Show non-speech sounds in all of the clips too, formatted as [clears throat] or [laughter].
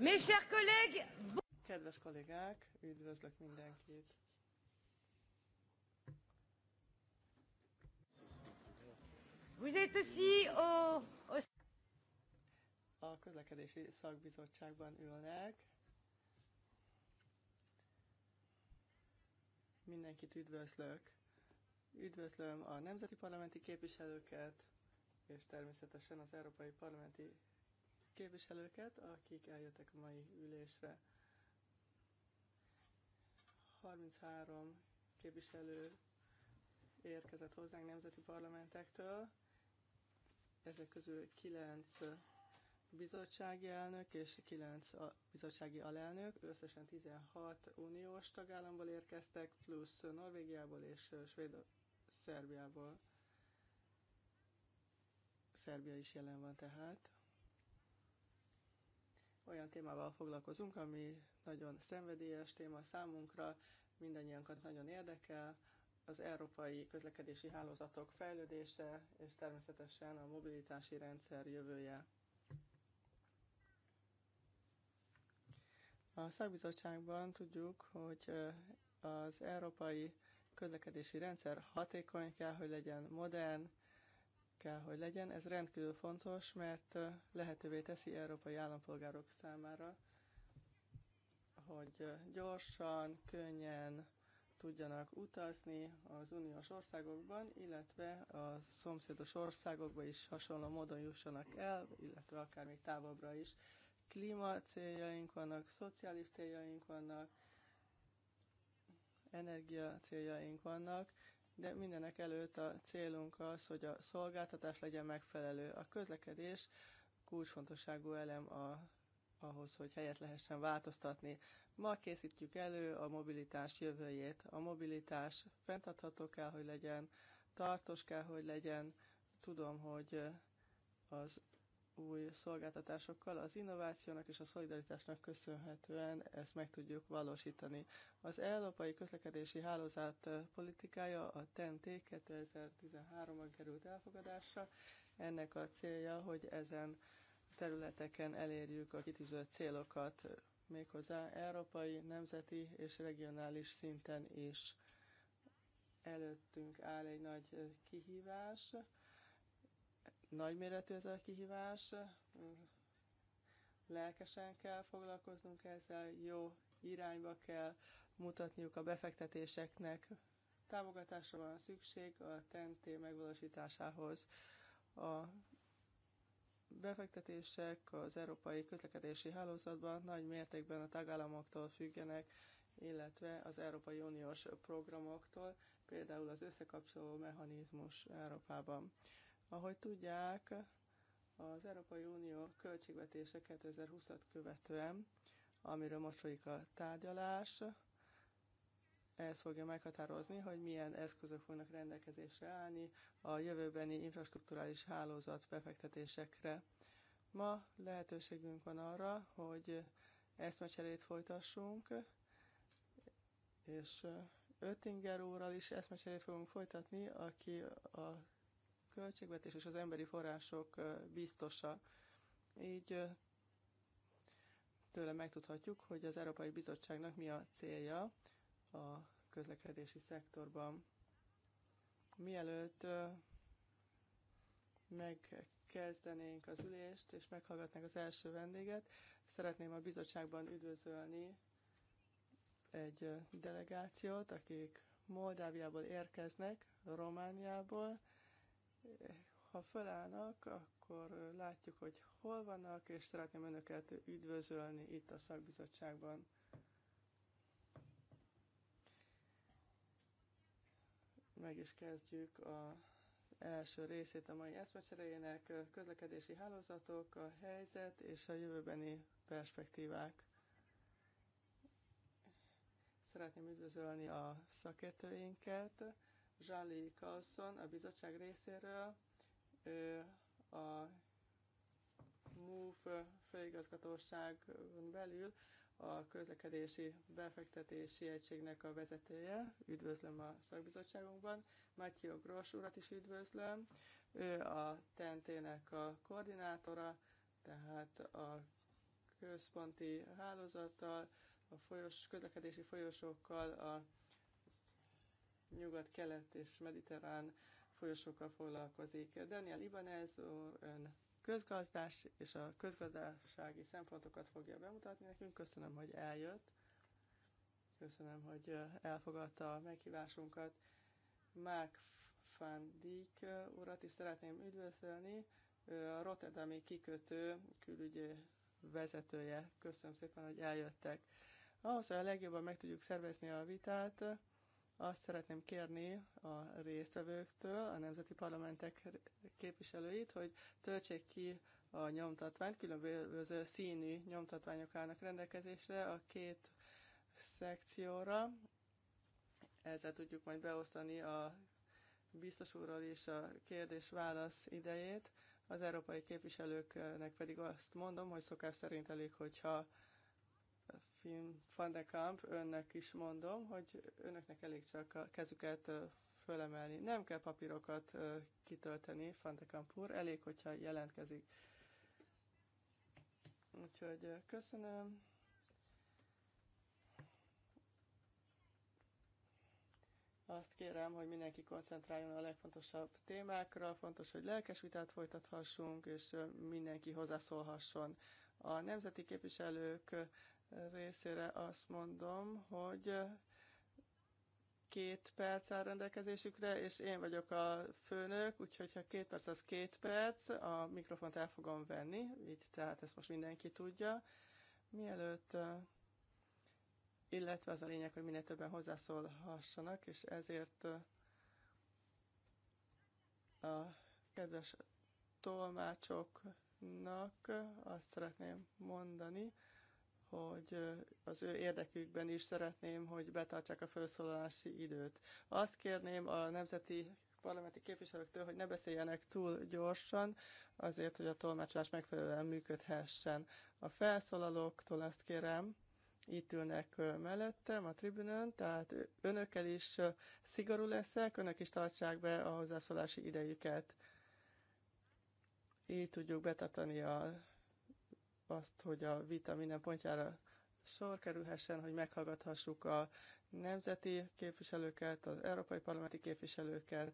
Mes chers collègues, Kedves kollégák, üdvözlök mindenkit! Vous êtes aussi au, au... A közlekedési szakbizottságban ülnek. Mindenkit üdvözlök. Üdvözlöm a nemzeti parlamenti képviselőket, és természetesen az európai parlamenti képviselőket, akik eljöttek a mai ülésre. 33 képviselő érkezett hozzánk nemzeti parlamentektől, ezek közül 9 bizottsági elnök és 9 bizottsági alelnök, összesen 16 uniós tagállamból érkeztek, plusz Norvégiából és Svéd Szerbiából. Szerbia is jelen van tehát. Olyan témával foglalkozunk, ami nagyon szenvedélyes téma számunkra, mindannyiankat nagyon érdekel, az európai közlekedési hálózatok fejlődése, és természetesen a mobilitási rendszer jövője. A szakbizottságban tudjuk, hogy az európai közlekedési rendszer hatékony kell, hogy legyen modern, kell, hogy legyen. Ez rendkívül fontos, mert lehetővé teszi európai állampolgárok számára, hogy gyorsan, könnyen tudjanak utazni az uniós országokban, illetve a szomszédos országokba is hasonló módon jussanak el, illetve akár még távolabbra is. Klíma céljaink vannak, szociális céljaink vannak, energia céljaink vannak, de mindenek előtt a célunk az, hogy a szolgáltatás legyen megfelelő. A közlekedés kulcsfontosságú elem a, ahhoz, hogy helyet lehessen változtatni. Ma készítjük elő a mobilitás jövőjét. A mobilitás fenntartható kell, hogy legyen, tartós kell, hogy legyen. Tudom, hogy az új szolgáltatásokkal, az innovációnak és a szolidaritásnak köszönhetően ezt meg tudjuk valósítani. Az Európai Közlekedési Hálózat politikája a e TEN-T 2013-ban került elfogadásra. Ennek a célja, hogy ezen területeken elérjük a kitűzött célokat, méghozzá európai, nemzeti és regionális szinten is. Előttünk áll egy nagy kihívás, Nagyméretű ez a kihívás, lelkesen kell foglalkoznunk ezzel, jó irányba kell mutatniuk a befektetéseknek. Támogatásra van szükség a TNT megvalósításához. A befektetések az európai közlekedési hálózatban nagy mértékben a tagállamoktól függenek, illetve az Európai Uniós programoktól, például az összekapcsoló mechanizmus Európában. Ahogy tudják, az Európai Unió költségvetése 2020-at követően, amiről most folyik a tárgyalás, ez fogja meghatározni, hogy milyen eszközök fognak rendelkezésre állni a jövőbeni infrastruktúrális hálózat befektetésekre. Ma lehetőségünk van arra, hogy eszmecserét folytassunk, és Öttinger úrral is eszmecserét fogunk folytatni, aki a költségvetés és az emberi források biztosa. Így tőle megtudhatjuk, hogy az Európai Bizottságnak mi a célja a közlekedési szektorban. Mielőtt megkezdenénk az ülést és meghallgatnánk az első vendéget, szeretném a bizottságban üdvözölni egy delegációt, akik Moldáviából érkeznek, Romániából, ha fölállnak, akkor látjuk, hogy hol vannak, és szeretném Önöket üdvözölni itt a szakbizottságban. Meg is kezdjük a első részét a mai eszmecserejének, közlekedési hálózatok, a helyzet és a jövőbeni perspektívák. Szeretném üdvözölni a szakértőinket, Zsali Kalszon a bizottság részéről, ő a MOVE főigazgatóságon belül a közlekedési befektetési egységnek a vezetője. Üdvözlöm a szakbizottságunkban. Matyio Gross urat is üdvözlöm. Ő a TNT-nek a koordinátora, tehát a központi hálózattal, a folyos, közlekedési folyosókkal, a nyugat-kelet és mediterrán folyosókkal foglalkozik. Daniel Ibanez úr, ön közgazdás és a közgazdasági szempontokat fogja bemutatni nekünk. Köszönöm, hogy eljött. Köszönöm, hogy elfogadta a meghívásunkat. Mark van Dijk urat is szeretném üdvözölni. Ő a Rotterdami kikötő külügyi vezetője. Köszönöm szépen, hogy eljöttek. Ahhoz, hogy a legjobban meg tudjuk szervezni a vitát, azt szeretném kérni a résztvevőktől, a nemzeti parlamentek képviselőit, hogy töltsék ki a nyomtatványt, különböző színű nyomtatványok állnak rendelkezésre a két szekcióra. Ezzel tudjuk majd beosztani a biztos úrral is a kérdés-válasz idejét. Az európai képviselőknek pedig azt mondom, hogy szokás szerint elég, hogyha film van de Kamp, önnek is mondom, hogy önöknek elég csak a kezüket fölemelni. Nem kell papírokat kitölteni, van de Kamp úr, elég, hogyha jelentkezik. Úgyhogy köszönöm. Azt kérem, hogy mindenki koncentráljon a legfontosabb témákra, fontos, hogy lelkes vitát folytathassunk, és mindenki hozzászólhasson. A nemzeti képviselők részére azt mondom, hogy két perc áll rendelkezésükre, és én vagyok a főnök, úgyhogy ha két perc, az két perc, a mikrofont el fogom venni, így tehát ezt most mindenki tudja. Mielőtt, illetve az a lényeg, hogy minél többen hozzászólhassanak, és ezért a kedves tolmácsoknak azt szeretném mondani, hogy az ő érdekükben is szeretném, hogy betartsák a felszólalási időt. Azt kérném a nemzeti parlamenti képviselőktől, hogy ne beszéljenek túl gyorsan, azért, hogy a tolmácsolás megfelelően működhessen. A felszólalóktól azt kérem, itt ülnek mellettem a tribünön, tehát önökkel is szigorú leszek, önök is tartsák be a hozzászólási idejüket. Így tudjuk betartani a azt, hogy a vita minden pontjára sor kerülhessen, hogy meghallgathassuk a nemzeti képviselőket, az európai parlamenti képviselőket.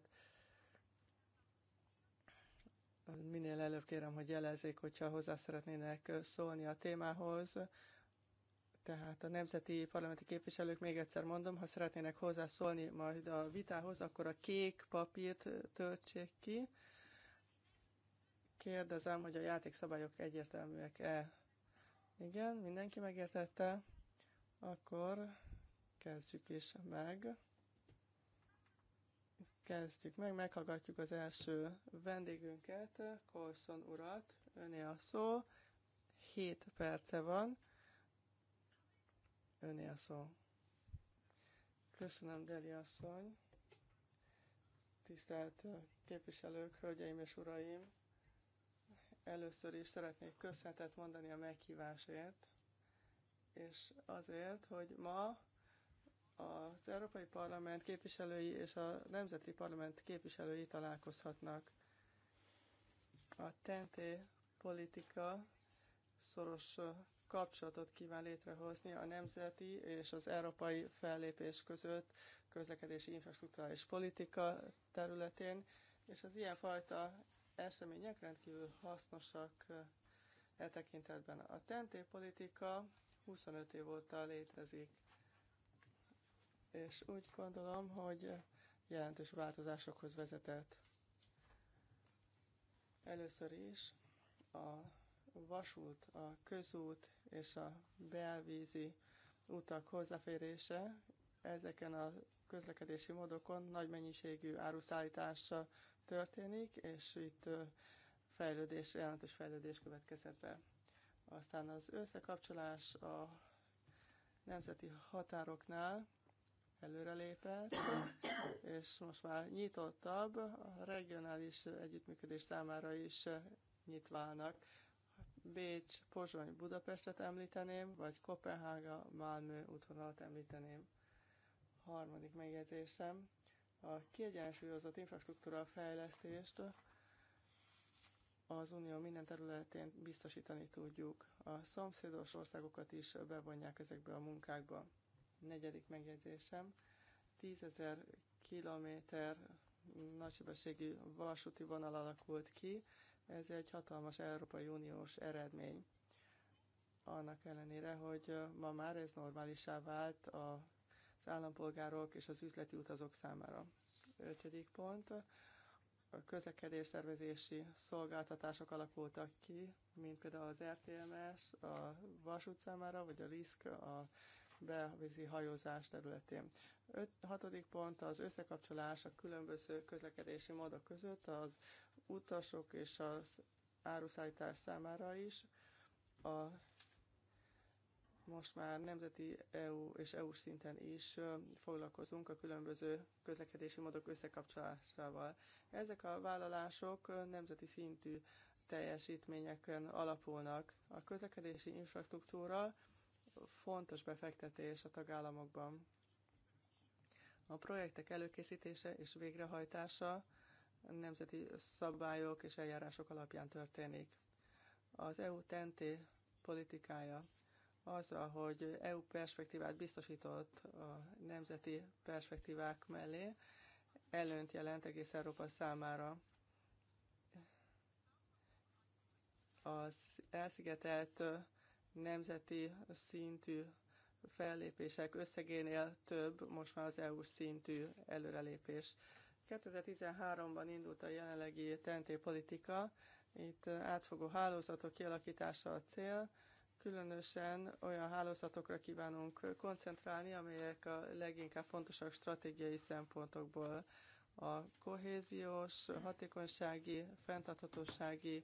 Minél előbb kérem, hogy jelezzék, hogyha hozzá szeretnének szólni a témához. Tehát a nemzeti parlamenti képviselők, még egyszer mondom, ha szeretnének hozzászólni majd a vitához, akkor a kék papírt töltsék ki, Kérdezem, hogy a játékszabályok egyértelműek-e? Igen, mindenki megértette. Akkor kezdjük is meg. Kezdjük meg, meghallgatjuk az első vendégünket, Colson urat, öné a szó. 7 perce van. Öné a szó. Köszönöm, Deli asszony. Tisztelt képviselők, hölgyeim és uraim! Először is szeretnék köszönetet mondani a meghívásért, és azért, hogy ma az Európai Parlament képviselői és a Nemzeti Parlament képviselői találkozhatnak. A TNT politika szoros kapcsolatot kíván létrehozni a nemzeti és az európai fellépés között közlekedési infrastruktúrális politika területén, és az ilyenfajta események rendkívül hasznosak eh, e tekintetben. A TNT politika 25 év óta létezik, és úgy gondolom, hogy jelentős változásokhoz vezetett. Először is a vasút, a közút és a belvízi utak hozzáférése ezeken a közlekedési módokon nagy mennyiségű áruszállítása történik, és itt fejlődés, jelentős fejlődés következett be. Aztán az összekapcsolás a nemzeti határoknál előrelépett, és most már nyitottabb, a regionális együttműködés számára is nyitválnak. Bécs, Pozsony, Budapestet említeném, vagy Kopenhága, Malmö útvonalat említeném. Harmadik megjegyzésem a kiegyensúlyozott infrastruktúra fejlesztést az unió minden területén biztosítani tudjuk. A szomszédos országokat is bevonják ezekbe a munkákba. Negyedik megjegyzésem, 10.000 kilométer nagysebességű vasúti vonal alakult ki. Ez egy hatalmas Európai Uniós eredmény. Annak ellenére, hogy ma már ez normálissá vált a az állampolgárok és az üzleti utazók számára. Ötödik pont, a közlekedés szervezési szolgáltatások alakultak ki, mint például az RTMS a vasút számára, vagy a LISK a belvízi hajózás területén. Öt, hatodik pont az összekapcsolás a különböző közlekedési módok között az utasok és az áruszállítás számára is. A most már nemzeti EU és EU szinten is foglalkozunk a különböző közlekedési módok összekapcsolásával. Ezek a vállalások nemzeti szintű teljesítményeken alapulnak. A közlekedési infrastruktúra fontos befektetés a tagállamokban. A projektek előkészítése és végrehajtása nemzeti szabályok és eljárások alapján történik. Az EU TNT politikája azzal, hogy EU perspektívát biztosított a nemzeti perspektívák mellé, előnt jelent egész Európa számára. Az elszigetelt nemzeti szintű fellépések összegénél több, most már az EU szintű előrelépés. 2013-ban indult a jelenlegi TNT politika, itt átfogó hálózatok kialakítása a cél, Különösen olyan hálózatokra kívánunk koncentrálni, amelyek a leginkább fontosak stratégiai szempontokból a kohéziós, hatékonysági, fenntarthatósági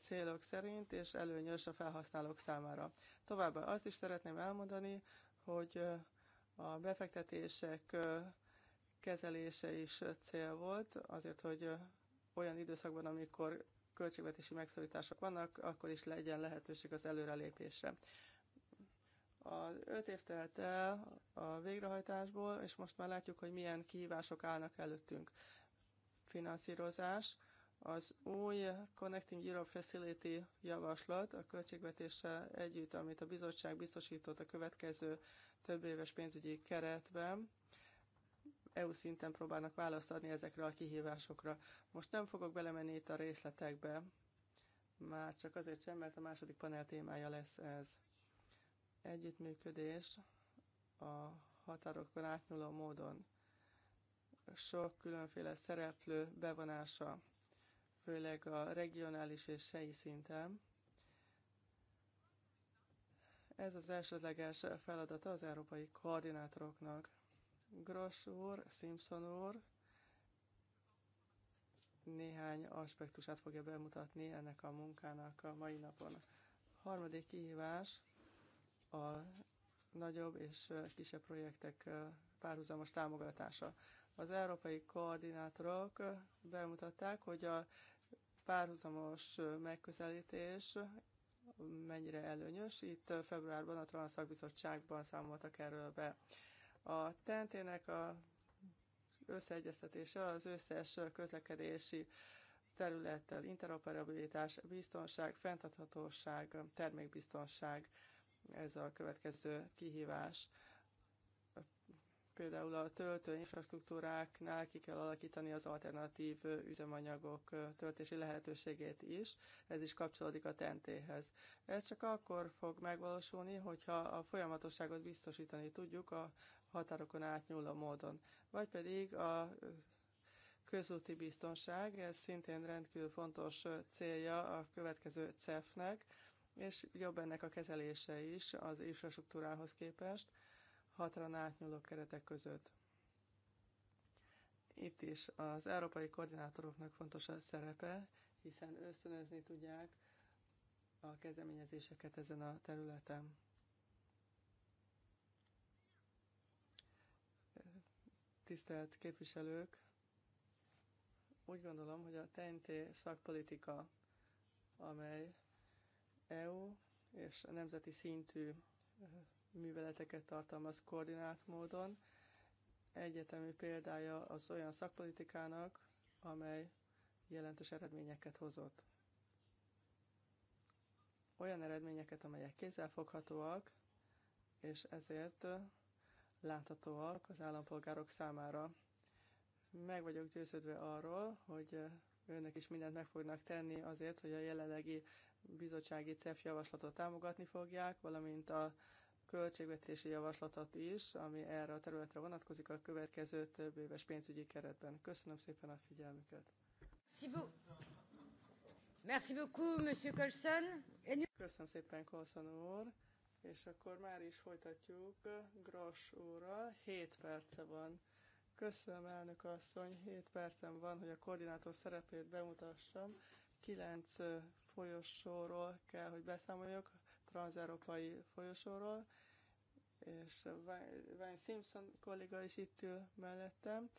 célok szerint, és előnyös a felhasználók számára. Továbbá azt is szeretném elmondani, hogy a befektetések kezelése is cél volt, azért, hogy olyan időszakban, amikor költségvetési megszorítások vannak, akkor is legyen lehetőség az előrelépésre. A öt év telt el a végrehajtásból, és most már látjuk, hogy milyen kihívások állnak előttünk. Finanszírozás, az új Connecting Europe Facility javaslat a költségvetéssel együtt, amit a bizottság biztosított a következő több éves pénzügyi keretben, EU szinten próbálnak választ adni ezekre a kihívásokra. Most nem fogok belemenni itt a részletekbe, már csak azért sem, mert a második panel témája lesz ez. Együttműködés a határokon átnyúló módon. Sok különféle szereplő bevonása, főleg a regionális és helyi szinten. Ez az elsődleges feladata az európai koordinátoroknak. Gross úr, Simpson úr néhány aspektusát fogja bemutatni ennek a munkának a mai napon. A harmadik kihívás a nagyobb és kisebb projektek párhuzamos támogatása. Az európai koordinátorok bemutatták, hogy a párhuzamos megközelítés mennyire előnyös. Itt februárban a Transzakbizottságban számoltak erről be. A tentének a összeegyeztetése az összes közlekedési területtel, interoperabilitás, biztonság, fenntarthatóság, termékbiztonság, ez a következő kihívás. Például a töltő infrastruktúráknál ki kell alakítani az alternatív üzemanyagok töltési lehetőségét is, ez is kapcsolódik a tentéhez. Ez csak akkor fog megvalósulni, hogyha a folyamatosságot biztosítani tudjuk a határokon átnyúló módon. Vagy pedig a közúti biztonság, ez szintén rendkívül fontos célja a következő CEF-nek, és jobb ennek a kezelése is az infrastruktúrához képest határon átnyúló keretek között. Itt is az európai koordinátoroknak fontos a szerepe, hiszen ösztönözni tudják a kezdeményezéseket ezen a területen. tisztelt képviselők! Úgy gondolom, hogy a TNT szakpolitika, amely EU és nemzeti szintű eh, műveleteket tartalmaz koordinált módon, egyetemű példája az olyan szakpolitikának, amely jelentős eredményeket hozott. Olyan eredményeket, amelyek kézzelfoghatóak, és ezért eh, láthatóak az állampolgárok számára. Meg vagyok győződve arról, hogy önök is mindent meg fognak tenni azért, hogy a jelenlegi bizottsági CEF javaslatot támogatni fogják, valamint a költségvetési javaslatot is, ami erre a területre vonatkozik a következő több éves pénzügyi keretben. Köszönöm szépen a figyelmüket. Merci beaucoup, Monsieur Colson. Köszönöm szépen, Colson úr. És akkor már is folytatjuk Gros óra, 7 perce van. Köszönöm, elnök asszony. 7 percem van, hogy a koordinátor szerepét bemutassam. 9 folyosóról kell, hogy beszámoljak, transzeurópai folyosóról, és Wayne Simpson kolléga is itt ül mellettem.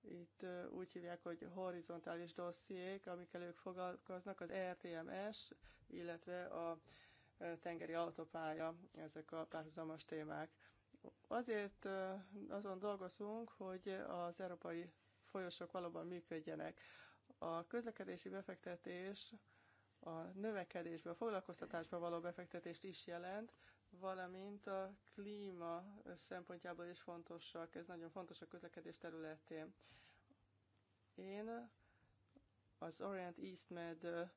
Itt úgy hívják, hogy horizontális dossziék, amikkel ők foglalkoznak, az RTMS, illetve a tengeri autópálya, ezek a párhuzamos témák. Azért azon dolgozunk, hogy az európai folyosok valóban működjenek. A közlekedési befektetés a növekedésbe, a foglalkoztatásba való befektetést is jelent, valamint a klíma szempontjából is fontosak, ez nagyon fontos a közlekedés területén. Én az Orient East Med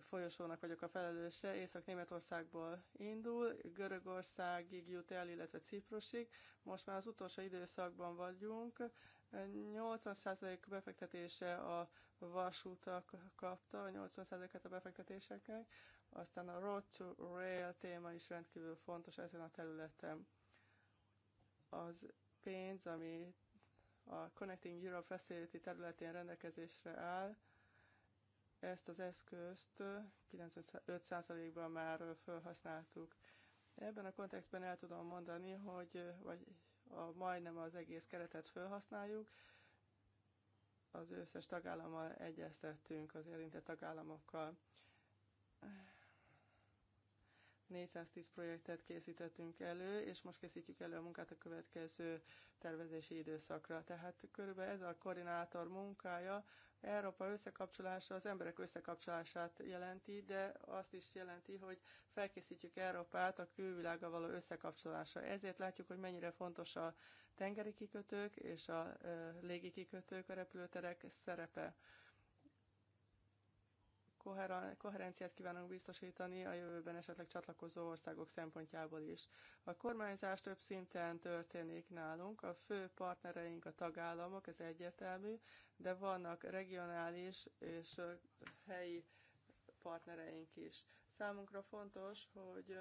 folyosónak vagyok a felelőse, Észak-Németországból indul, Görögországig jut el, illetve Ciprusig. Most már az utolsó időszakban vagyunk. 80% befektetése a vasútak kapta, 80%-et a befektetéseknek. Aztán a Road to Rail téma is rendkívül fontos ezen a területen. Az pénz, ami a Connecting Europe Facility területén rendelkezésre áll, ezt az eszközt 95%-ban már felhasználtuk. Ebben a kontextben el tudom mondani, hogy vagy a, majdnem az egész keretet felhasználjuk, az összes tagállammal egyeztettünk, az érintett tagállamokkal. 410 projektet készítettünk elő, és most készítjük elő a munkát a következő tervezési időszakra. Tehát körülbelül ez a koordinátor munkája Európa összekapcsolása az emberek összekapcsolását jelenti, de azt is jelenti, hogy felkészítjük Európát a külvilággal való összekapcsolásra. Ezért látjuk, hogy mennyire fontos a tengeri kikötők és a légi kikötők, a repülőterek szerepe koherenciát kívánunk biztosítani a jövőben esetleg csatlakozó országok szempontjából is. A kormányzás több szinten történik nálunk, a fő partnereink a tagállamok, ez egyértelmű, de vannak regionális és helyi partnereink is. Számunkra fontos, hogy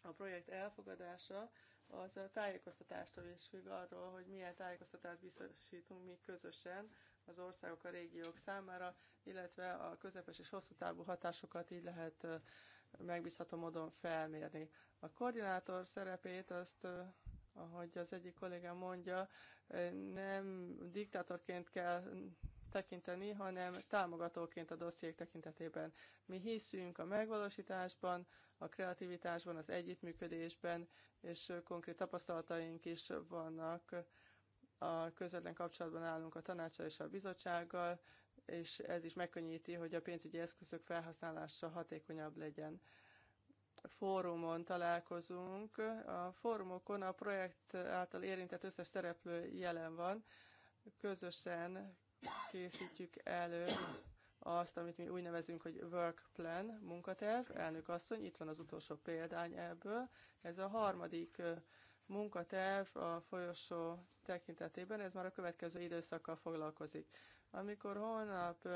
a projekt elfogadása az a tájékoztatástól is függ arról, hogy milyen tájékoztatást biztosítunk mi közösen az országok, a régiók számára, illetve a közepes és hosszú távú hatásokat így lehet megbízható módon felmérni. A koordinátor szerepét azt, ahogy az egyik kollégám mondja, nem diktátorként kell tekinteni, hanem támogatóként a dossziék tekintetében. Mi hiszünk a megvalósításban, a kreativitásban, az együttműködésben, és konkrét tapasztalataink is vannak a közvetlen kapcsolatban állunk a tanácsal és a bizottsággal, és ez is megkönnyíti, hogy a pénzügyi eszközök felhasználása hatékonyabb legyen. Fórumon találkozunk. A fórumokon a projekt által érintett összes szereplő jelen van. Közösen készítjük elő azt, amit mi úgy nevezünk, hogy work plan, munkaterv. Elnök asszony, itt van az utolsó példány ebből. Ez a harmadik munkaterv a folyosó tekintetében, ez már a következő időszakkal foglalkozik. Amikor holnap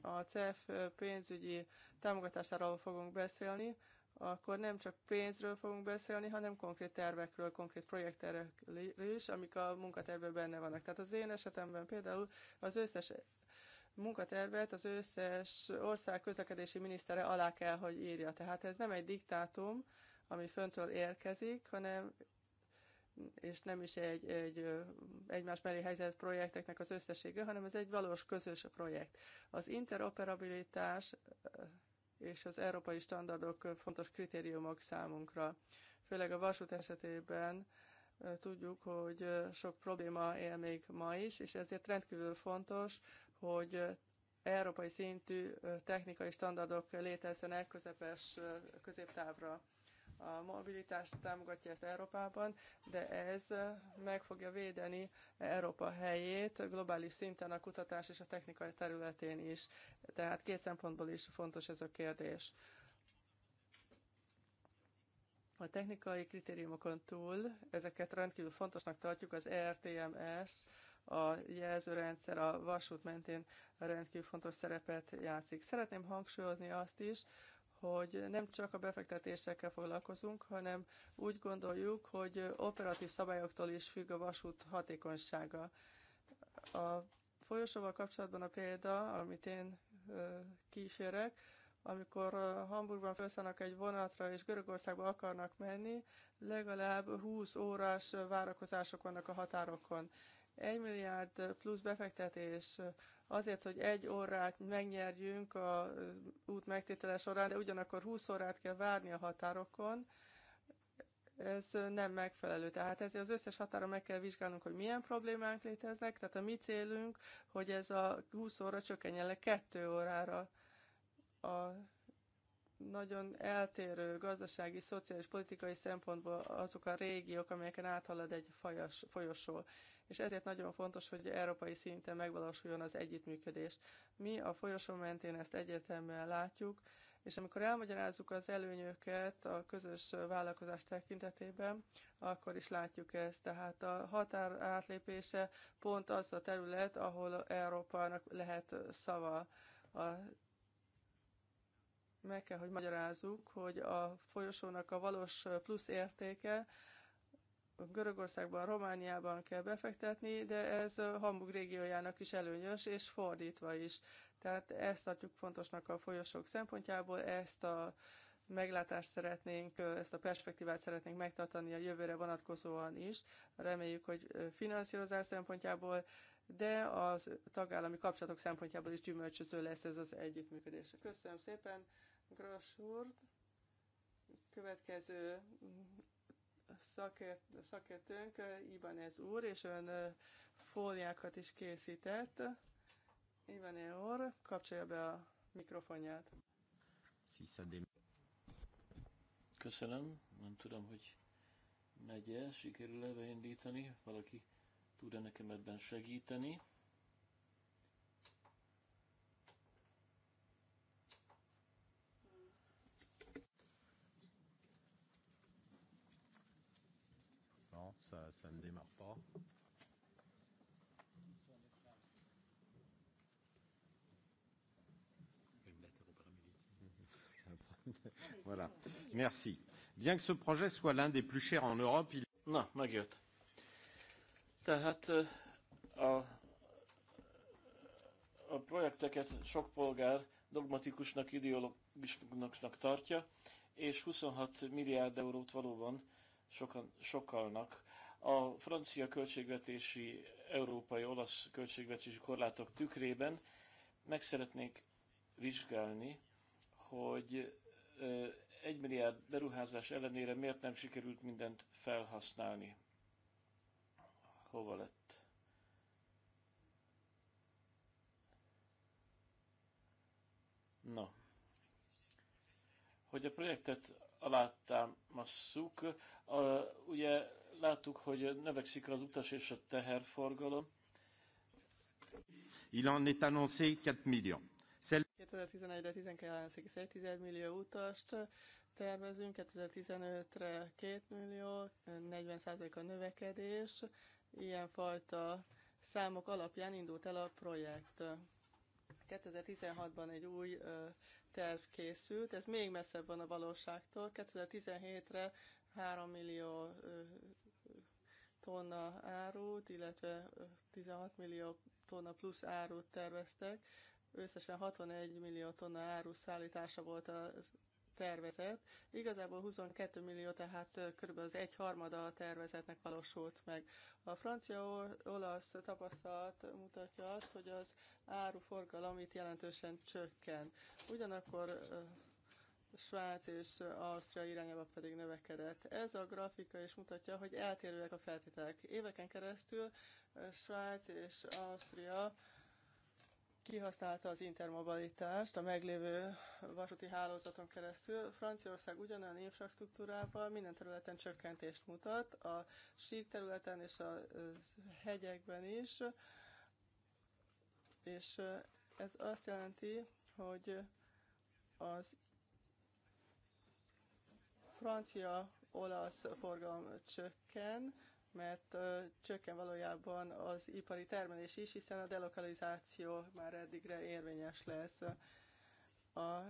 a CEF pénzügyi támogatásáról fogunk beszélni, akkor nem csak pénzről fogunk beszélni, hanem konkrét tervekről, konkrét projektekről is, amik a munkatervben benne vannak. Tehát az én esetemben például az összes munkatervet az összes ország közlekedési minisztere alá kell, hogy írja. Tehát ez nem egy diktátum, ami föntől érkezik, hanem és nem is egy, egy egymás mellé helyzet projekteknek az összessége, hanem ez egy valós közös projekt. Az interoperabilitás és az európai standardok fontos kritériumok számunkra. Főleg a vasút esetében tudjuk, hogy sok probléma él még ma is, és ezért rendkívül fontos, hogy európai szintű technikai standardok létezzenek közepes középtávra a mobilitást támogatja ezt Európában, de ez meg fogja védeni Európa helyét globális szinten a kutatás és a technikai területén is. Tehát két szempontból is fontos ez a kérdés. A technikai kritériumokon túl ezeket rendkívül fontosnak tartjuk, az RTMS, a jelzőrendszer a vasút mentén rendkívül fontos szerepet játszik. Szeretném hangsúlyozni azt is, hogy nem csak a befektetésekkel foglalkozunk, hanem úgy gondoljuk, hogy operatív szabályoktól is függ a vasút hatékonysága. A folyosóval kapcsolatban a példa, amit én kísérek, amikor Hamburgban felszállnak egy vonatra, és Görögországba akarnak menni, legalább 20 órás várakozások vannak a határokon. 1 milliárd plusz befektetés azért, hogy egy órát megnyerjünk a út megtétele során, de ugyanakkor 20 órát kell várni a határokon, ez nem megfelelő. Tehát ezért az összes határa meg kell vizsgálnunk, hogy milyen problémánk léteznek, tehát a mi célunk, hogy ez a 20 óra csökkenjen le 2 órára. A nagyon eltérő gazdasági, szociális, politikai szempontból azok a régiók, amelyeken áthalad egy folyosó és ezért nagyon fontos, hogy európai szinten megvalósuljon az együttműködés. Mi a folyosó mentén ezt egyértelműen látjuk, és amikor elmagyarázzuk az előnyöket a közös vállalkozás tekintetében, akkor is látjuk ezt. Tehát a határ átlépése pont az a terület, ahol Európának lehet szava. A meg kell, hogy magyarázzuk, hogy a folyosónak a valós plusz értéke Görögországban, Romániában kell befektetni, de ez Hamburg régiójának is előnyös, és fordítva is. Tehát ezt tartjuk fontosnak a folyosók szempontjából, ezt a meglátást szeretnénk, ezt a perspektívát szeretnénk megtartani a jövőre vonatkozóan is. Reméljük, hogy finanszírozás szempontjából, de a tagállami kapcsolatok szempontjából is gyümölcsöző lesz ez az együttműködés. Köszönöm szépen, Gross úr! Következő szakért, szakértőnk, Ibanez úr, és ön fóliákat is készített. Ibanez úr, kapcsolja be a mikrofonját. Köszönöm, nem tudom, hogy megy-e, sikerül-e beindítani, valaki tud-e nekem ebben segíteni. ça, ça ne démarre pas. [laughs] voilà. Merci. Bien que ce projet soit l'un des plus chers en Europe, il... Na, megjött. Tehát a, a projekteket sok polgár dogmatikusnak, ideológusnak tartja, és 26 milliárd eurót valóban sokan, sokalnak a francia költségvetési, európai, olasz költségvetési korlátok tükrében meg szeretnék vizsgálni, hogy egy milliárd beruházás ellenére miért nem sikerült mindent felhasználni. Hova lett? Na. Hogy a projektet alátámasszuk, a, ugye láttuk, hogy növekszik az utas és a teherforgalom. Il en est annoncé 4 millions. 2011-re 12,1 millió utast tervezünk, 2015-re 2 millió, 40%-a növekedés. Ilyenfajta számok alapján indult el a projekt. 2016-ban egy új terv készült, ez még messzebb van a valóságtól. 2017-re 3 millió tonna árut, illetve 16 millió tonna plusz árut terveztek. Összesen 61 millió tonna áru szállítása volt a tervezet. Igazából 22 millió, tehát körülbelül az egy harmada a tervezetnek valósult meg. A francia-olasz tapasztalat mutatja azt, hogy az áruforgalom itt jelentősen csökken. Ugyanakkor Svájc és Ausztria irányába pedig növekedett. Ez a grafika is mutatja, hogy eltérőek a feltételek. Éveken keresztül eh, Svájc és Ausztria kihasználta az intermodalitást a meglévő vasúti hálózaton keresztül. Franciaország ugyanolyan infrastruktúrával minden területen csökkentést mutat, a sík területen és a eh, hegyekben is, és eh, ez azt jelenti, hogy az francia-olasz forgalom csökken, mert csökken valójában az ipari termelés is, hiszen a delokalizáció már eddigre érvényes lesz. A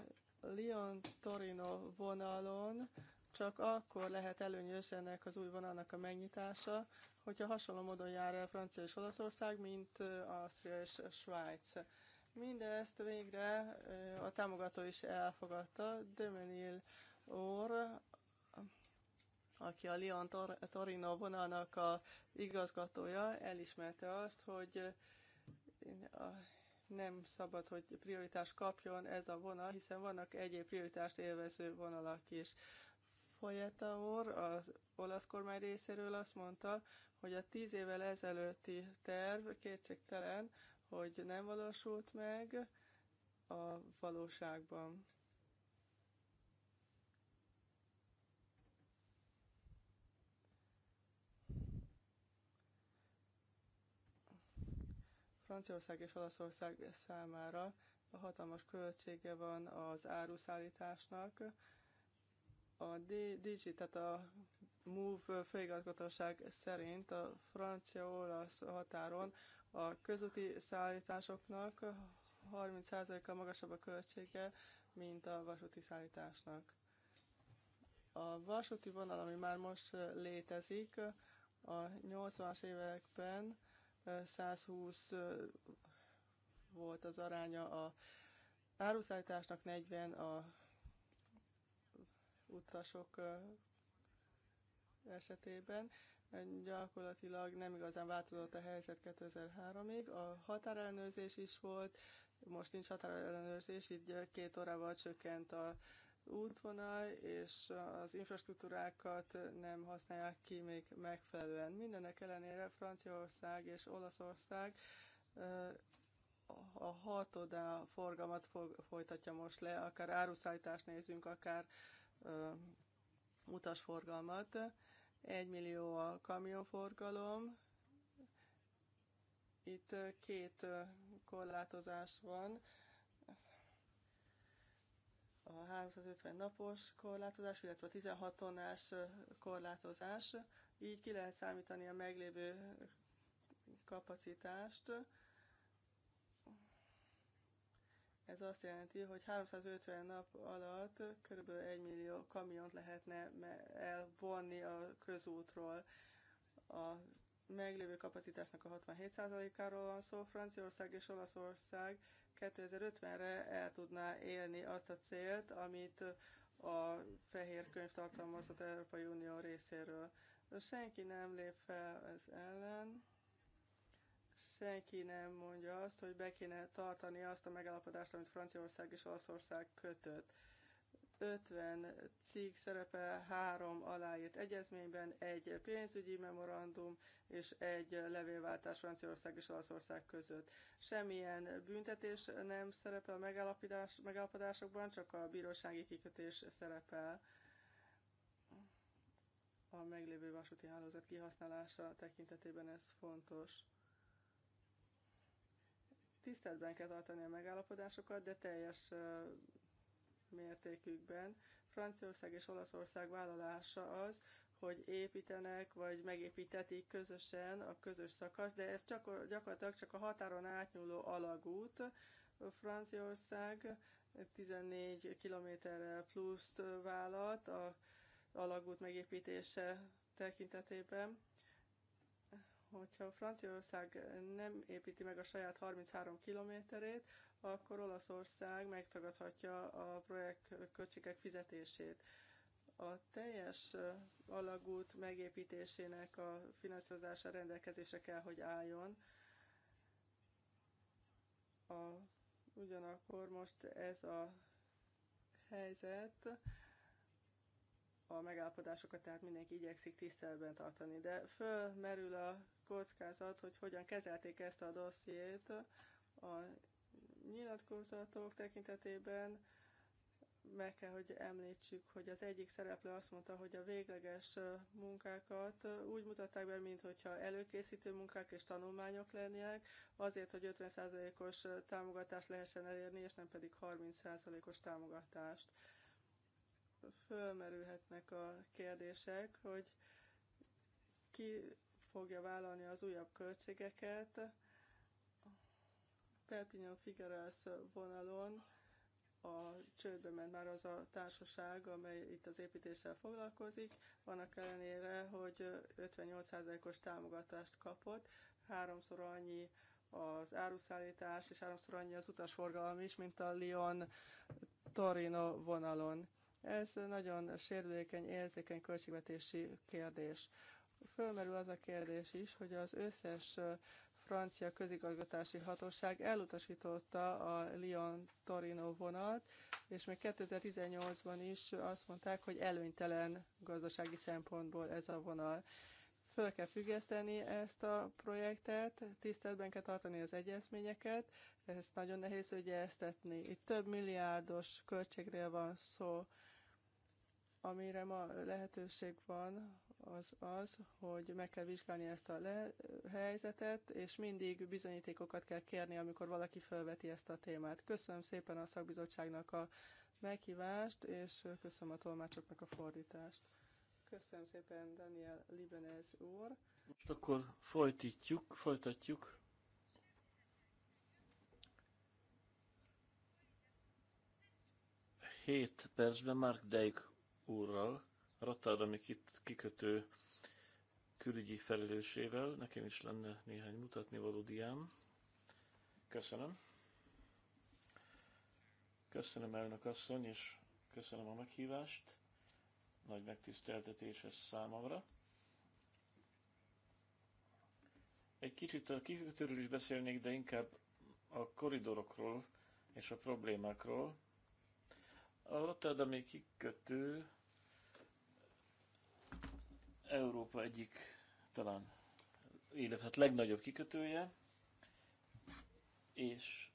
Lyon-Torino vonalon csak akkor lehet előnyös ennek az új vonalnak a megnyitása, hogyha hasonló módon jár el Francia és Olaszország, mint Ausztria és Svájc. Mindezt végre a támogató is elfogadta. Demenil úr, aki a Lyon Torino vonalnak a igazgatója, elismerte azt, hogy eh, nem szabad, hogy prioritást kapjon ez a vonal, hiszen vannak egyéb prioritást élvező vonalak is. Folyeta úr az olasz kormány részéről azt mondta, hogy a tíz évvel ezelőtti terv kétségtelen, hogy nem valósult meg a valóságban. Franciaország és Olaszország számára a hatalmas költsége van az áruszállításnak. A DG, tehát a MOVE főigazgatóság szerint a francia-olasz határon a közúti szállításoknak 30%-kal magasabb a költsége, mint a vasúti szállításnak. A vasúti vonal, ami már most létezik, a 80-as években 120 volt az aránya a áruszállításnak, 40 a utasok esetében. Gyakorlatilag nem igazán változott a helyzet 2003-ig. A határellenőrzés is volt, most nincs határellenőrzés, így két órával csökkent a útvonal, és az infrastruktúrákat nem használják ki még megfelelően. Mindenek ellenére Franciaország és Olaszország eh, a hatodá forgalmat folytatja most le, akár áruszállítást nézünk, akár eh, utasforgalmat. Egy millió a kamionforgalom. Itt eh, két korlátozás van a 350 napos korlátozás, illetve a 16 tonnás korlátozás. Így ki lehet számítani a meglévő kapacitást. Ez azt jelenti, hogy 350 nap alatt kb. 1 millió kamiont lehetne elvonni a közútról. A meglévő kapacitásnak a 67%-áról van szó, Franciaország és Olaszország 2050-re el tudná élni azt a célt, amit a fehér könyv tartalmazott Európai Unió részéről. Senki nem lép fel ez ellen, senki nem mondja azt, hogy be kéne tartani azt a megállapodást, amit Franciaország és Olaszország kötött. 50 cikk szerepel három aláírt egyezményben, egy pénzügyi memorandum és egy levélváltás Franciaország és Olaszország között. Semmilyen büntetés nem szerepel a megállapodás, megállapodásokban, csak a bírósági kikötés szerepel a meglévő vasúti hálózat kihasználása tekintetében ez fontos tiszteletben kell tartani a megállapodásokat, de teljes mértékükben. Franciaország és Olaszország vállalása az, hogy építenek vagy megépítetik közösen a közös szakasz, de ez csak gyakorlatilag csak a határon átnyúló alagút. Franciaország 14 kilométerre pluszt vállalt a alagút megépítése tekintetében hogyha Franciaország nem építi meg a saját 33 kilométerét, akkor Olaszország megtagadhatja a projekt költségek fizetését. A teljes alagút megépítésének a finanszírozása rendelkezésre kell, hogy álljon. A, ugyanakkor most ez a helyzet, a megállapodásokat tehát mindenki igyekszik tiszteletben tartani, de fölmerül a kockázat, hogy hogyan kezelték ezt a dossziét a nyilatkozatok tekintetében. Meg kell, hogy említsük, hogy az egyik szereplő azt mondta, hogy a végleges munkákat úgy mutatták be, mintha előkészítő munkák és tanulmányok lennének, azért, hogy 50%-os támogatást lehessen elérni, és nem pedig 30%-os támogatást fölmerülhetnek a kérdések, hogy ki fogja vállalni az újabb költségeket. Perpignan Figueres vonalon a csődbe ment már az a társaság, amely itt az építéssel foglalkozik, annak ellenére, hogy 58%-os támogatást kapott, háromszor annyi az áruszállítás, és háromszor annyi az utasforgalom is, mint a Lyon-Torino vonalon. Ez nagyon sérülékeny, érzékeny költségvetési kérdés. Fölmerül az a kérdés is, hogy az összes francia közigazgatási hatóság elutasította a Lyon-Torino vonat, és még 2018-ban is azt mondták, hogy előnytelen gazdasági szempontból ez a vonal. Föl kell függeszteni ezt a projektet, tiszteletben kell tartani az egyezményeket, ezt nagyon nehéz ügyeztetni. Itt több milliárdos költségről van szó, amire ma lehetőség van, az az, hogy meg kell vizsgálni ezt a le- helyzetet, és mindig bizonyítékokat kell kérni, amikor valaki felveti ezt a témát. Köszönöm szépen a szakbizottságnak a meghívást, és köszönöm a tolmácsoknak a fordítást. Köszönöm szépen, Daniel Libenez úr. Most akkor folytatjuk, folytatjuk. Hét percben Mark Dijk úrral Rotterdami kikötő külügyi felelősével. Nekem is lenne néhány mutatni való diám. Köszönöm. Köszönöm elnök asszony, és köszönöm a meghívást. Nagy megtiszteltetés ez számomra. Egy kicsit a kikötőről is beszélnék, de inkább a koridorokról és a problémákról. A Rotterdami kikötő Európa egyik talán illetve hát legnagyobb kikötője, és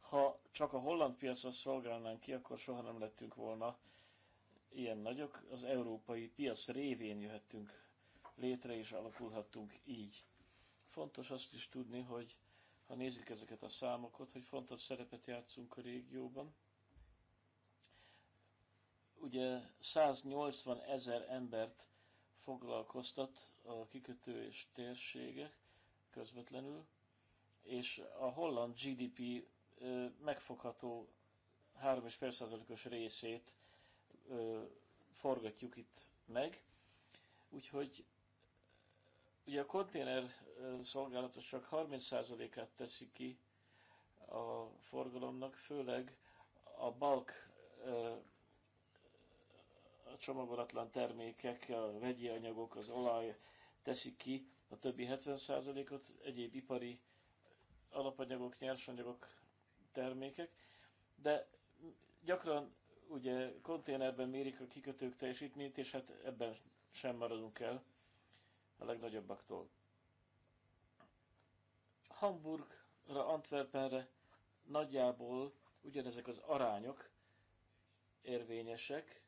ha csak a holland piacra szolgálnánk ki, akkor soha nem lettünk volna ilyen nagyok. Az európai piac révén jöhettünk létre, és alakulhattunk így. Fontos azt is tudni, hogy ha nézik ezeket a számokat, hogy fontos szerepet játszunk a régióban, ugye 180 ezer embert foglalkoztat a kikötő és térségek közvetlenül, és a holland GDP megfogható 3,5%-os részét forgatjuk itt meg. Úgyhogy ugye a konténer szolgálatos csak 30%-át teszi ki a forgalomnak, főleg a bulk a csomagolatlan termékek, a vegyi anyagok, az olaj teszik ki a többi 70%-ot, egyéb ipari alapanyagok, nyersanyagok, termékek, de gyakran ugye konténerben mérik a kikötők teljesítményt, és hát ebben sem maradunk el a legnagyobbaktól. Hamburgra, Antwerpenre nagyjából ugyanezek az arányok érvényesek,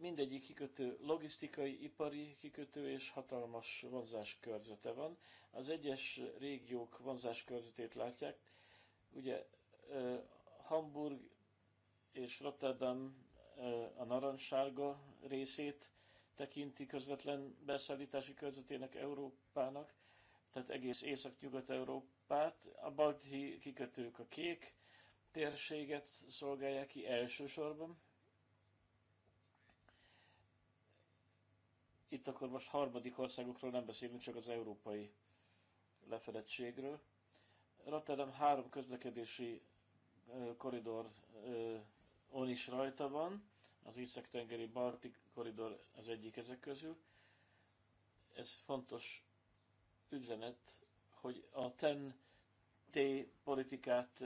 mindegyik kikötő logisztikai, ipari kikötő és hatalmas körzete van. Az egyes régiók vonzáskörzetét látják. Ugye Hamburg és Rotterdam a narancssárga részét tekinti közvetlen beszállítási körzetének Európának, tehát egész Észak-Nyugat-Európát. A balti kikötők a kék térséget szolgálják ki elsősorban, itt akkor most harmadik országokról nem beszélünk, csak az európai lefedettségről. Rotterdam három közlekedési koridor on is rajta van, az Észak-tengeri Balti koridor az egyik ezek közül. Ez fontos üzenet, hogy a TEN T politikát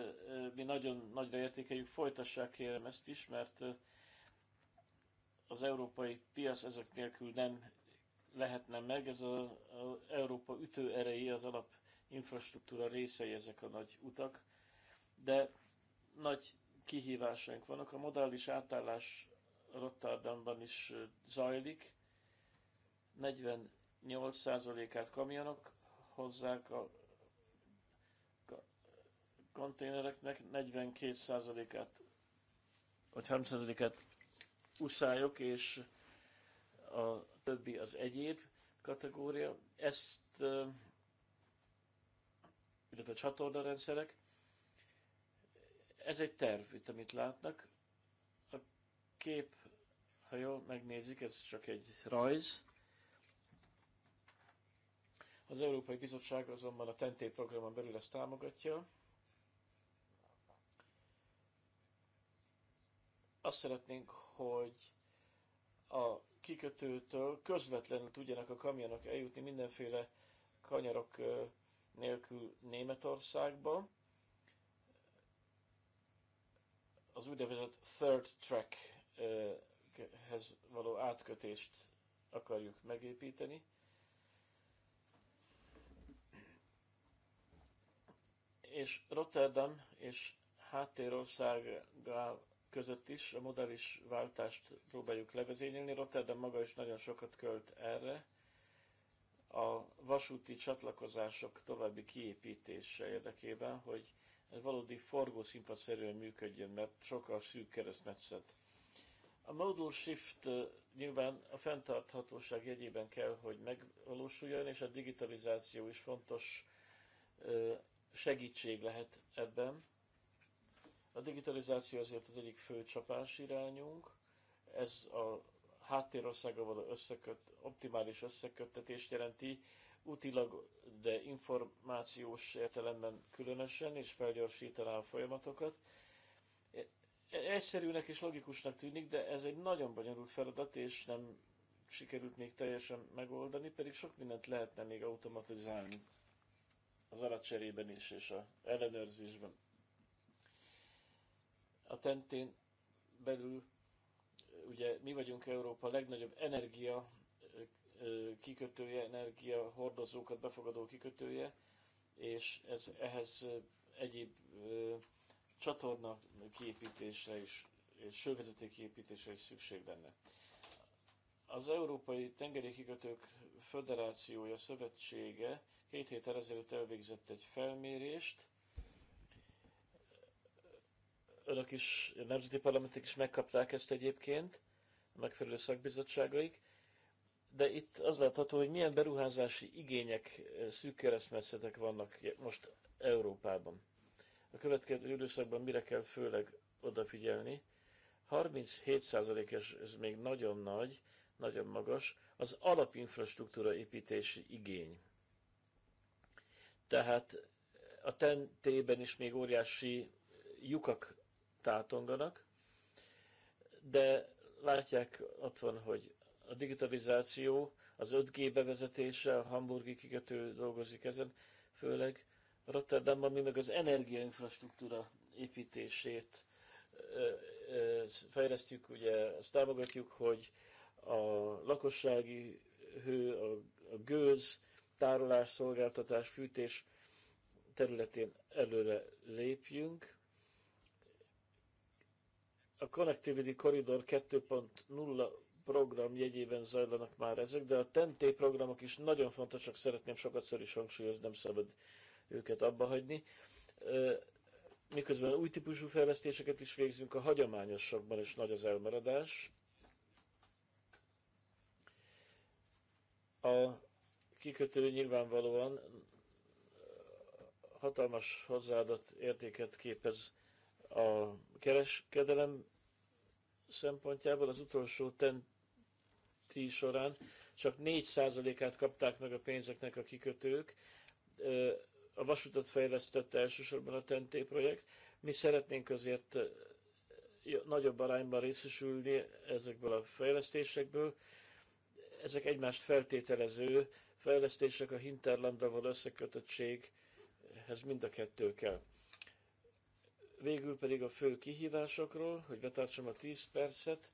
mi nagyon nagyra értékeljük, folytassák kérem ezt is, mert az európai piac ezek nélkül nem lehetne meg, ez az Európa ütő erejé, az alap infrastruktúra részei ezek a nagy utak, de nagy kihívásaink vannak. A modális átállás Rotterdamban is zajlik, 48%-át kamionok hozzák a konténereknek, 42%-át vagy 30%-át uszályok, és a többi az egyéb kategória. Ezt, illetve a csatornarendszerek, ez egy terv, itt amit látnak. A kép, ha jól megnézik, ez csak egy rajz. Az Európai Bizottság azonban a TENTÉ programon belül ezt támogatja. Azt szeretnénk, hogy a kikötőtől közvetlenül tudjanak a kamionok eljutni mindenféle kanyarok nélkül Németországba. Az úgynevezett third trackhez való átkötést akarjuk megépíteni. És Rotterdam és háttérországgal között is a modális váltást próbáljuk levezényelni. Rotterdam maga is nagyon sokat költ erre. A vasúti csatlakozások további kiépítése érdekében, hogy ez valódi forgószínpadszerűen működjön, mert sokkal szűk keresztmetszet. A modul shift nyilván a fenntarthatóság jegyében kell, hogy megvalósuljon, és a digitalizáció is fontos segítség lehet ebben a digitalizáció azért az egyik fő csapás irányunk, ez a háttérországa való összeköt, optimális összeköttetést jelenti, utilag, de információs értelemben különösen, és felgyorsítaná a folyamatokat. E, egyszerűnek és logikusnak tűnik, de ez egy nagyon bonyolult feladat, és nem sikerült még teljesen megoldani, pedig sok mindent lehetne még automatizálni az adatcserében is, és a ellenőrzésben. A tentén belül ugye mi vagyunk Európa legnagyobb energia kikötője, energia hordozókat befogadó kikötője, és ez ehhez egyéb csatorna kiépítésre is, és sővezeték kiépítésre is szükség lenne. Az Európai Tengeri Kikötők Föderációja Szövetsége két héttel ezelőtt elvégzett egy felmérést, önök is, a nemzeti parlamentek is megkapták ezt egyébként, a megfelelő szakbizottságaik, de itt az látható, hogy milyen beruházási igények, eh, szűk keresztmetszetek vannak most Európában. A következő időszakban mire kell főleg odafigyelni? 37%-es, ez még nagyon nagy, nagyon magas, az alapinfrastruktúra építési igény. Tehát a TEN-T-ben is még óriási lyukak tátonganak, de látják ott van, hogy a digitalizáció, az 5G bevezetése, a hamburgi kikető dolgozik ezen, főleg Rotterdamban mi meg az energiainfrastruktúra építését fejlesztjük, ugye azt támogatjuk, hogy a lakossági hő, a, a gőz, tárolás, szolgáltatás, fűtés területén előre lépjünk. A Connectivity Corridor 2.0 program jegyében zajlanak már ezek, de a TNT programok is nagyon fontosak, szeretném szor is hangsúlyozni, nem szabad őket abba hagyni. Miközben új típusú fejlesztéseket is végzünk, a hagyományosokban, is nagy az elmaradás. A kikötő nyilvánvalóan hatalmas hozzáadott értéket képez a kereskedelem szempontjából az utolsó tenti során csak 4%-át kapták meg a pénzeknek a kikötők. A vasutat fejlesztette elsősorban a TNT projekt. Mi szeretnénk azért nagyobb arányban részesülni ezekből a fejlesztésekből. Ezek egymást feltételező fejlesztések, a hinterlanddal való összekötöttséghez mind a kettő kell. Végül pedig a fő kihívásokról, hogy betartsam a 10 percet.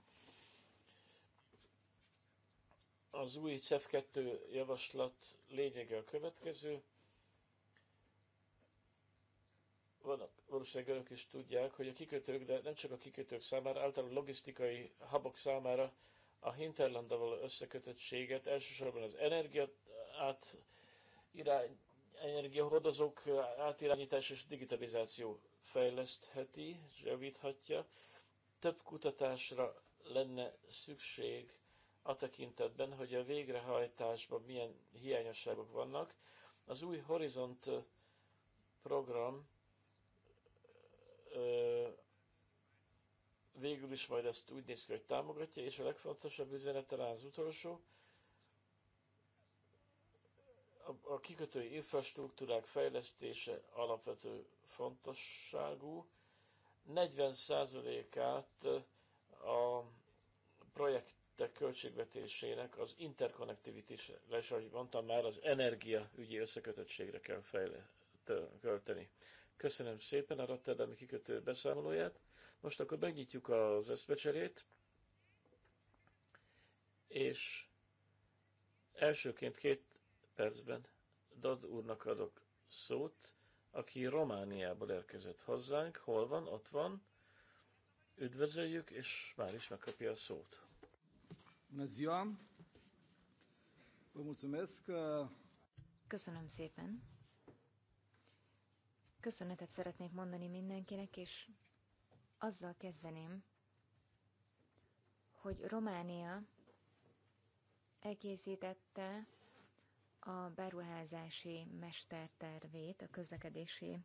Az új CEF2 javaslat lényege a következő. Vannak, valószínűleg önök is tudják, hogy a kikötők, de nem csak a kikötők számára, általában logisztikai habok számára a hinterlanddal való összekötöttséget, elsősorban az energia át irány, energiahordozók átirányítás és digitalizáció fejlesztheti, javíthatja. Több kutatásra lenne szükség a tekintetben, hogy a végrehajtásban milyen hiányosságok vannak. Az új Horizont program végül is majd ezt úgy néz ki, hogy támogatja, és a legfontosabb üzenet rá az utolsó, a kikötői infrastruktúrák fejlesztése alapvető fontosságú. 40%-át a projektek költségvetésének az interkonnektivitésre, és ahogy mondtam már, az energiaügyi összekötöttségre kell költeni. Köszönöm szépen a Rotterdami kikötő beszámolóját. Most akkor megnyitjuk az eszmecserét, és elsőként két percben Dad úrnak adok szót, aki Romániából érkezett hozzánk. Hol van? Ott van. Üdvözöljük, és már is megkapja a szót. Köszönöm szépen! Köszönetet szeretnék mondani mindenkinek, és azzal kezdeném, hogy Románia elkészítette a beruházási mestertervét, a közlekedési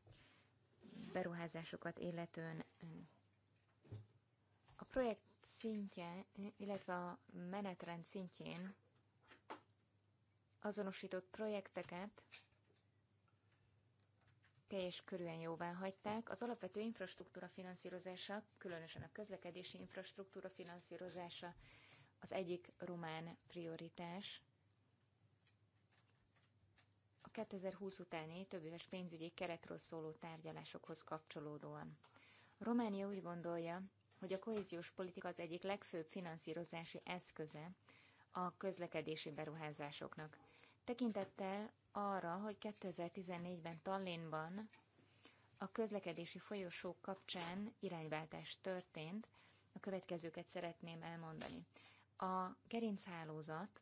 beruházásokat illetően a projekt szintje, illetve a menetrend szintjén azonosított projekteket teljes körűen jóvá hagyták. Az alapvető infrastruktúra finanszírozása, különösen a közlekedési infrastruktúra finanszírozása az egyik román prioritás – 2020 utáni éves pénzügyi keretről szóló tárgyalásokhoz kapcsolódóan. Románia úgy gondolja, hogy a kohéziós politika az egyik legfőbb finanszírozási eszköze a közlekedési beruházásoknak. Tekintettel arra, hogy 2014-ben Tallinnban a közlekedési folyosók kapcsán irányváltás történt, a következőket szeretném elmondani. A gerinchálózat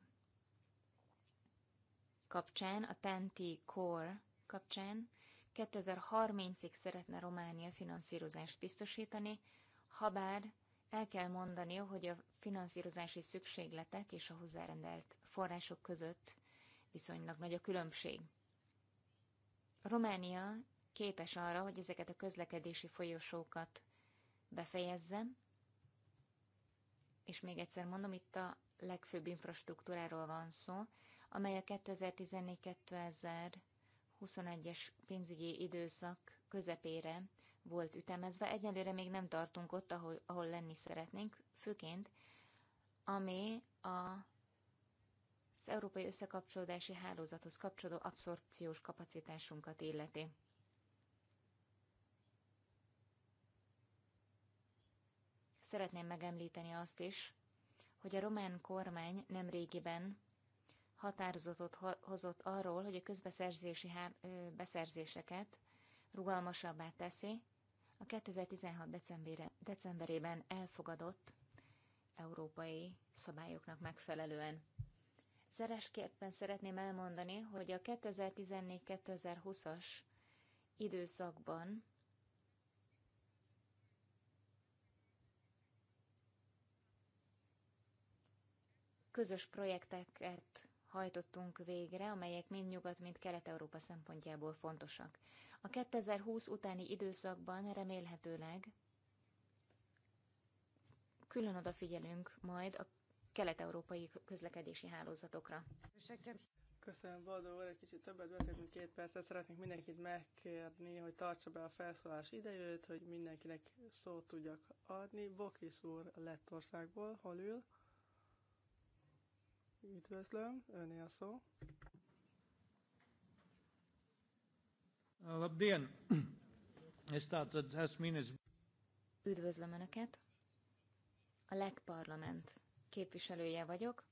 kapcsán, a TENTI Core kapcsán 2030-ig szeretne Románia finanszírozást biztosítani, habár el kell mondani, hogy a finanszírozási szükségletek és a hozzárendelt források között viszonylag nagy a különbség. Románia képes arra, hogy ezeket a közlekedési folyosókat befejezze, és még egyszer mondom, itt a legfőbb infrastruktúráról van szó, amely a 2014-2021-es pénzügyi időszak közepére volt ütemezve. Egyelőre még nem tartunk ott, ahol, ahol lenni szeretnénk, főként ami a, az európai összekapcsolódási hálózathoz kapcsolódó abszorpciós kapacitásunkat illeti. Szeretném megemlíteni azt is, hogy a román kormány nem régiben határozatot hozott arról, hogy a közbeszerzési beszerzéseket rugalmasabbá teszi a 2016 decemberében elfogadott európai szabályoknak megfelelően. Szeresképpen szeretném elmondani, hogy a 2014-2020-as időszakban közös projekteket hajtottunk végre, amelyek mind Nyugat, mind Kelet-Európa szempontjából fontosak. A 2020 utáni időszakban remélhetőleg külön odafigyelünk majd a kelet-európai közlekedési hálózatokra. Köszönöm, Baldó úr, egy kicsit többet beszéltünk két percet. Szeretnék mindenkit megkérni, hogy tartsa be a felszólás idejét, hogy mindenkinek szót tudjak adni. Bokis úr Lettországból, hol ül? Üdvözlöm, ön a szó. Labdien! ez tātad esmu Ines. Üdvözlöm Önöket! A legparlament képviselője vagyok,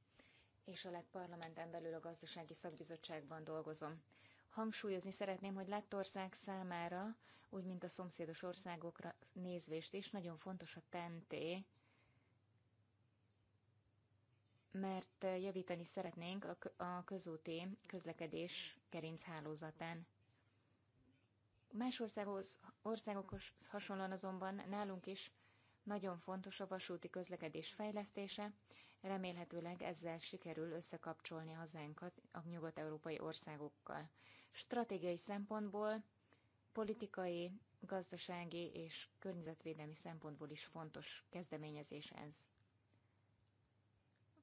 és a legparlamenten belül a gazdasági szakbizottságban dolgozom. Hangsúlyozni szeretném, hogy Lettország számára, úgy mint a szomszédos országokra nézvést is, nagyon fontos a tenté, mert eh, javítani szeretnénk a közúti közlekedés gerinchálózatán. Más országhoz, országokhoz hasonlóan azonban nálunk is nagyon fontos a vasúti közlekedés fejlesztése, remélhetőleg ezzel sikerül összekapcsolni hazánkat a nyugat-európai országokkal. Stratégiai szempontból, politikai, gazdasági és környezetvédelmi szempontból is fontos kezdeményezés ez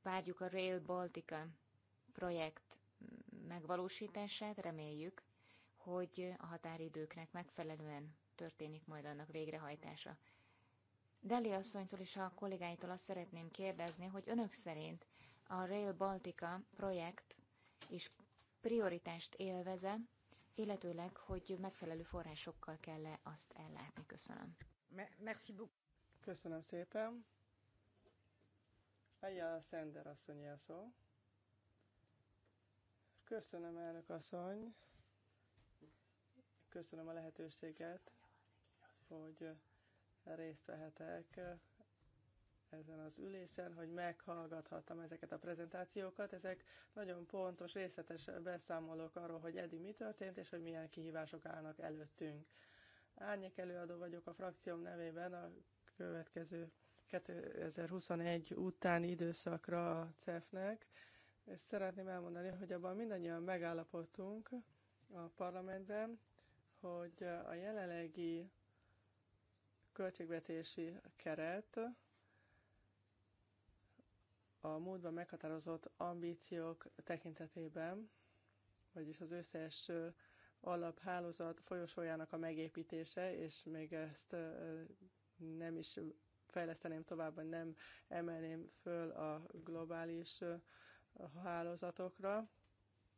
várjuk a Rail Baltica projekt megvalósítását, reméljük, hogy a határidőknek megfelelően történik majd annak végrehajtása. Deli asszonytól és a kollégáitól azt szeretném kérdezni, hogy önök szerint a Rail Baltica projekt is prioritást élveze, illetőleg, hogy megfelelő forrásokkal kell -e azt ellátni. Köszönöm. Merci beaucoup. Köszönöm szépen a Sender asszony a szó. Köszönöm, elnök asszony. Köszönöm a lehetőséget, hogy részt vehetek ezen az ülésen, hogy meghallgathattam ezeket a prezentációkat. Ezek nagyon pontos, részletes beszámolók arról, hogy eddig mi történt, és hogy milyen kihívások állnak előttünk. Árnyék előadó vagyok a frakcióm nevében a következő 2021 utáni időszakra a CEF-nek, és szeretném elmondani, hogy abban mindannyian megállapodtunk a parlamentben, hogy a jelenlegi költségvetési keret a múltban meghatározott ambíciók tekintetében, vagyis az összes alaphálózat folyosójának a megépítése, és még ezt eh, nem is fejleszteném tovább, vagy nem emelném föl a globális hálózatokra.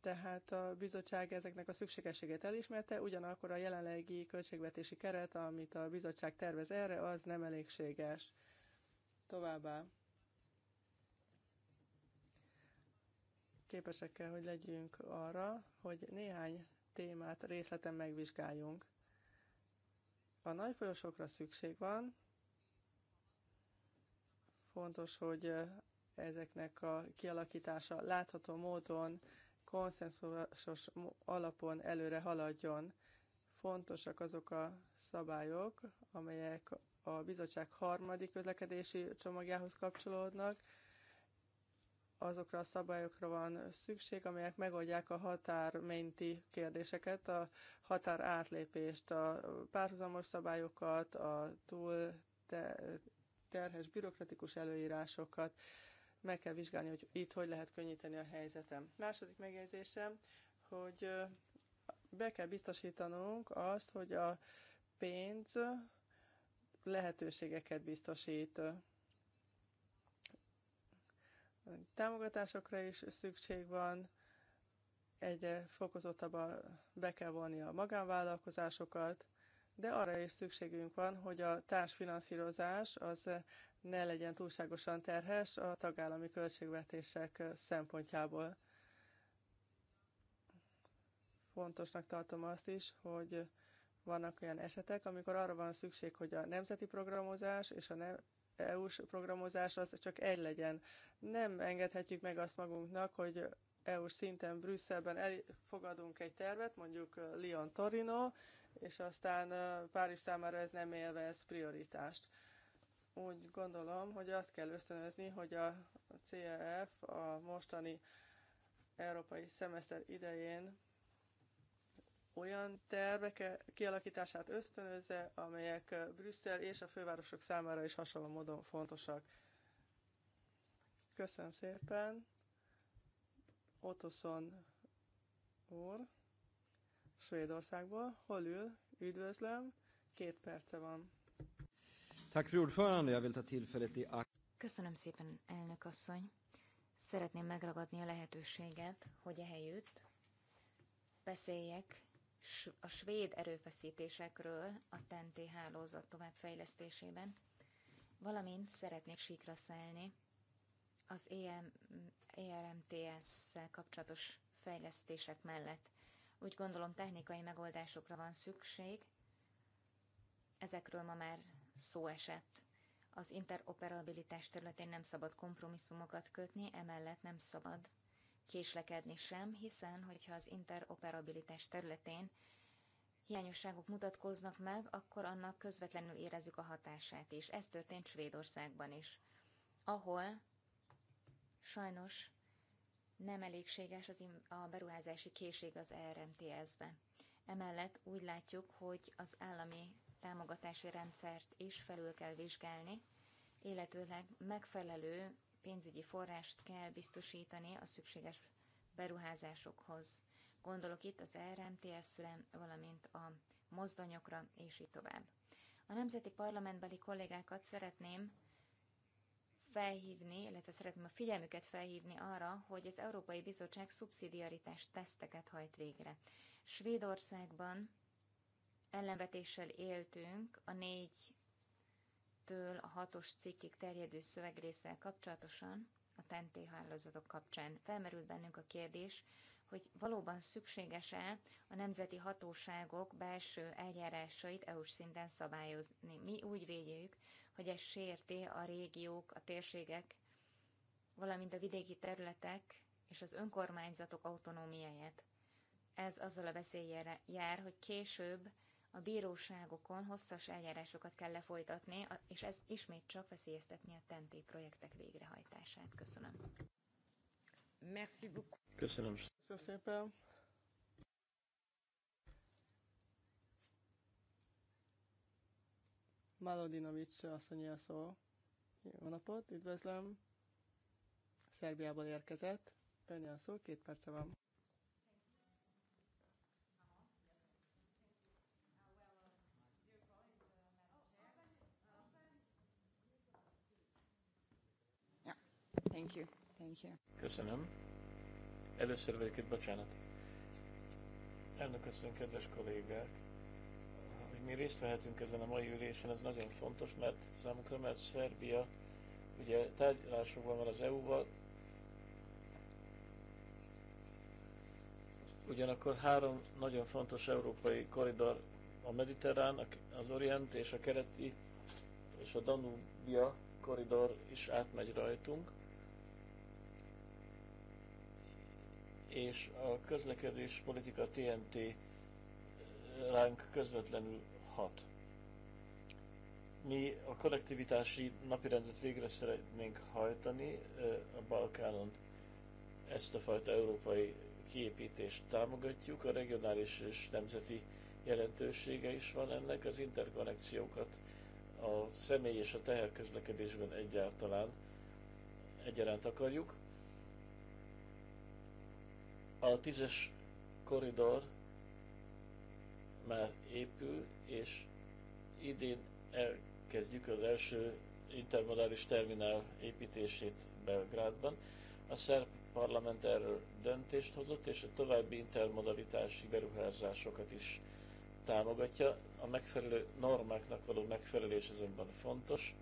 Tehát a bizottság ezeknek a szükségességét elismerte, ugyanakkor a jelenlegi költségvetési keret, amit a bizottság tervez erre, az nem elégséges. Továbbá képesek kell, hogy legyünk arra, hogy néhány témát részleten megvizsgáljunk. A nagy folyosókra szükség van, fontos, hogy ezeknek a kialakítása látható módon, konszenzusos alapon előre haladjon. Fontosak azok a szabályok, amelyek a bizottság harmadik közlekedési csomagjához kapcsolódnak. Azokra a szabályokra van szükség, amelyek megoldják a határmenti kérdéseket, a határ átlépést, a párhuzamos szabályokat, a túl terhes bürokratikus előírásokat. Meg kell vizsgálni, hogy itt hogy lehet könnyíteni a helyzetem. Második megjegyzésem, hogy be kell biztosítanunk azt, hogy a pénz lehetőségeket biztosít. Támogatásokra is szükség van, egyre fokozottabban be kell vonni a magánvállalkozásokat, de arra is szükségünk van, hogy a társfinanszírozás az ne legyen túlságosan terhes a tagállami költségvetések szempontjából. Fontosnak tartom azt is, hogy vannak olyan esetek, amikor arra van szükség, hogy a nemzeti programozás és a nem EU-s programozás az csak egy legyen. Nem engedhetjük meg azt magunknak, hogy eu szinten Brüsszelben elfogadunk egy tervet, mondjuk Lyon Torino, és aztán Párizs számára ez nem ez prioritást. Úgy gondolom, hogy azt kell ösztönözni, hogy a CEF a mostani európai szemeszter idején olyan tervek kialakítását ösztönözze, amelyek Brüsszel és a fővárosok számára is hasonló módon fontosak. Köszönöm szépen! Otoszon úr Svédországból. Hol ül? Üdvözlöm. Két perce van. Tack för ordförande. Jag vill ta tillfället i akt. Köszönöm szépen, elnök asszony. Szeretném megragadni a lehetőséget, hogy ehelyütt beszéljek a svéd erőfeszítésekről a TNT hálózat továbbfejlesztésében, valamint szeretnék síkra szállni az EM. ERMTS-szel kapcsolatos fejlesztések mellett. Úgy gondolom technikai megoldásokra van szükség. Ezekről ma már szó esett. Az interoperabilitás területén nem szabad kompromisszumokat kötni, emellett nem szabad késlekedni sem, hiszen hogyha az interoperabilitás területén hiányosságok mutatkoznak meg, akkor annak közvetlenül érezzük a hatását is. Ez történt Svédországban is, ahol Sajnos nem elégséges az a beruházási készség az ERMTS-be. Emellett úgy látjuk, hogy az állami támogatási rendszert is felül kell vizsgálni, illetőleg megfelelő pénzügyi forrást kell biztosítani a szükséges beruházásokhoz. Gondolok itt az RMTS-re, valamint a mozdonyokra, és így tovább. A nemzeti parlamentbeli kollégákat szeretném felhívni, illetve szeretném a figyelmüket felhívni arra, hogy az Európai Bizottság szubszidiaritás teszteket hajt végre. Svédországban ellenvetéssel éltünk a négy től a hatos cikkig terjedő szövegrészsel kapcsolatosan, a TNT hálózatok kapcsán felmerült bennünk a kérdés, hogy valóban szükséges-e a nemzeti hatóságok belső eljárásait EU-s szinten szabályozni. Mi úgy védjük, hogy ez sérti a régiók, a térségek, valamint a vidéki területek és az önkormányzatok autonómiáját. Ez azzal a veszélyére jár, hogy később a bíróságokon hosszas eljárásokat kell lefolytatni, és ez ismét csak veszélyeztetni a TENTI projektek végrehajtását. Köszönöm. Merci beaucoup. Köszönöm. Köszönöm szépen. Malodinovics asszonyi a szó. Jó napot, üdvözlöm. Szerbiából érkezett. Önni a szó, két perce van. Thank you. Thank you. Köszönöm. Először vagyok itt, bocsánat. Elnök, köszönöm, kedves kollégák! hogy mi részt vehetünk ezen a mai ülésen, ez nagyon fontos, mert számunkra, mert Szerbia ugye tárgyalásokban van az EU-val, ugyanakkor három nagyon fontos európai koridor, a mediterrán, az orient és a kereti és a Danubia koridor is átmegy rajtunk. És a közlekedés politika TNT ránk közvetlenül hat. Mi a kollektivitási napirendet végre szeretnénk hajtani a Balkánon. Ezt a fajta európai kiépítést támogatjuk, a regionális és nemzeti jelentősége is van ennek, az interkonnekciókat a személy és a teherközlekedésben egyáltalán egyaránt akarjuk. A tízes koridor már épül, és idén elkezdjük az első intermodális terminál építését Belgrádban. A szerb parlament erről döntést hozott, és a további intermodalitási beruházásokat is támogatja. A megfelelő normáknak való megfelelés azonban fontos.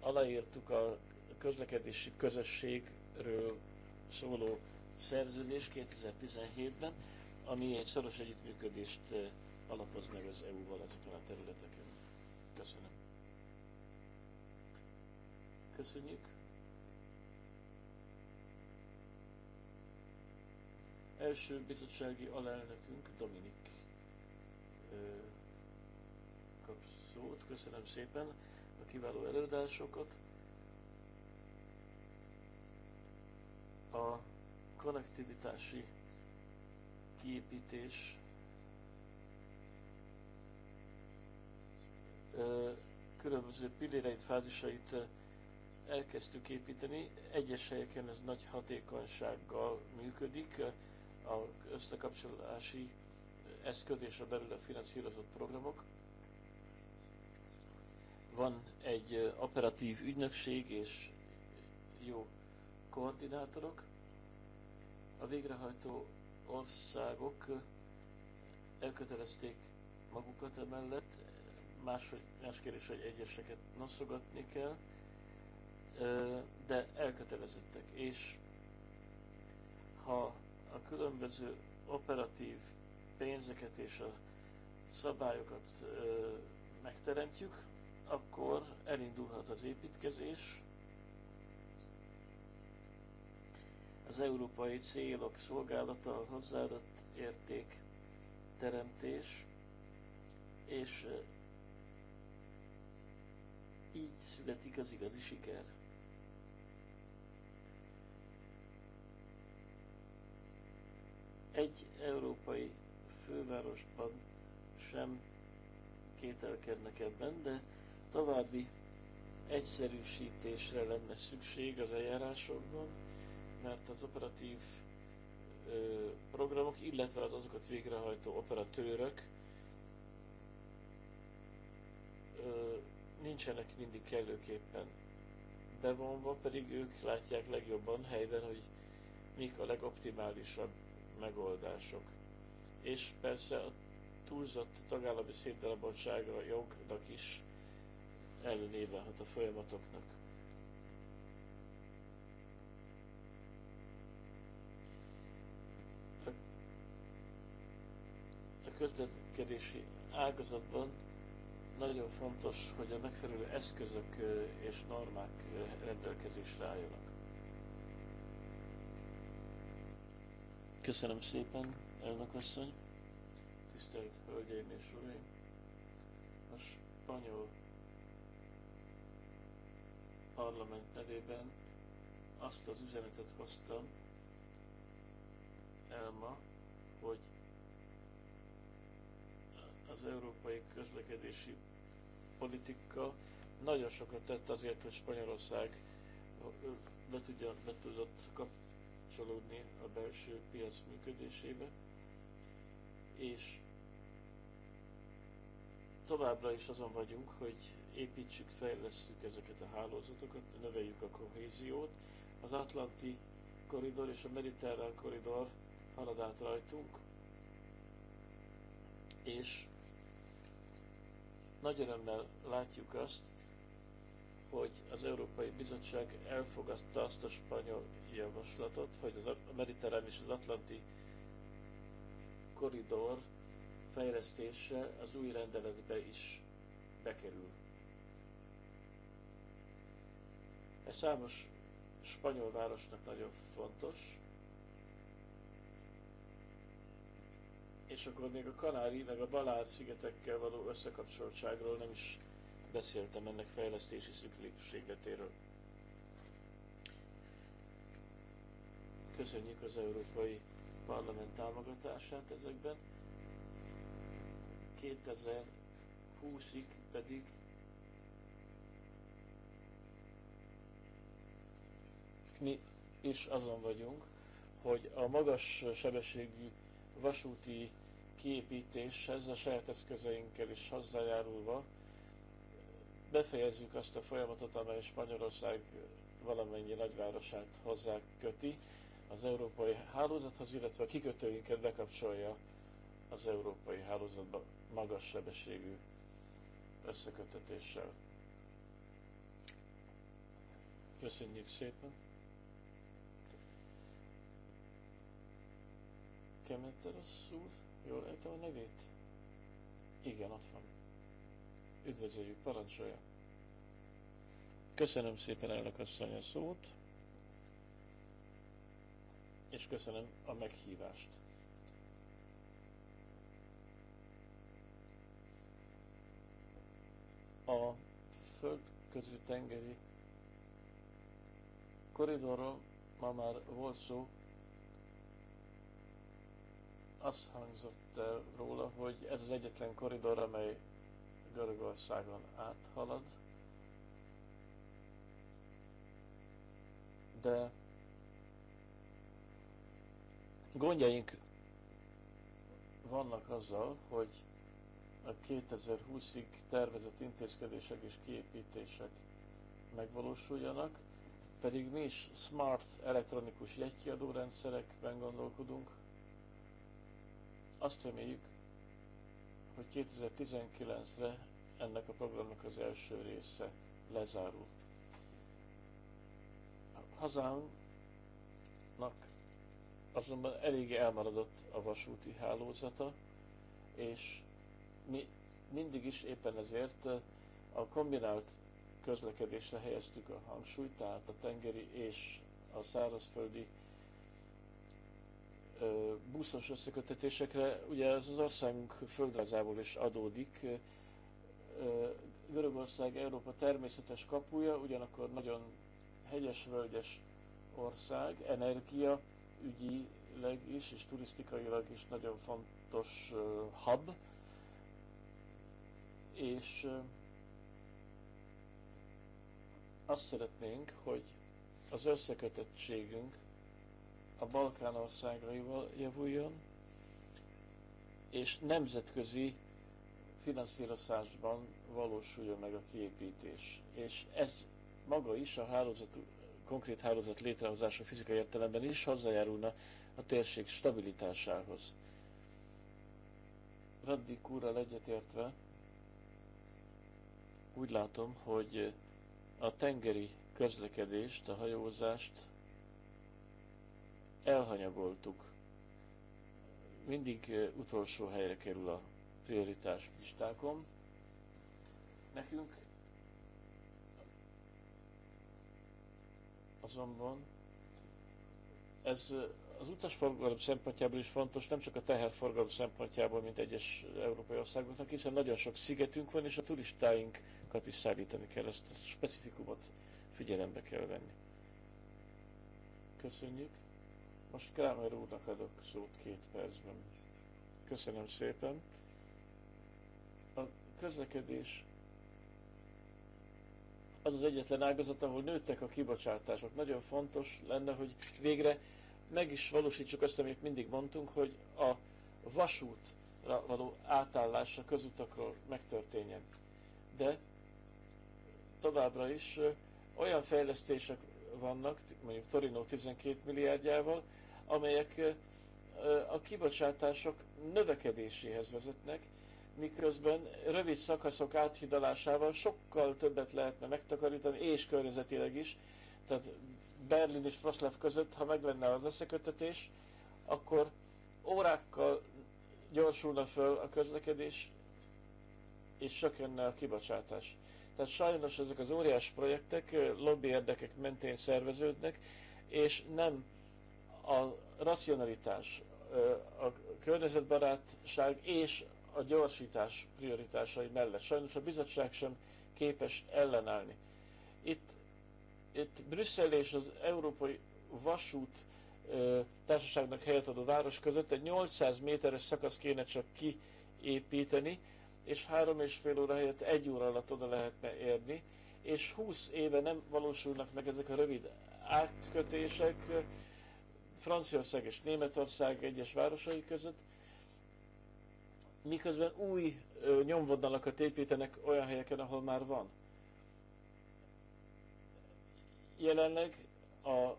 Aláírtuk a közlekedési közösségről szóló szerződés 2017-ben, ami egy szoros együttműködést eh, alapoz meg az EU-val ezeken a területeken. Köszönöm. Köszönjük. Első bizottsági alelnökünk Dominik eh, kap szót. Köszönöm szépen a kiváló előadásokat. A konnektivitási kiépítés különböző pilléreit, fázisait elkezdtük építeni. Egyes helyeken ez nagy hatékonysággal működik, a összekapcsolási eszköz és a belőle finanszírozott programok. Van egy operatív ügynökség és jó koordinátorok. A végrehajtó országok elkötelezték magukat emellett, más, más kérdés, hogy egyeseket noszogatni kell, de elkötelezettek. És ha a különböző operatív pénzeket és a szabályokat megteremtjük, akkor elindulhat az építkezés, az európai célok szolgálata, a hozzáadott érték teremtés, és így születik az igazi siker. Egy európai fővárosban sem kételkednek ebben, de további egyszerűsítésre lenne szükség az eljárásokban, mert az operatív programok, illetve az azokat végrehajtó operatőrök nincsenek mindig kellőképpen bevonva, pedig ők látják legjobban helyben, hogy mik a legoptimálisabb megoldások. És persze a túlzott tagállami szétdarabottsága jognak is ellenében hat a folyamatoknak. közlekedési ágazatban nagyon fontos, hogy a megfelelő eszközök és normák rendelkezésre álljanak. Köszönöm szépen, elnök asszony, tisztelt hölgyeim és uraim, a spanyol parlament nevében azt az üzenetet hoztam el ma, hogy az európai közlekedési politika nagyon sokat tett azért, hogy Spanyolország be, tudja, be tudott kapcsolódni a belső piac működésébe, és továbbra is azon vagyunk, hogy építsük, fejlesztjük ezeket a hálózatokat, növeljük a kohéziót. Az Atlanti koridor és a Mediterrán koridor halad át rajtunk, és nagy örömmel látjuk azt, hogy az Európai Bizottság elfogadta azt a spanyol javaslatot, hogy az a mediterrán és az atlanti koridor fejlesztése az új rendeletbe is bekerül. Ez számos spanyol városnak nagyon fontos, és akkor még a Kanári, meg a Balád szigetekkel való összekapcsoltságról nem is beszéltem ennek fejlesztési szükségletéről. Köszönjük az Európai Parlament támogatását ezekben. 2020-ig pedig mi is azon vagyunk, hogy a magas sebességű vasúti kiépítéshez a saját eszközeinkkel is hozzájárulva befejezzük azt a folyamatot, amely Spanyolország valamennyi nagyvárosát hozzá köti az európai hálózathoz, illetve a kikötőinket bekapcsolja az európai hálózatba magas sebességű összekötetéssel. Köszönjük szépen! Kemeteres úr! Jól ejtem a nevét? Igen, ott van. Üdvözöljük, parancsolja. Köszönöm szépen elnök asszony a szót, és köszönöm a meghívást. A földközi tengeri koridorról ma már volt szó, az hangzott el róla, hogy ez az egyetlen koridor, amely Görögországon áthalad, de gondjaink vannak azzal, hogy a 2020-ig tervezett intézkedések és kiépítések megvalósuljanak, pedig mi is smart elektronikus jegykiadórendszerekben gondolkodunk, azt reméljük, hogy 2019-re ennek a programnak az első része lezárul. A azonban elég elmaradott a vasúti hálózata, és mi mindig is éppen ezért a kombinált közlekedésre helyeztük a hangsúlyt, tehát a tengeri és a szárazföldi buszos összekötetésekre, ugye ez az országunk földrajzából is adódik. Görögország Európa természetes kapuja, ugyanakkor nagyon hegyes, völgyes ország, energia ügyileg is, és turisztikailag is nagyon fontos hub, és azt szeretnénk, hogy az összekötettségünk a Balkán országaival javuljon, és nemzetközi finanszírozásban valósuljon meg a kiépítés. És ez maga is a hálózat, konkrét hálózat létrehozása fizikai értelemben is hozzájárulna a térség stabilitásához. Raddik úrral egyetértve úgy látom, hogy a tengeri közlekedést, a hajózást elhanyagoltuk. Mindig utolsó helyre kerül a prioritás listákon. Nekünk azonban ez az utasforgalom szempontjából is fontos, nem csak a teherforgalom szempontjából, mint egyes európai országoknak, hiszen nagyon sok szigetünk van, és a turistáinkat is szállítani kell, ezt a specifikumot figyelembe kell venni. Köszönjük! Most Kramer úrnak adok szót két percben. Köszönöm szépen. A közlekedés az az egyetlen ágazat, ahol nőttek a kibocsátások. Nagyon fontos lenne, hogy végre meg is valósítsuk azt, amit mindig mondtunk, hogy a vasútra való átállása közutakról megtörténjen. De továbbra is olyan fejlesztések vannak, mondjuk Torino 12 milliárdjával, amelyek a kibocsátások növekedéséhez vezetnek, miközben rövid szakaszok áthidalásával sokkal többet lehetne megtakarítani, és környezetileg is, tehát Berlin és Vroszláv között, ha meg lenne az összekötetés, akkor órákkal gyorsulna föl a közlekedés, és csökkenne a kibocsátás. Tehát sajnos ezek az óriás projektek lobby érdekek mentén szerveződnek, és nem a racionalitás, a környezetbarátság és a gyorsítás prioritásai mellett. Sajnos a bizottság sem képes ellenállni. Itt, itt Brüsszel és az Európai Vasút társaságnak helyet adó város között egy 800 méteres szakasz kéne csak kiépíteni, és három és fél óra helyett egy óra alatt oda lehetne érni, és 20 éve nem valósulnak meg ezek a rövid átkötések, Franciaország és Németország egyes városai között, miközben új nyomvonalakat építenek olyan helyeken, ahol már van. Jelenleg a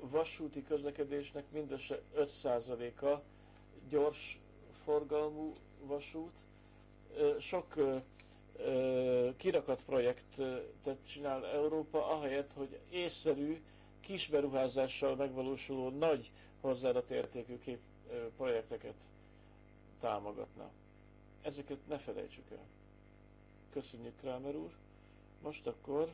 vasúti közlekedésnek mindössze 5%-a gyors forgalmú vasút. Sok kirakat projektet csinál Európa, ahelyett, hogy észszerű kis beruházással megvalósuló nagy hozzáadott értékű kép, projekteket támogatna. Ezeket ne felejtsük el. Köszönjük, Krámer úr. Most akkor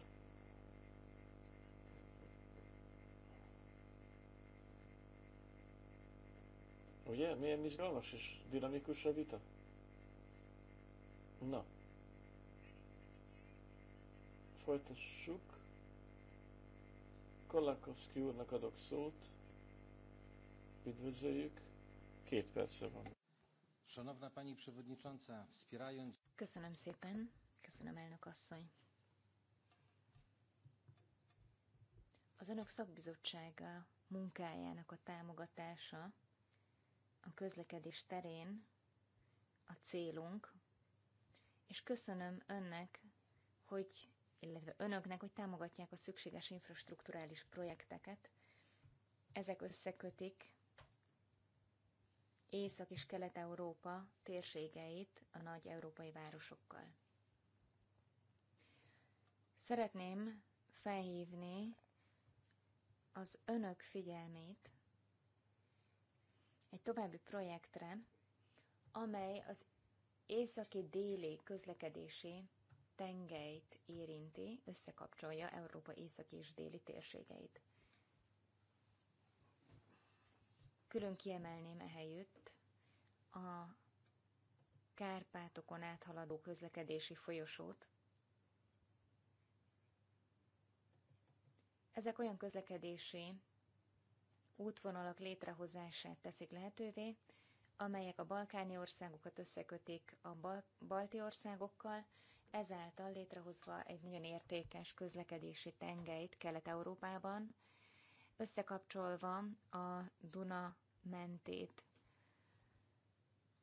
Ugye? Milyen izgalmas és dinamikus a vita? Na. Folytassuk. Kolakowski úrnak adok szót. Üdvözöljük. Két perce van. Szanowna Pani Przewodnicząca, wspierając... Köszönöm szépen. Köszönöm, elnök asszony. Az önök szakbizottsága munkájának a támogatása a közlekedés terén a célunk, és köszönöm önnek, hogy illetve önöknek, hogy támogatják a szükséges infrastruktúrális projekteket. Ezek összekötik Észak- és Kelet-Európa térségeit a nagy európai városokkal. Szeretném felhívni az önök figyelmét egy további projektre, amely az északi-déli közlekedési tengelyt érinti, összekapcsolja Európa északi és déli térségeit. Külön kiemelném ehelyütt a Kárpátokon áthaladó közlekedési folyosót. Ezek olyan közlekedési útvonalak létrehozását teszik lehetővé, amelyek a balkáni országokat összekötik a balti országokkal, ezáltal létrehozva egy nagyon értékes közlekedési tengelyt Kelet-Európában, összekapcsolva a Duna mentét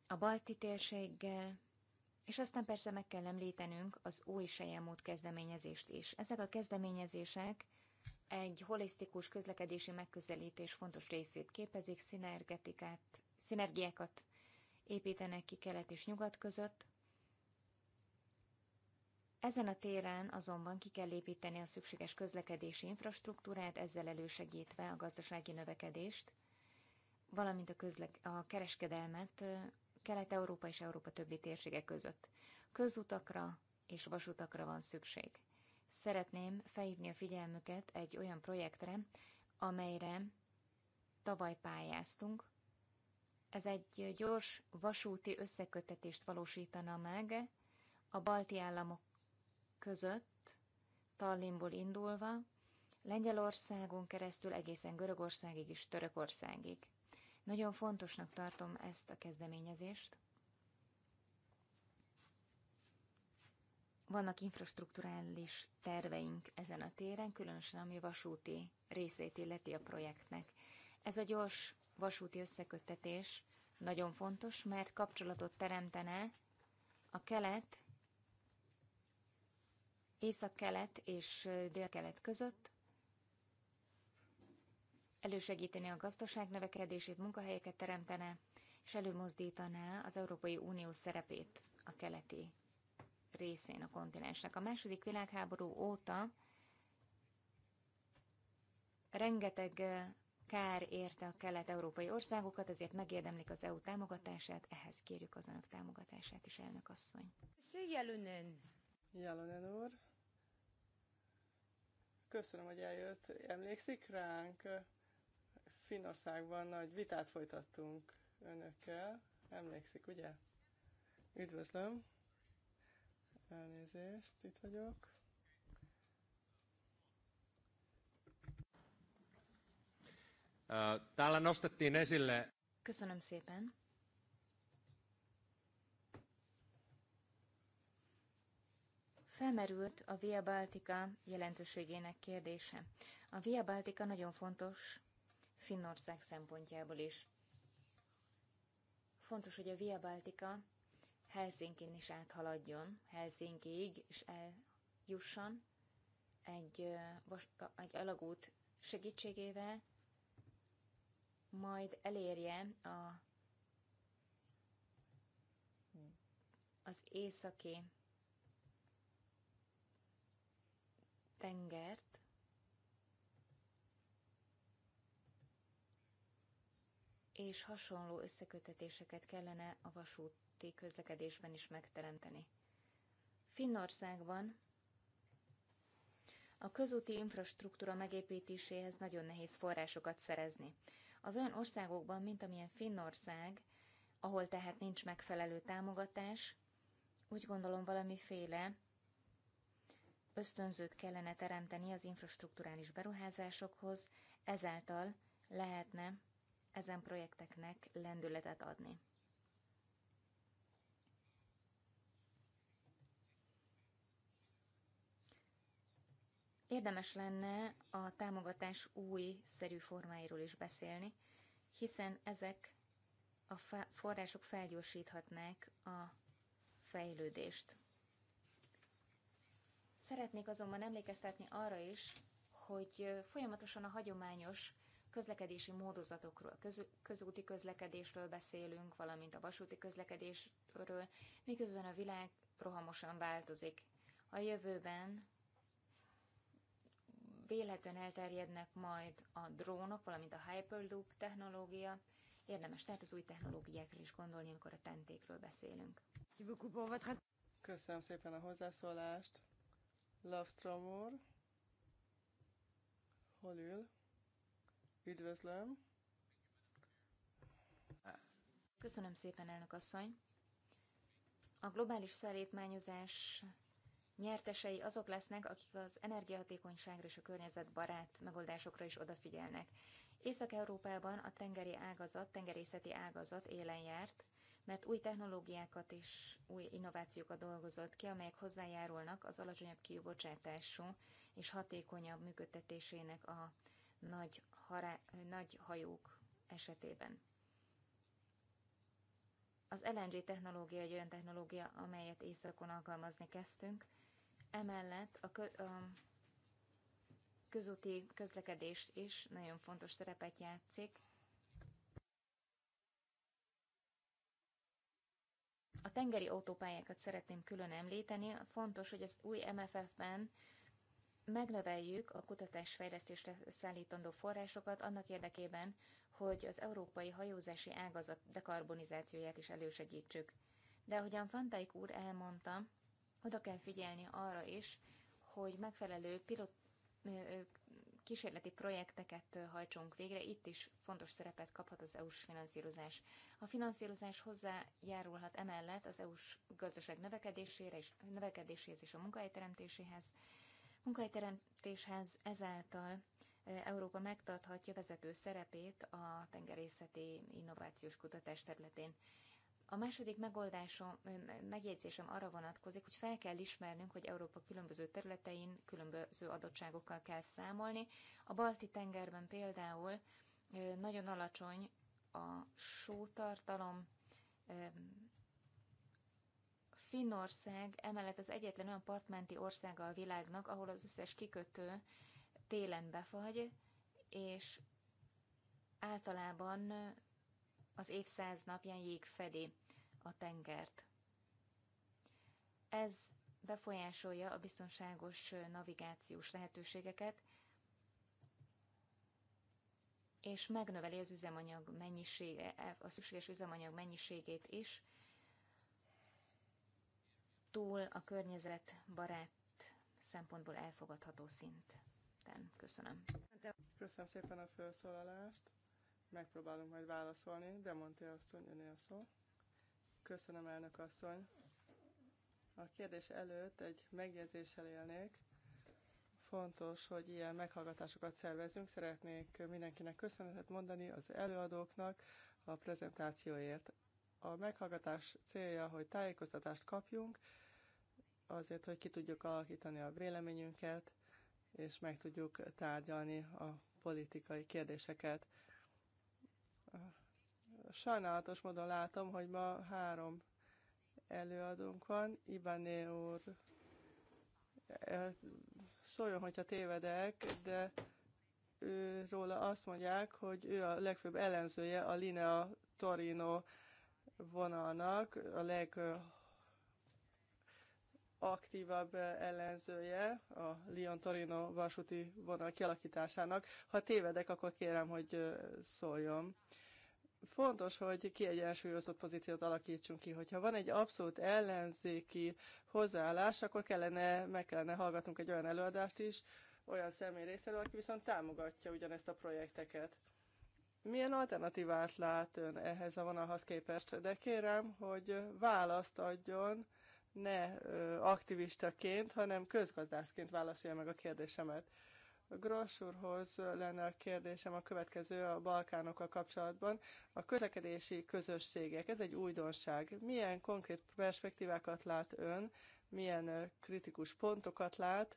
a balti térséggel, és aztán persze meg kell említenünk az új sejemút kezdeményezést is. Ezek a kezdeményezések egy holisztikus közlekedési megközelítés fontos részét képezik, szinergetikát, szinergiákat építenek ki kelet és nyugat között, ezen a téren azonban ki kell építeni a szükséges közlekedési infrastruktúrát, ezzel elősegítve a gazdasági növekedést, valamint a, közlek- a kereskedelmet Kelet-Európa és Európa többi térsége között. Közutakra és vasutakra van szükség. Szeretném felhívni a figyelmüket egy olyan projektre, amelyre tavaly pályáztunk. Ez egy gyors vasúti összekötetést valósítana meg a balti államok között, Tallinnból indulva, Lengyelországon keresztül egészen Görögországig és Törökországig. Nagyon fontosnak tartom ezt a kezdeményezést. Vannak infrastruktúrális terveink ezen a téren, különösen ami vasúti részét illeti a projektnek. Ez a gyors vasúti összeköttetés nagyon fontos, mert kapcsolatot teremtene a kelet észak-kelet és dél-kelet között, elősegíteni a gazdaság növekedését, munkahelyeket teremtene, és előmozdítaná az Európai Unió szerepét a keleti részén a kontinensnek. A második világháború óta rengeteg kár érte a kelet-európai országokat, ezért megérdemlik az EU támogatását, ehhez kérjük az önök támogatását is, elnök asszony. Jelönen. Jelönen úr. Köszönöm, hogy eljött. Emlékszik ránk? Finnországban nagy vitát folytattunk önökkel. Emlékszik, ugye? Üdvözlöm. Elnézést, itt vagyok. Täällä nostettiin esille... Köszönöm szépen. Felmerült a Via Baltica jelentőségének kérdése. A Via Baltica nagyon fontos Finnország szempontjából is. Fontos, hogy a Via Baltica Helsinkin is áthaladjon, Helsinkiig és eljusson egy, egy alagút segítségével, majd elérje a, az északi tengert, és hasonló összekötetéseket kellene a vasúti közlekedésben is megteremteni. Finnországban a közúti infrastruktúra megépítéséhez nagyon nehéz forrásokat szerezni. Az olyan országokban, mint amilyen Finnország, ahol tehát nincs megfelelő támogatás, úgy gondolom valamiféle ösztönzőt kellene teremteni az infrastruktúrális beruházásokhoz, ezáltal lehetne ezen projekteknek lendületet adni. Érdemes lenne a támogatás új szerű formáiról is beszélni, hiszen ezek a források felgyorsíthatnák a fejlődést. Szeretnék azonban emlékeztetni arra is, hogy folyamatosan a hagyományos közlekedési módozatokról, köz, közúti közlekedésről beszélünk, valamint a vasúti közlekedésről, miközben a világ rohamosan változik. A jövőben véletlen elterjednek majd a drónok, valamint a Hyperloop technológia. Érdemes tehát az új technológiákra is gondolni, amikor a tentékről beszélünk. Köszönöm szépen a hozzászólást. Lavstrom hol ül? Üdvözlöm. Köszönöm szépen, elnök asszony. A globális szállítmányozás nyertesei azok lesznek, akik az energiahatékonyságra és a környezetbarát megoldásokra is odafigyelnek. Észak-Európában a tengeri ágazat, tengerészeti ágazat élen járt, mert új technológiákat és új innovációkat dolgozott ki, amelyek hozzájárulnak az alacsonyabb kibocsátású és hatékonyabb működtetésének a nagy, hará- nagy hajók esetében. Az LNG technológia egy olyan technológia, amelyet északon alkalmazni kezdtünk. Emellett a, kö- a közúti közlekedés is nagyon fontos szerepet játszik, A tengeri autópályákat szeretném külön említeni. Fontos, hogy az új MFF-ben megnöveljük a kutatásfejlesztésre szállítandó forrásokat annak érdekében, hogy az európai hajózási ágazat dekarbonizációját is elősegítsük. De ahogyan Fantaik úr elmondta, oda kell figyelni arra is, hogy megfelelő pilot kísérleti projekteket hajtsunk végre, itt is fontos szerepet kaphat az EU-s finanszírozás. A finanszírozás hozzájárulhat emellett az EU-s gazdaság növekedésére és növekedéséhez és a munkahelyteremtéséhez. Munkahelyteremtéshez ezáltal Európa megtarthatja vezető szerepét a tengerészeti innovációs kutatás területén. A második megoldásom, megjegyzésem arra vonatkozik, hogy fel kell ismernünk, hogy Európa különböző területein különböző adottságokkal kell számolni. A Balti-tengerben például nagyon alacsony a sótartalom, Finnország emellett az egyetlen olyan partmenti országa a világnak, ahol az összes kikötő télen befagy, és általában az évszáz napján jég fedi a tengert. Ez befolyásolja a biztonságos navigációs lehetőségeket, és megnöveli az üzemanyag mennyisége, a szükséges üzemanyag mennyiségét is, túl a környezetbarát szempontból elfogadható szinten. Köszönöm. Köszönöm szépen a felszólalást. Megpróbálunk majd válaszolni, de mondta azt, hogy a szó. Köszönöm, elnök asszony. A kérdés előtt egy megjegyzéssel élnék. Fontos, hogy ilyen meghallgatásokat szervezünk. Szeretnék mindenkinek köszönetet mondani az előadóknak a prezentációért. A meghallgatás célja, hogy tájékoztatást kapjunk, azért, hogy ki tudjuk alakítani a véleményünket, és meg tudjuk tárgyalni a politikai kérdéseket sajnálatos módon látom, hogy ma három előadónk van. Ibané úr, szóljon, hogyha tévedek, de ő, róla azt mondják, hogy ő a legfőbb ellenzője a Linea Torino vonalnak, a leg aktívabb ellenzője a Lyon-Torino vasúti vonal kialakításának. Ha tévedek, akkor kérem, hogy szóljon fontos, hogy kiegyensúlyozott pozíciót alakítsunk ki. Hogyha van egy abszolút ellenzéki hozzáállás, akkor kellene, meg kellene hallgatnunk egy olyan előadást is, olyan személy részéről, aki viszont támogatja ugyanezt a projekteket. Milyen alternatívát lát ön ehhez a vonalhoz képest? De kérem, hogy választ adjon, ne aktivistaként, hanem közgazdászként válaszolja meg a kérdésemet. Gross úrhoz lenne a kérdésem a következő a Balkánokkal kapcsolatban. A közlekedési közösségek, ez egy újdonság. Milyen konkrét perspektívákat lát ön, milyen kritikus pontokat lát,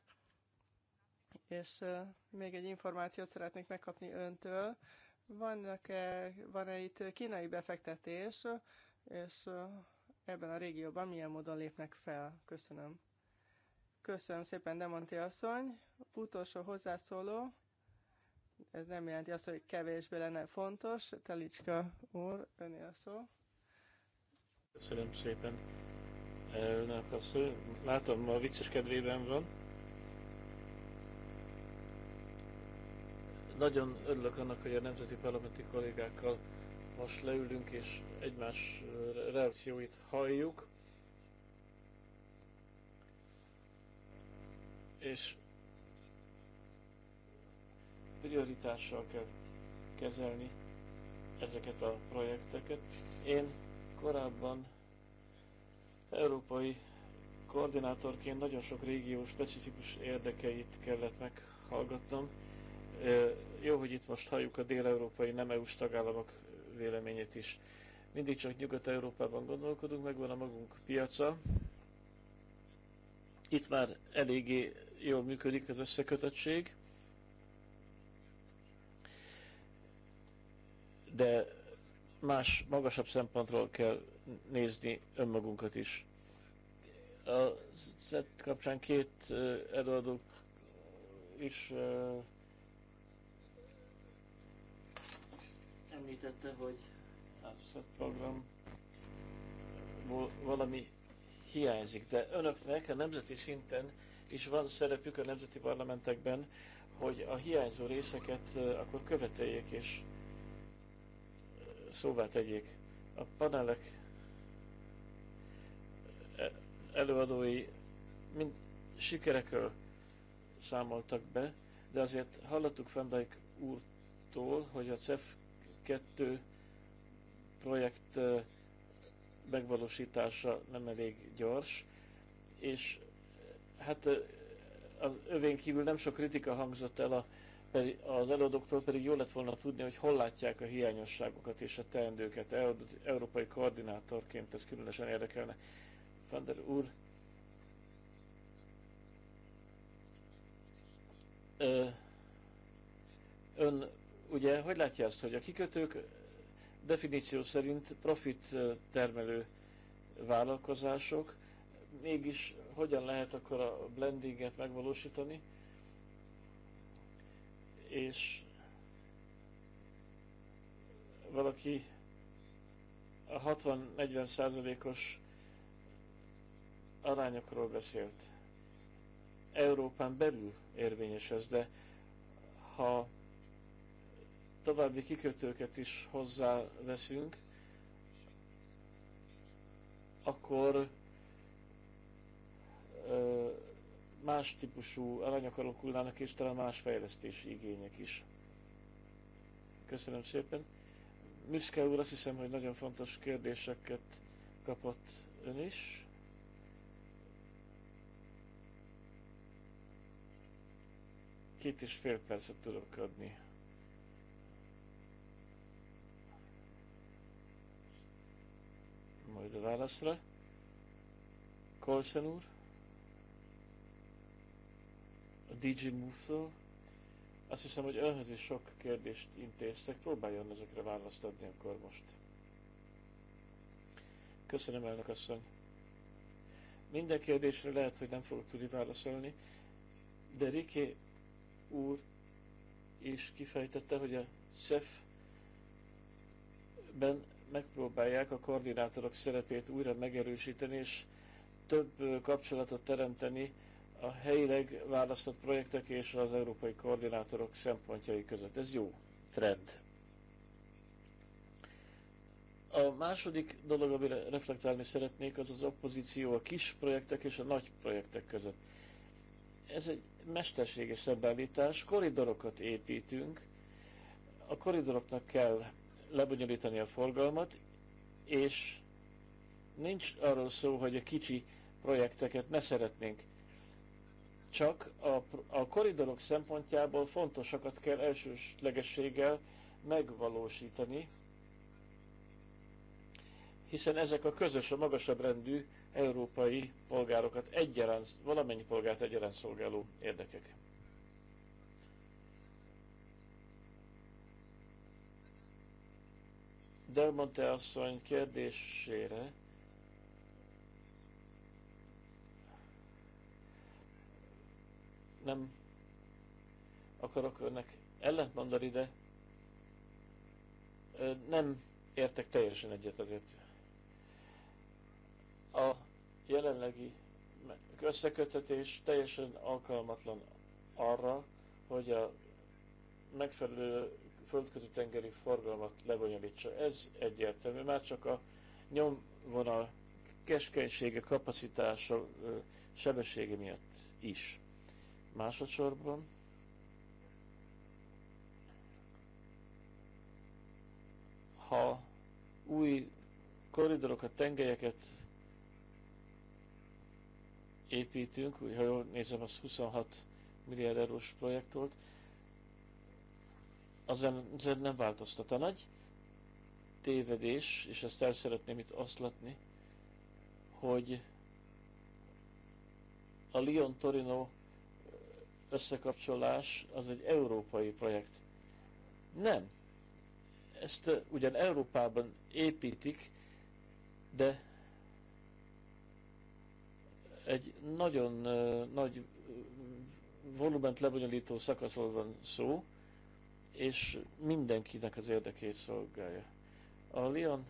és még egy információt szeretnék megkapni öntől. Vannak-e, van-e itt kínai befektetés, és ebben a régióban milyen módon lépnek fel? Köszönöm. Köszönöm szépen, Demonti asszony. Utolsó hozzászóló, ez nem jelenti azt, hogy kevésbé lenne fontos. Telicska úr, öné a szó. Köszönöm szépen. Önök asszony, látom, ma a vicces kedvében van. Nagyon örülök annak, hogy a nemzeti parlamenti kollégákkal most leülünk és egymás reakcióit halljuk és prioritással kell kezelni ezeket a projekteket. Én korábban európai koordinátorként nagyon sok régió specifikus érdekeit kellett meghallgatnom. Jó, hogy itt most halljuk a dél-európai nem EU-s tagállamok véleményét is. Mindig csak Nyugat-Európában gondolkodunk, megvan a magunk piaca. Itt már eléggé jól működik az összekötöttség, de más, magasabb szempontról kell nézni önmagunkat is. A szett kapcsán két előadó is említette, hogy a szett program valami hiányzik, de önöknek a nemzeti szinten is van szerepük a nemzeti parlamentekben, hogy a hiányzó részeket akkor követeljék és szóvá tegyék. A panelek e, előadói mind sikerekről számoltak be, de azért hallottuk Fendijk úrtól, hogy a CEF 2 projekt megvalósítása nem elég gyors, és hát az övén kívül nem sok kritika hangzott el a, az előadóktól, pedig jó lett volna tudni, hogy hol látják a hiányosságokat és a teendőket. E, európai koordinátorként ez különösen érdekelne. Fander úr, ön ugye, hogy látja ezt, hogy a kikötők definíció szerint profit termelő vállalkozások, mégis hogyan lehet akkor a blendinget megvalósítani, és valaki a 60-40 százalékos arányokról beszélt. Európán belül érvényes ez, de ha további kikötőket is hozzáveszünk, akkor más típusú aranyak alakulnának, és talán más fejlesztési igények is. Köszönöm szépen. Müszke úr, azt hiszem, hogy nagyon fontos kérdéseket kapott ön is. Két és fél percet tudok adni. Majd a válaszra. Kolszen úr. DJ Move-től. Azt hiszem, hogy önhöz is sok kérdést intéztek, próbáljon ezekre választ adni akkor most. Köszönöm, elnök asszony. Minden kérdésre lehet, hogy nem fogok tudni válaszolni, de Riki úr is kifejtette, hogy a CEF-ben megpróbálják a koordinátorok szerepét újra megerősíteni, és több kapcsolatot teremteni a helyileg választott projektek és az európai koordinátorok szempontjai között. Ez jó trend. A második dolog, amire reflektálni szeretnék, az az opozíció a kis projektek és a nagy projektek között. Ez egy mesterséges szembeállítás, koridorokat építünk, a koridoroknak kell lebonyolítani a forgalmat, és nincs arról szó, hogy a kicsi projekteket ne szeretnénk csak a, a koridorok szempontjából fontosakat kell elsőslegességgel megvalósítani, hiszen ezek a közös, a magasabb rendű európai polgárokat egyaránt, valamennyi polgárt egyaránt szolgáló érdekek. Delmonte asszony kérdésére nem akarok önnek mondani, de nem értek teljesen egyet azért. A jelenlegi összekötetés teljesen alkalmatlan arra, hogy a megfelelő földközi tengeri forgalmat lebonyolítsa. Ez egyértelmű, már csak a nyomvonal keskenysége, kapacitása, sebessége miatt is. Másodszorban ha új koridorokat, tengelyeket építünk, ha jól nézem, az 26 milliárd eurós projekt volt, azon nem változtat a nagy tévedés, és ezt el szeretném itt oszlatni, hogy a Lyon-Torino összekapcsolás az egy európai projekt. Nem. Ezt eh, ugyan Európában építik, de egy nagyon uh, nagy eh, volument lebonyolító szakaszról van szó, és mindenkinek az érdekét szolgálja. A Lyon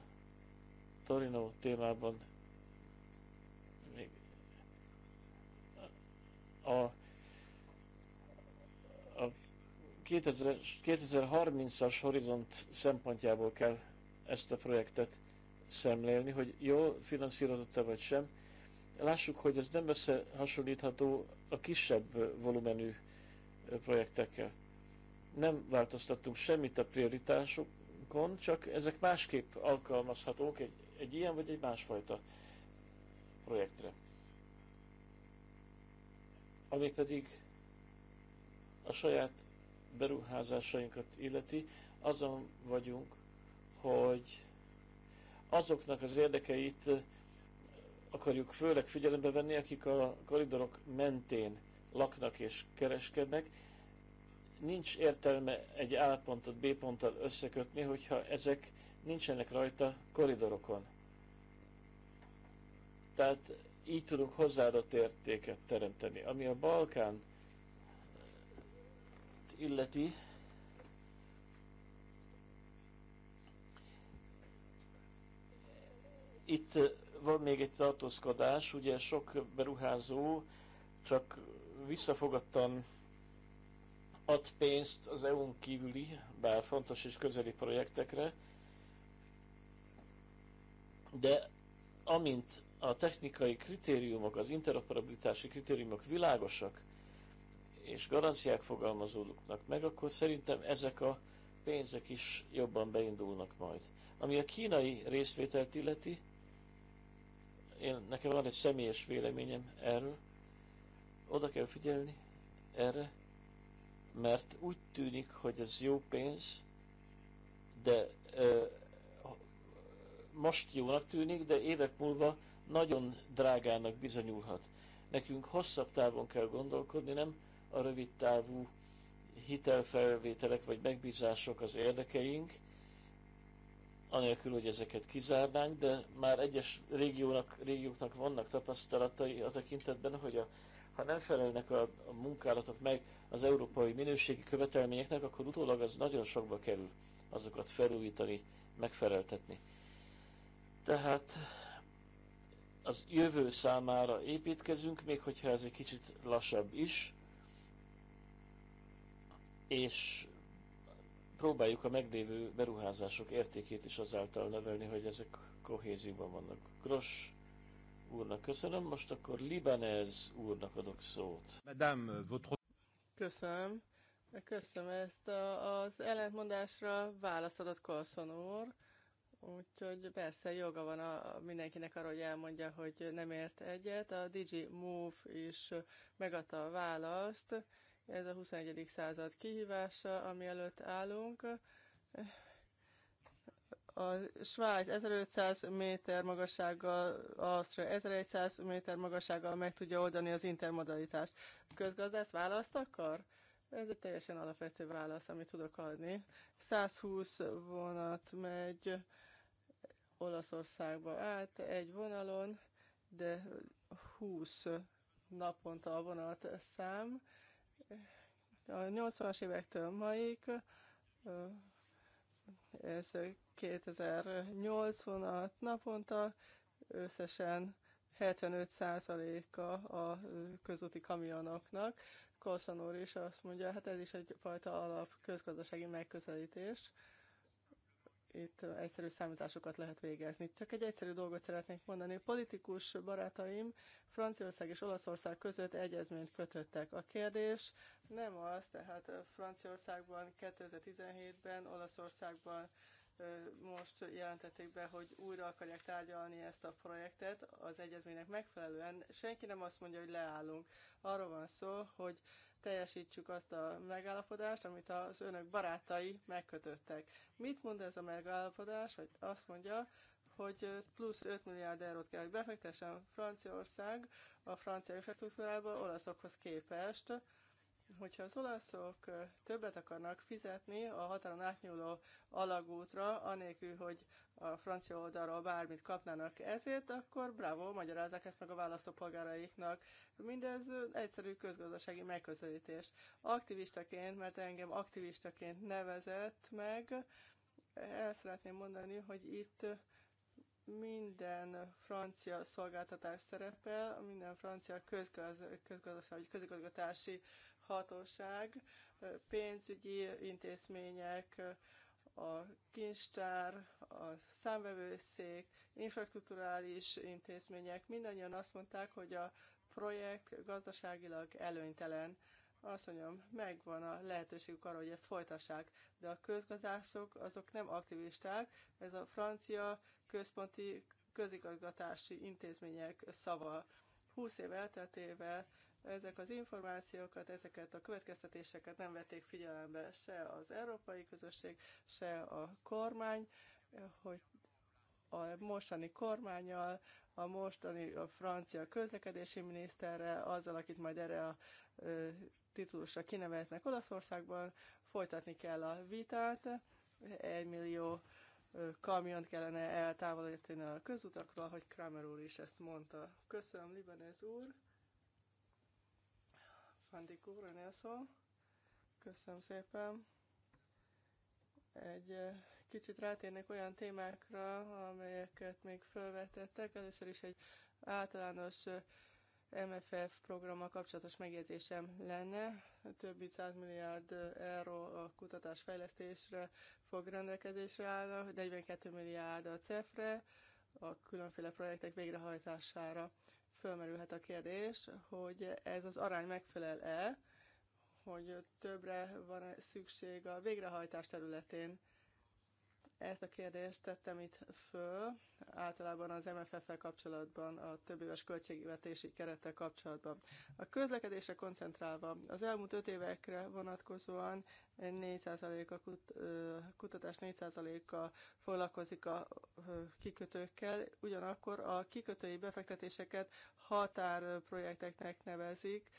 Torino témában még a 2030-as horizont szempontjából kell ezt a projektet szemlélni, hogy jól finanszírozott-e vagy sem. Lássuk, hogy ez nem összehasonlítható a kisebb volumenű projektekkel. Nem változtattunk semmit a prioritásokon, csak ezek másképp alkalmazhatók egy, egy ilyen vagy egy másfajta projektre. Ami pedig a saját beruházásainkat illeti, azon vagyunk, hogy azoknak az érdekeit eh, akarjuk főleg figyelembe venni, akik a koridorok mentén laknak és kereskednek. Nincs értelme egy A pontot B ponttal összekötni, hogyha ezek nincsenek rajta koridorokon. Tehát így tudunk hozzáadott értéket teremteni. Ami a Balkán illeti, itt eh, van még egy tartózkodás, ugye sok beruházó csak visszafogadtan ad pénzt az EU-n kívüli, bár fontos és közeli projektekre, de amint a technikai kritériumok, az interoperabilitási kritériumok világosak, és garanciák fogalmazódnak meg, akkor szerintem ezek a pénzek is jobban beindulnak majd. Ami a kínai részvételt illeti, én, nekem van egy személyes véleményem erről, oda kell figyelni erre, mert úgy tűnik, hogy ez jó pénz, de ö, most jónak tűnik, de évek múlva nagyon drágának bizonyulhat. Nekünk hosszabb távon kell gondolkodni, nem a rövid távú hitelfelvételek vagy megbízások az érdekeink, anélkül, hogy ezeket kizárnánk, de már egyes régiónak, régióknak vannak tapasztalatai a tekintetben, hogy a, ha nem felelnek a, a munkálatok meg az európai minőségi követelményeknek, akkor utólag az nagyon sokba kerül azokat felújítani, megfeleltetni. Tehát az jövő számára építkezünk, még hogyha ez egy kicsit lassabb is, és próbáljuk a meglévő beruházások értékét is azáltal növelni, hogy ezek kohézióban vannak. Gros úrnak köszönöm, most akkor Libanez úrnak adok szót. Madame, euh, votre... Köszönöm. Köszönöm ezt a, az ellentmondásra választ adott Colson úr. Úgyhogy persze joga van a, mindenkinek arra, hogy elmondja, hogy nem ért egyet. A Digi Move is megadta a választ, ez a 21. század kihívása, ami előtt állunk. A Svájc 1500 méter magassággal, Ausztria 1100 méter magassággal meg tudja oldani az intermodalitást. Közgazdász választ akar? Ez egy teljesen alapvető válasz, amit tudok adni. 120 vonat megy Olaszországba át egy vonalon, de 20 naponta a vonat szám, a 80-as évektől maig, ez 2008 vonat naponta, összesen 75%-a a közúti kamionoknak. Korszan úr is azt mondja, hát ez is egyfajta alap közgazdasági megközelítés itt egyszerű számításokat lehet végezni. Csak egy egyszerű dolgot szeretnék mondani. Politikus barátaim Franciaország és Olaszország között egyezményt kötöttek. A kérdés nem az, tehát Franciaországban 2017-ben, Olaszországban most jelentették be, hogy újra akarják tárgyalni ezt a projektet az egyezménynek megfelelően. Senki nem azt mondja, hogy leállunk. Arról van szó, hogy teljesítsük azt a megállapodást, amit az önök barátai megkötöttek. Mit mond ez a megállapodás? Vagy azt mondja, hogy plusz 5 milliárd eurót kell, hogy befektessen Franciaország a francia infrastruktúrába olaszokhoz képest, hogyha az olaszok többet akarnak fizetni a határon átnyúló alagútra, anélkül, hogy a francia oldalról bármit kapnának ezért, akkor bravo, magyarázzák ezt meg a választópolgáraiknak. Mindez egyszerű közgazdasági megközelítés. Aktivistaként, mert engem aktivistaként nevezett meg, el szeretném mondani, hogy itt minden francia szolgáltatás szerepel, minden francia közgaz, közgazdasági, közigazgatási hatóság, pénzügyi intézmények, a kincstár, a számvevőszék, infrastruktúrális intézmények, mindannyian azt mondták, hogy a projekt gazdaságilag előnytelen. Azt mondjam, megvan a lehetőségük arra, hogy ezt folytassák, de a közgazdászok azok nem aktivisták, ez a francia központi közigazgatási intézmények szava. 20 év elteltével ezek az információkat, ezeket a következtetéseket nem vették figyelembe se az európai közösség, se a kormány hogy a mostani kormányal, a mostani a francia közlekedési miniszterrel, azzal, akit majd erre a ö, titulusra kineveznek Olaszországban, folytatni kell a vitát. Egy millió kamiont kellene eltávolítani a közutakról, hogy Kramer úr is ezt mondta. Köszönöm, Libanez úr. Fandik úr, Köszönöm szépen. Egy Kicsit rátérnék olyan témákra, amelyeket még felvetettek. Először is egy általános MFF programmal kapcsolatos megjegyzésem lenne. Több mint 100 milliárd euró a kutatásfejlesztésre fog rendelkezésre állni, 42 milliárd a CEF-re, a különféle projektek végrehajtására. Fölmerülhet a kérdés, hogy ez az arány megfelel-e, hogy többre van -e szükség a végrehajtás területén. Ezt a kérdést tettem itt föl, általában az MFF-fel kapcsolatban, a több éves költségvetési kerettel kapcsolatban. A közlekedésre koncentrálva, az elmúlt öt évekre vonatkozóan 4% a kut, kutatás 4%-a foglalkozik a kikötőkkel, ugyanakkor a kikötői befektetéseket határprojekteknek nevezik,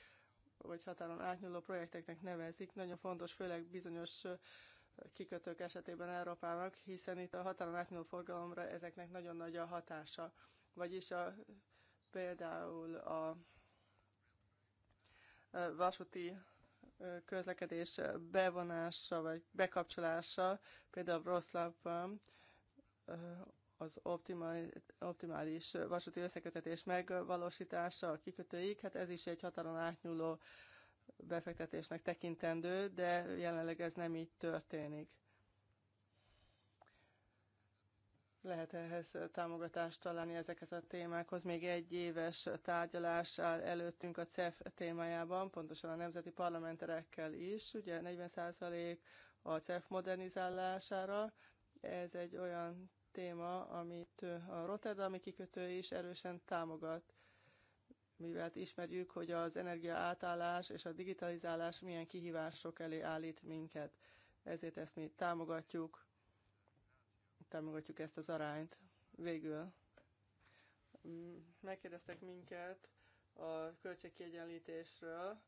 vagy határon átnyúló projekteknek nevezik. Nagyon fontos, főleg bizonyos kikötők esetében Európának, hiszen itt a határon átnyúló forgalomra ezeknek nagyon nagy a hatása. Vagyis a, például a vasúti közlekedés bevonása vagy bekapcsolása, például Wroclawban az optimális vasúti összekötetés megvalósítása a kikötőig, hát ez is egy határon átnyúló befektetésnek tekintendő, de jelenleg ez nem így történik. Lehet ehhez támogatást találni ezekhez a témákhoz. Még egy éves tárgyalás áll előttünk a CEF témájában, pontosan a nemzeti parlamenterekkel is, ugye 40% a CEF modernizálására. Ez egy olyan téma, amit a Rotterdami kikötő is erősen támogat mivel ismerjük, hogy az energia átállás és a digitalizálás milyen kihívások elé állít minket. Ezért ezt mi támogatjuk, támogatjuk ezt az arányt. Végül mm, megkérdeztek minket a költségkiegyenlítésről,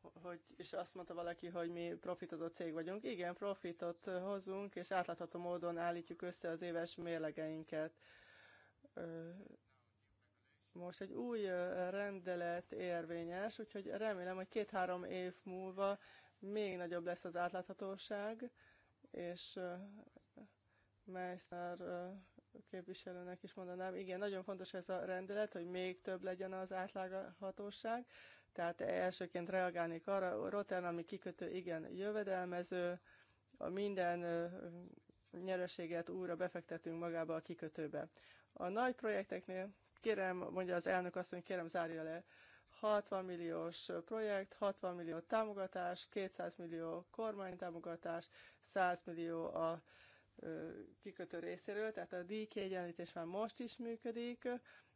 hogy, és azt mondta valaki, hogy mi profitozó cég vagyunk. Igen, profitot hozunk, és átlátható módon állítjuk össze az éves mérlegeinket most egy új rendelet érvényes, úgyhogy remélem, hogy két-három év múlva még nagyobb lesz az átláthatóság, és Meissner képviselőnek is mondanám, igen, nagyon fontos ez a rendelet, hogy még több legyen az átláthatóság, tehát elsőként reagálnék arra, a Rotterdami kikötő igen jövedelmező, a minden nyereséget újra befektetünk magába a kikötőbe. A nagy projekteknél Kérem, mondja az elnök azt, hogy kérem zárja le. 60 milliós projekt, 60 millió támogatás, 200 millió kormánytámogatás, 100 millió a kikötő részéről, tehát a díjkiegyenlítés már most is működik,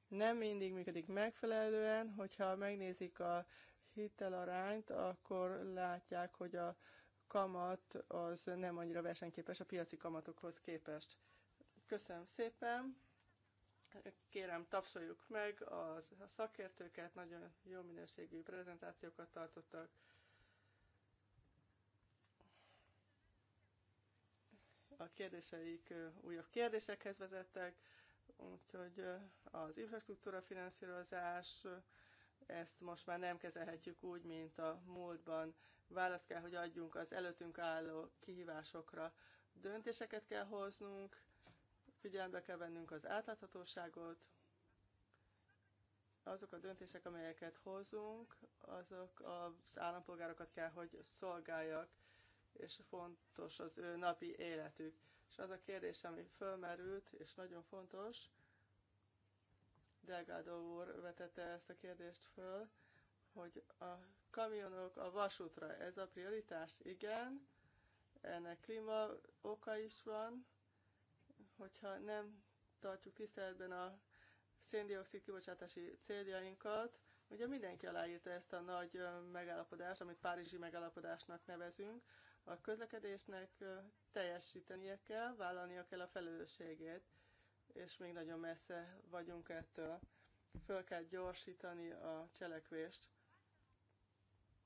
nem mindig működik megfelelően, hogyha megnézik a hitelarányt, akkor látják, hogy a kamat az nem annyira versenyképes a piaci kamatokhoz képest. Köszönöm szépen! Kérem, tapsoljuk meg a szakértőket, nagyon jó minőségű prezentációkat tartottak. A kérdéseik újabb kérdésekhez vezettek, úgyhogy az infrastruktúra finanszírozás, ezt most már nem kezelhetjük úgy, mint a múltban. Választ kell, hogy adjunk az előttünk álló kihívásokra. Döntéseket kell hoznunk, Figyelembe kell vennünk az átláthatóságot, azok a döntések, amelyeket hozunk, azok az állampolgárokat kell, hogy szolgáljak, és fontos az ő napi életük. És az a kérdés, ami fölmerült, és nagyon fontos, Delgado úr vetette ezt a kérdést föl, hogy a kamionok a vasútra, ez a prioritás? Igen, ennek klíma oka is van, hogyha nem tartjuk tiszteletben a széndiokszid kibocsátási céljainkat, ugye mindenki aláírta ezt a nagy megállapodást, amit Párizsi megállapodásnak nevezünk, a közlekedésnek teljesítenie kell, vállalnia kell a felelősségét, és még nagyon messze vagyunk ettől. Föl kell gyorsítani a cselekvést,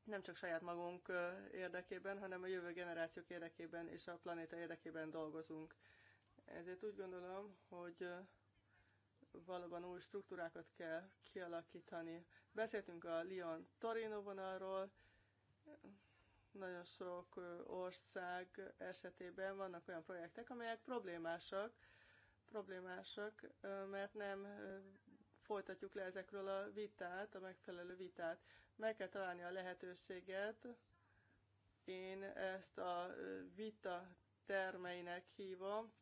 nem csak saját magunk érdekében, hanem a jövő generációk érdekében és a planéta érdekében dolgozunk. Ezért úgy gondolom, hogy valóban új struktúrákat kell kialakítani. Beszéltünk a Lyon-Torino vonalról, nagyon sok ország esetében vannak olyan projektek, amelyek problémásak, problémásak, mert nem folytatjuk le ezekről a vitát, a megfelelő vitát. Meg kell találni a lehetőséget. Én ezt a vita termeinek hívom,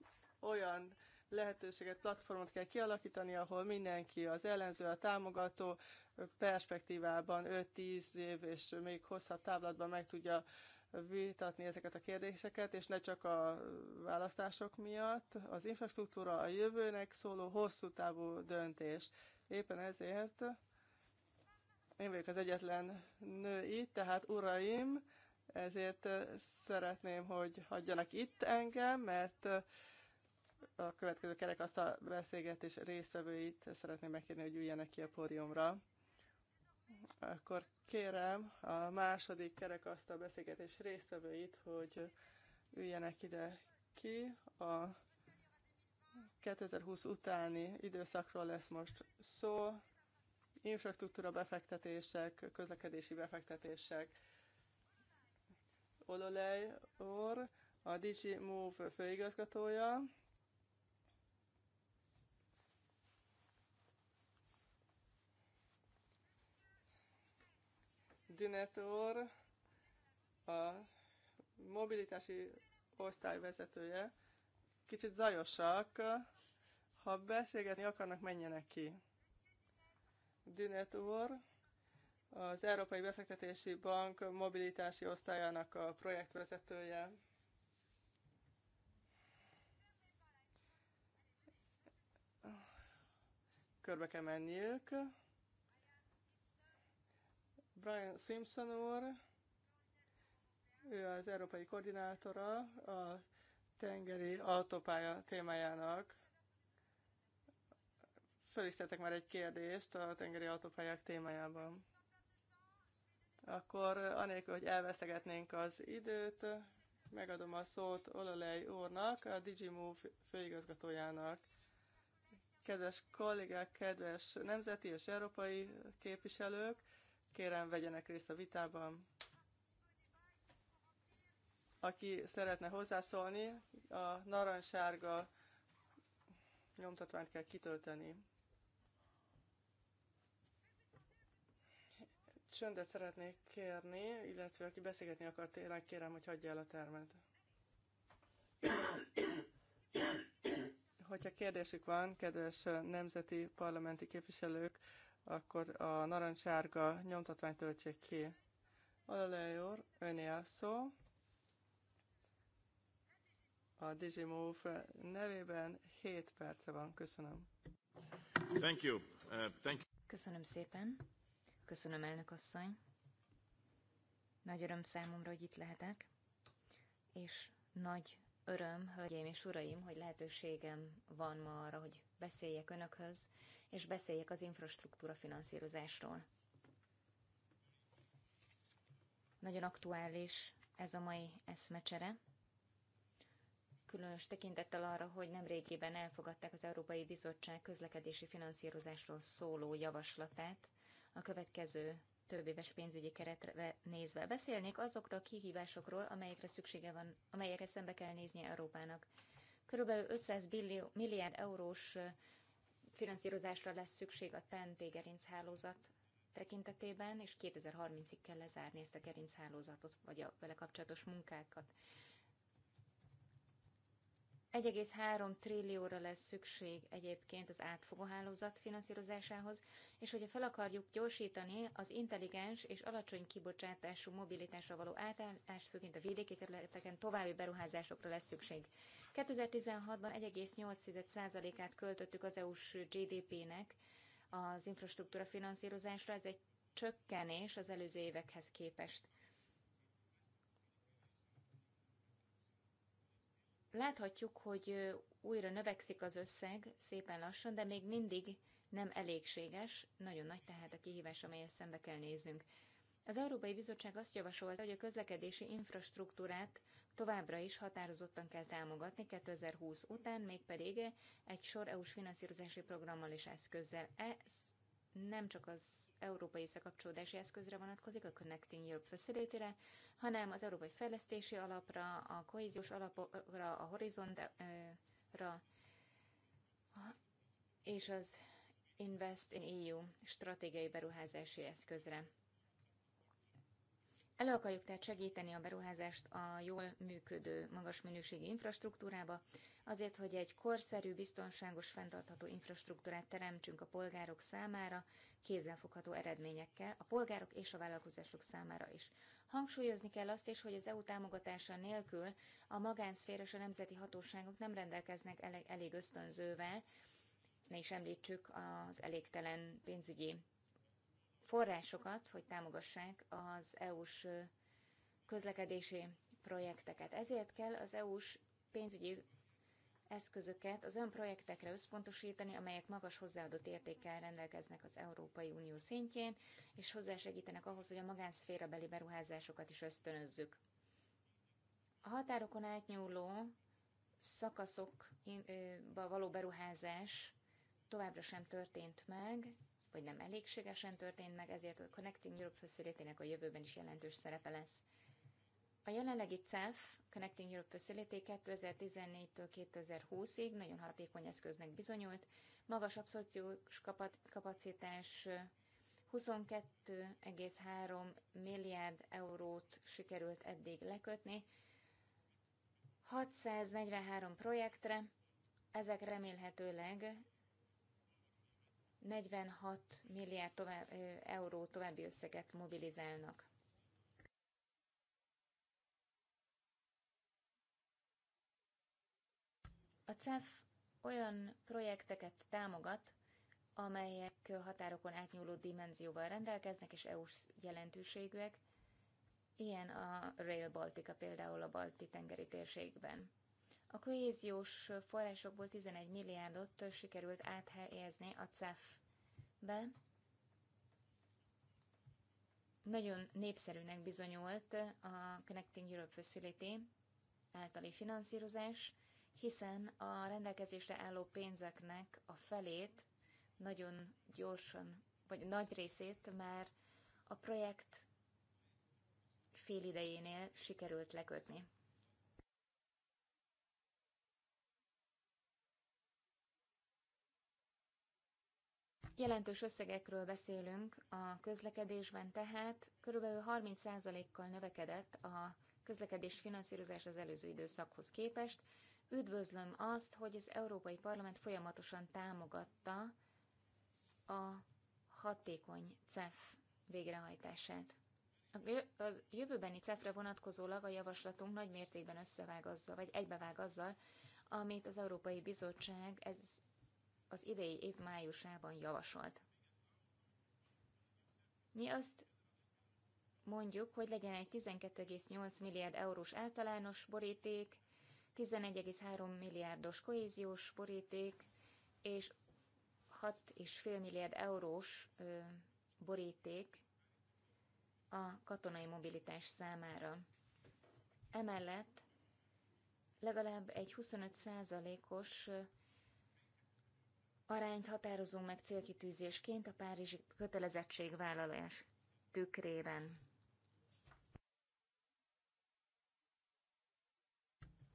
olyan lehetőséget, platformot kell kialakítani, ahol mindenki, az ellenző, a támogató perspektívában 5-10 év és még hosszabb távlatban meg tudja vitatni ezeket a kérdéseket, és ne csak a választások miatt. Az infrastruktúra a jövőnek szóló hosszú távú döntés. Éppen ezért én vagyok az egyetlen nő itt, tehát uraim, ezért szeretném, hogy hagyjanak itt engem, mert a következő kerekasztal beszélgetés résztvevőit szeretném megkérni, hogy üljenek ki a pódiumra. Akkor kérem a második kerekasztal beszélgetés résztvevőit, hogy üljenek ide ki. A 2020 utáni időszakról lesz most szó. Infrastruktúra befektetések, közlekedési befektetések. Ololej úr, a move főigazgatója, koordinátor, a mobilitási osztály vezetője. Kicsit zajosak. Ha beszélgetni akarnak, menjenek ki. Dünet úr, az Európai Befektetési Bank mobilitási osztályának a projektvezetője. Körbe kell menniük. Brian Simpson úr, ő az európai koordinátora a tengeri autópálya témájának. tettek már egy kérdést a tengeri autópályák témájában. Akkor anélkül, hogy elveszegetnénk az időt, megadom a szót Olalej úrnak, a Digimove főigazgatójának. Kedves kollégák, kedves nemzeti és európai képviselők, Kérem, vegyenek részt a vitában. Aki szeretne hozzászólni, a narancsárga nyomtatványt kell kitölteni. Csöndet szeretnék kérni, illetve aki beszélgetni akar, tényleg kérem, hogy hagyja el a termet. Hogyha kérdésük van, kedves nemzeti parlamenti képviselők, akkor a narancsárga nyomtatványt töltsék ki. Alalej öné a szó. A Digimove nevében 7 perce van. Köszönöm. Thank you. Uh, thank you. Köszönöm szépen. Köszönöm, elnök asszony. Nagy öröm számomra, hogy itt lehetek, és nagy öröm, hölgyeim és uraim, hogy lehetőségem van ma arra, hogy beszéljek önökhöz, és beszéljek az infrastruktúra finanszírozásról. Nagyon aktuális ez a mai eszmecsere. Különös tekintettel arra, hogy nem elfogadták az Európai Bizottság közlekedési finanszírozásról szóló javaslatát a következő több éves pénzügyi keretre nézve. Beszélnék azokra a kihívásokról, amelyekre szüksége van, amelyekre szembe kell néznie Európának. Körülbelül 500 billió, milliárd eurós finanszírozásra lesz szükség a TEN-T gerinchálózat tekintetében, és 2030-ig kell lezárni ezt a gerinchálózatot, vagy a vele kapcsolatos munkákat. 1,3 trillióra lesz szükség egyébként az átfogó hálózat finanszírozásához, és hogyha fel akarjuk gyorsítani az intelligens és alacsony kibocsátású mobilitásra való átállást, főként a vidéki területeken további beruházásokra lesz szükség. 2016-ban 1,8%-át költöttük az EU-s GDP-nek az infrastruktúra finanszírozásra, ez egy csökkenés az előző évekhez képest. Láthatjuk, hogy újra növekszik az összeg szépen lassan, de még mindig nem elégséges, nagyon nagy tehát a kihívás, amelyet szembe kell néznünk. Az Európai Bizottság azt javasolta, hogy a közlekedési infrastruktúrát továbbra is határozottan kell támogatni 2020 után, mégpedig egy sor EU-s finanszírozási programmal és eszközzel. Ezt nem csak az európai összekapcsolódási eszközre vonatkozik, a Connecting Europe facility hanem az Európai Fejlesztési Alapra, a kohéziós alapokra, a horizontra, és az Invest in EU stratégiai beruházási eszközre. Elő akarjuk tehát segíteni a beruházást a jól működő, magas minőségi infrastruktúrába, azért, hogy egy korszerű, biztonságos, fenntartható infrastruktúrát teremtsünk a polgárok számára, kézzelfogható eredményekkel, a polgárok és a vállalkozások számára is. Hangsúlyozni kell azt is, hogy az EU támogatása nélkül a magánszféra és a nemzeti hatóságok nem rendelkeznek elég ösztönzővel, ne is említsük az elégtelen pénzügyi forrásokat, hogy támogassák az EU-s közlekedési projekteket. Ezért kell az EU-s pénzügyi eszközöket az olyan projektekre összpontosítani, amelyek magas hozzáadott értékkel rendelkeznek az Európai Unió szintjén, és hozzásegítenek ahhoz, hogy a magánszféra beli beruházásokat is ösztönözzük. A határokon átnyúló szakaszokba való beruházás továbbra sem történt meg, vagy nem elégségesen történt meg, ezért a Connecting Europe facility a jövőben is jelentős szerepe lesz. A jelenlegi CEF, Connecting Europe Facility 2014-től 2020-ig nagyon hatékony eszköznek bizonyult, magas abszorciós kapacitás, 22,3 milliárd eurót sikerült eddig lekötni, 643 projektre, ezek remélhetőleg 46 milliárd tovább, euró további összeget mobilizálnak. A CEF olyan projekteket támogat, amelyek határokon átnyúló dimenzióval rendelkeznek, és EU-s jelentőségűek, ilyen a Rail Baltica például a balti tengeri térségben. A kohéziós forrásokból 11 milliárdot sikerült áthelyezni a CEF-be. Nagyon népszerűnek bizonyult a Connecting Europe Facility általi finanszírozás, hiszen a rendelkezésre álló pénzeknek a felét nagyon gyorsan, vagy nagy részét már a projekt fél idejénél sikerült lekötni. Jelentős összegekről beszélünk a közlekedésben, tehát körülbelül 30%-kal növekedett a közlekedés finanszírozás az előző időszakhoz képest, Üdvözlöm azt, hogy az Európai Parlament folyamatosan támogatta a hatékony CEF végrehajtását. A jövőbeni CEF-re vonatkozólag a javaslatunk nagy mértékben összevág azzal, vagy egybevág azzal, amit az Európai Bizottság ez az idei év májusában javasolt. Mi azt mondjuk, hogy legyen egy 12,8 milliárd eurós általános boríték, 11,3 milliárdos kohéziós boríték és 6,5 milliárd eurós boríték a katonai mobilitás számára. Emellett legalább egy 25%-os arányt határozunk meg célkitűzésként a párizsi kötelezettségvállalás tükrében.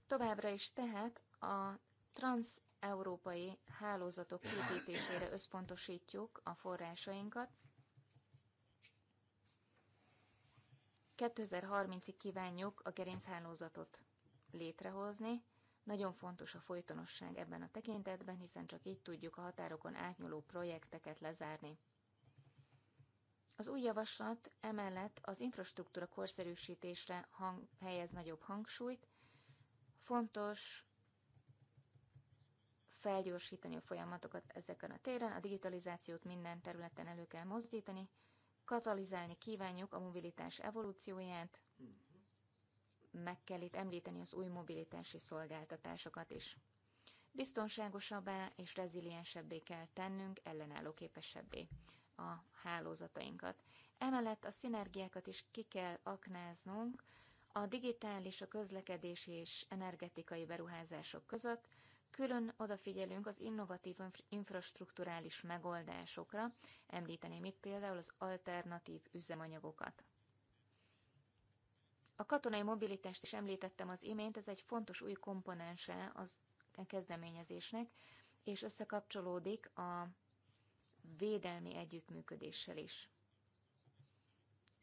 Továbbra is tehát a transeurópai hálózatok építésére összpontosítjuk a forrásainkat. 2030-ig kívánjuk a gerinchálózatot létrehozni. Nagyon fontos a folytonosság ebben a tekintetben, hiszen csak így tudjuk a határokon átnyúló projekteket lezárni. Az új javaslat emellett az infrastruktúra korszerűsítésre hang, helyez nagyobb hangsúlyt, Fontos felgyorsítani a folyamatokat ezeken a téren, a digitalizációt minden területen elő kell mozdítani, katalizálni kívánjuk a mobilitás evolúcióját, meg kell itt említeni az új mobilitási szolgáltatásokat is. Biztonságosabbá és reziliensebbé kell tennünk, ellenálló képesebbé a hálózatainkat. Emellett a szinergiákat is ki kell aknáznunk a digitális, a közlekedési és energetikai beruházások között, külön odafigyelünk az innovatív infrastruktúrális megoldásokra, említeném itt például az alternatív üzemanyagokat. A katonai mobilitást is említettem az imént, ez egy fontos új komponense az kezdeményezésnek, és összekapcsolódik a védelmi együttműködéssel is.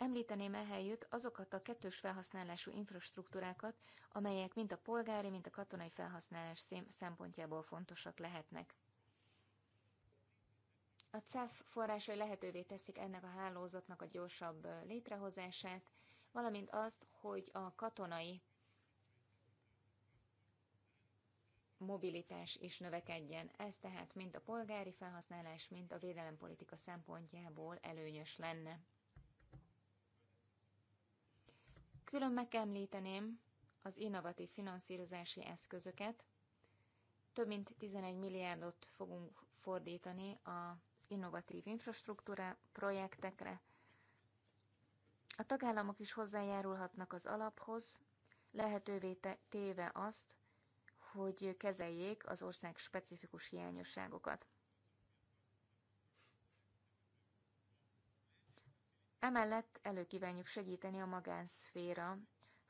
Említeném ehelyütt azokat a kettős felhasználású infrastruktúrákat, amelyek mind a polgári, mind a katonai felhasználás szempontjából fontosak lehetnek. A CEF forrásai lehetővé teszik ennek a hálózatnak a gyorsabb létrehozását, valamint azt, hogy a katonai mobilitás is növekedjen. Ez tehát mind a polgári felhasználás, mind a védelempolitika szempontjából előnyös lenne. Külön megemlíteném az innovatív finanszírozási eszközöket. Több mint 11 milliárdot fogunk fordítani az innovatív infrastruktúra projektekre. A tagállamok is hozzájárulhatnak az alaphoz, lehetővé téve azt, hogy kezeljék az ország specifikus hiányosságokat. Emellett előkívánjuk segíteni a magánszféra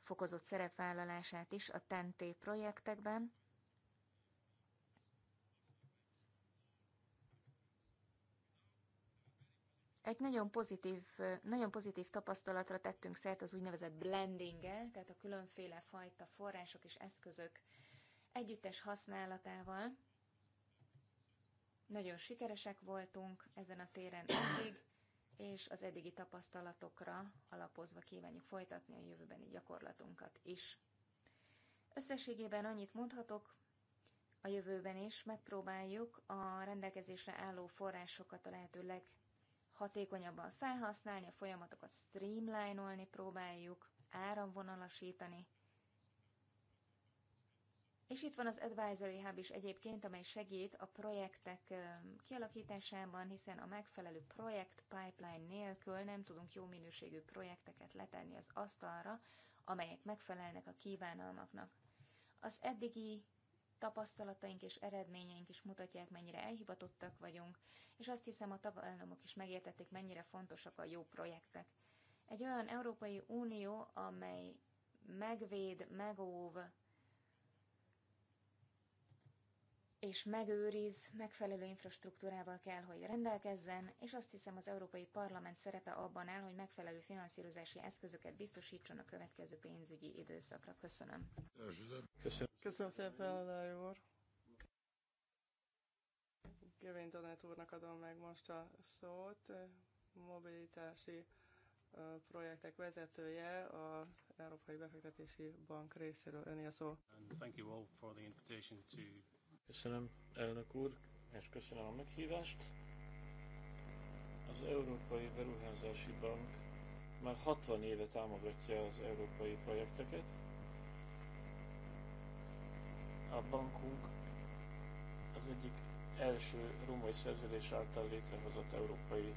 fokozott szerepvállalását is a TNT e projektekben, Egy nagyon pozitív, nagyon pozitív tapasztalatra tettünk szert az úgynevezett blendinggel, tehát a különféle fajta források és eszközök együttes használatával. Nagyon sikeresek voltunk ezen a téren eddig, és az eddigi tapasztalatokra alapozva kívánjuk folytatni a jövőbeni gyakorlatunkat is. Összességében annyit mondhatok, a jövőben is megpróbáljuk a rendelkezésre álló forrásokat a lehető leghatékonyabban felhasználni, a folyamatokat streamline-olni próbáljuk, áramvonalasítani, és itt van az Advisory Hub is egyébként, amely segít a projektek kialakításában, hiszen a megfelelő projekt pipeline nélkül nem tudunk jó minőségű projekteket letenni az asztalra, amelyek megfelelnek a kívánalmaknak. Az eddigi tapasztalataink és eredményeink is mutatják, mennyire elhivatottak vagyunk, és azt hiszem a tagállamok is megértették, mennyire fontosak a jó projektek. Egy olyan Európai Unió, amely megvéd, megóv, és megőriz, megfelelő infrastruktúrával kell, hogy rendelkezzen, és azt hiszem az Európai Parlament szerepe abban áll, hogy megfelelő finanszírozási eszközöket biztosítson a következő pénzügyi időszakra. Köszönöm. Köszönöm, szépen, Alály úr. Gövény Donát úrnak adom meg most a szót, mobilitási projektek vezetője az Európai Befektetési Bank részéről. Öné a szó. And thank you all for the invitation to Köszönöm, elnök úr, és köszönöm a meghívást. Az Európai Beruházási Bank már 60 éve támogatja az európai projekteket. A bankunk az egyik első római szerződés által létrehozott európai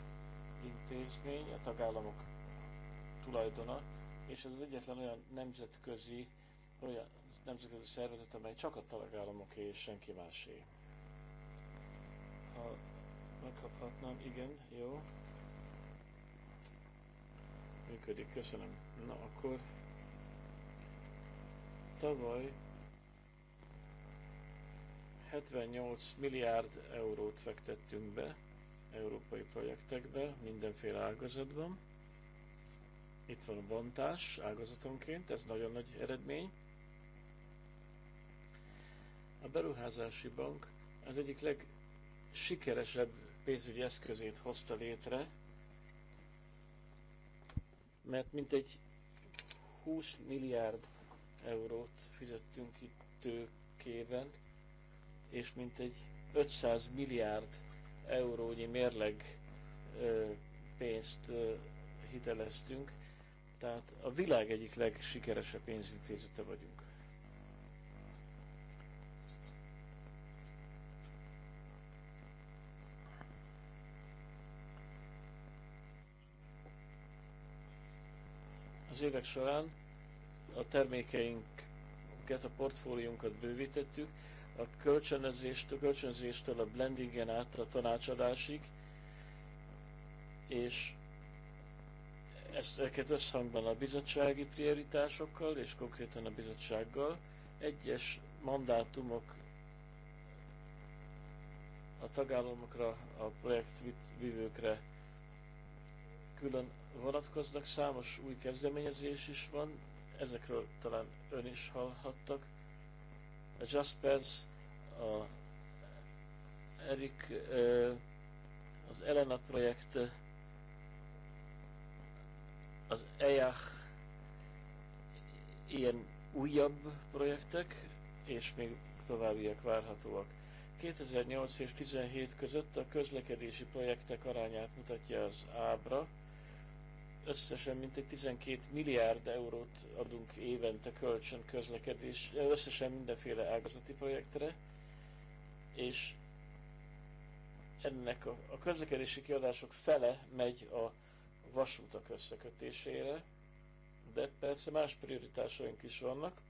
intézmény, a tagállamok tulajdona, és ez az egyetlen olyan nemzetközi olyan nemzetközi szervezet, amely csak a tagállamoké és senki másé. Ha megkaphatnám, igen, jó. Működik, köszönöm. Na akkor tavaly 78 milliárd eurót fektettünk be európai projektekbe, mindenféle ágazatban. Itt van a bontás ágazatonként, ez nagyon nagy eredmény a beruházási bank az egyik legsikeresebb pénzügyi eszközét hozta létre, mert mintegy 20 milliárd eurót fizettünk ki tőkében, és mintegy 500 milliárd eurónyi mérleg pénzt hiteleztünk, tehát a világ egyik legsikeresebb pénzintézete vagyunk. az évek során a termékeinket, a portfóliunkat bővítettük, a kölcsönözéstől, kölcsönzéstől a blendingen át a tanácsadásig, és ezeket összhangban a bizottsági prioritásokkal és konkrétan a bizottsággal egyes mandátumok a tagállamokra, a projektvivőkre külön vonatkoznak, számos új kezdeményezés is van, ezekről talán ön is hallhattak. A Jaspers, a Eric, az Elena projekt, az EJAH, ilyen újabb projektek, és még továbbiak várhatóak. 2008 és 2017 között a közlekedési projektek arányát mutatja az ábra, összesen mintegy 12 milliárd eurót adunk évente kölcsön közlekedés, összesen mindenféle ágazati projektre, és ennek a, a közlekedési kiadások fele megy a vasútak összekötésére, de persze más prioritásaink is vannak,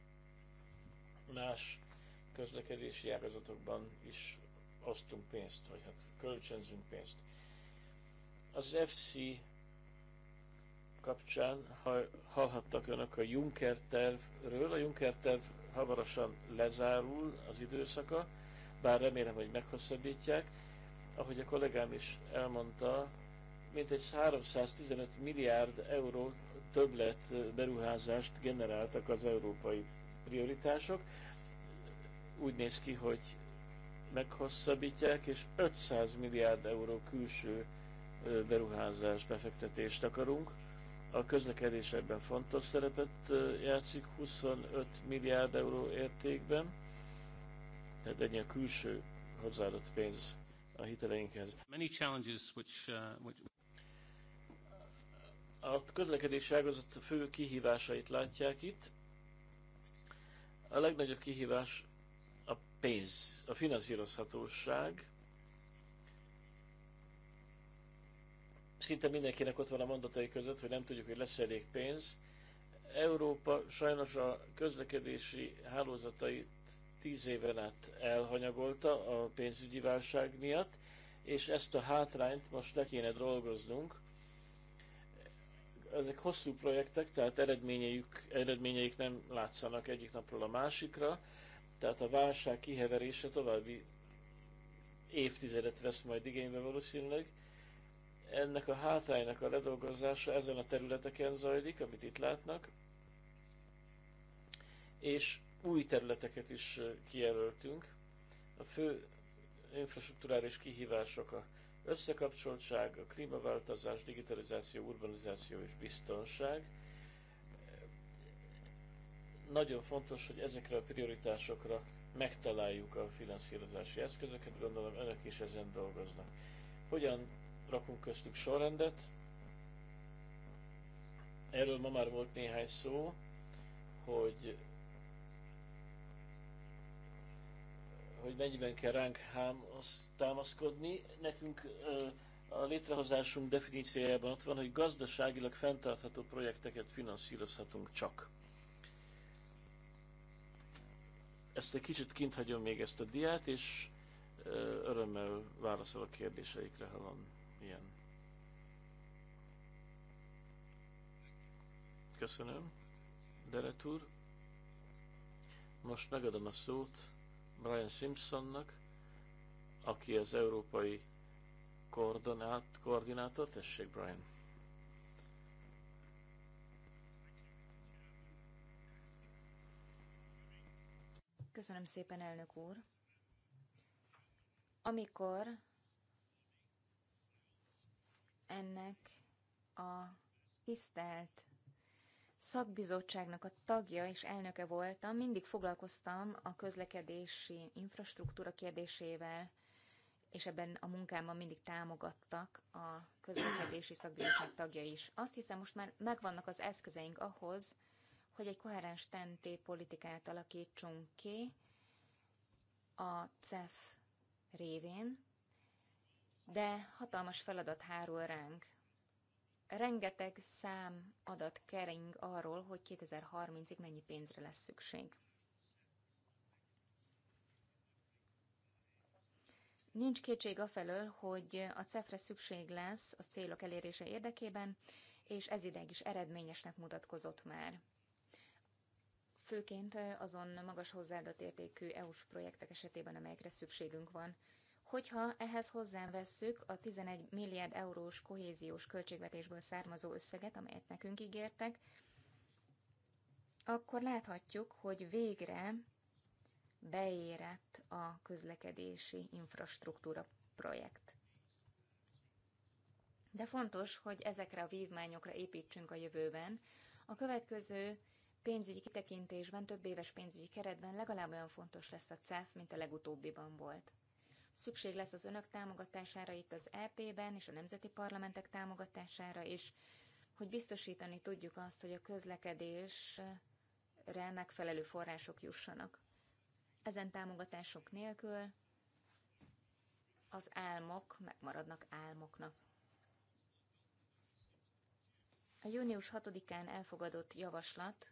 más közlekedési ágazatokban is osztunk pénzt, vagy hát kölcsönzünk pénzt. Az FC kapcsán ha, hallhattak önök a Juncker tervről. A Juncker terv hamarosan lezárul az időszaka, bár remélem, hogy meghosszabbítják. Ahogy a kollégám is elmondta, mintegy 315 milliárd euró többlet beruházást generáltak az európai prioritások. Úgy néz ki, hogy meghosszabbítják, és 500 milliárd euró külső beruházás befektetést akarunk a közlekedés ebben fontos szerepet játszik, 25 milliárd euró értékben, tehát ennyi a külső hozzáadott pénz a hiteleinkhez. Many challenges which, uh, which... A közlekedési ágazat fő kihívásait látják itt. A legnagyobb kihívás a pénz, a finanszírozhatóság, Szinte mindenkinek ott van a mondatai között, hogy nem tudjuk, hogy lesz elég pénz. Európa sajnos a közlekedési hálózatait tíz éven át elhanyagolta a pénzügyi válság miatt, és ezt a hátrányt most le kéne dolgoznunk. Ezek hosszú projektek, tehát eredményeik, eredményeik nem látszanak egyik napról a másikra, tehát a válság kiheverése további évtizedet vesz majd igénybe valószínűleg, ennek a hátálynak a ledolgozása ezen a területeken zajlik, amit itt látnak, és új területeket is kijelöltünk. A fő infrastruktúrális kihívások a összekapcsoltság, a klímaváltozás, digitalizáció, urbanizáció és biztonság. Nagyon fontos, hogy ezekre a prioritásokra megtaláljuk a finanszírozási eszközöket, gondolom önök is ezen dolgoznak. Hogyan rakunk köztük sorrendet. Erről ma már volt néhány szó, hogy hogy mennyiben kell ránk támaszkodni. Nekünk a létrehozásunk definíciójában ott van, hogy gazdaságilag fenntartható projekteket finanszírozhatunk csak. Ezt egy kicsit kint hagyom még ezt a diát, és örömmel válaszol a kérdéseikre, ha van ilyen. Köszönöm, Deret Most megadom a szót Brian Simpsonnak, aki az európai koordinát, koordinátor. Tessék, Brian. Köszönöm szépen, elnök úr. Amikor ennek a tisztelt szakbizottságnak a tagja és elnöke voltam, mindig foglalkoztam a közlekedési infrastruktúra kérdésével, és ebben a munkámban mindig támogattak a közlekedési szakbizottság tagja is. Azt hiszem, most már megvannak az eszközeink ahhoz, hogy egy koherens TNT politikát alakítsunk ki a CEF révén, de hatalmas feladat hárul ránk. Rengeteg szám adat kering arról, hogy 2030-ig mennyi pénzre lesz szükség. Nincs kétség afelől, hogy a CEF-re szükség lesz a célok elérése érdekében, és ez ideig is eredményesnek mutatkozott már. Főként azon magas hozzáadott értékű EU-s projektek esetében, amelyekre szükségünk van. Hogyha ehhez hozzávesszük a 11 milliárd eurós kohéziós költségvetésből származó összeget, amelyet nekünk ígértek, akkor láthatjuk, hogy végre beérett a közlekedési infrastruktúra projekt. De fontos, hogy ezekre a vívmányokra építsünk a jövőben. A következő pénzügyi kitekintésben, több éves pénzügyi keretben legalább olyan fontos lesz a CEF, mint a legutóbbiban volt. Szükség lesz az önök támogatására itt az EP-ben és a nemzeti parlamentek támogatására is, hogy biztosítani tudjuk azt, hogy a közlekedésre megfelelő források jussanak. Ezen támogatások nélkül az álmok megmaradnak álmoknak. A június 6-án elfogadott javaslat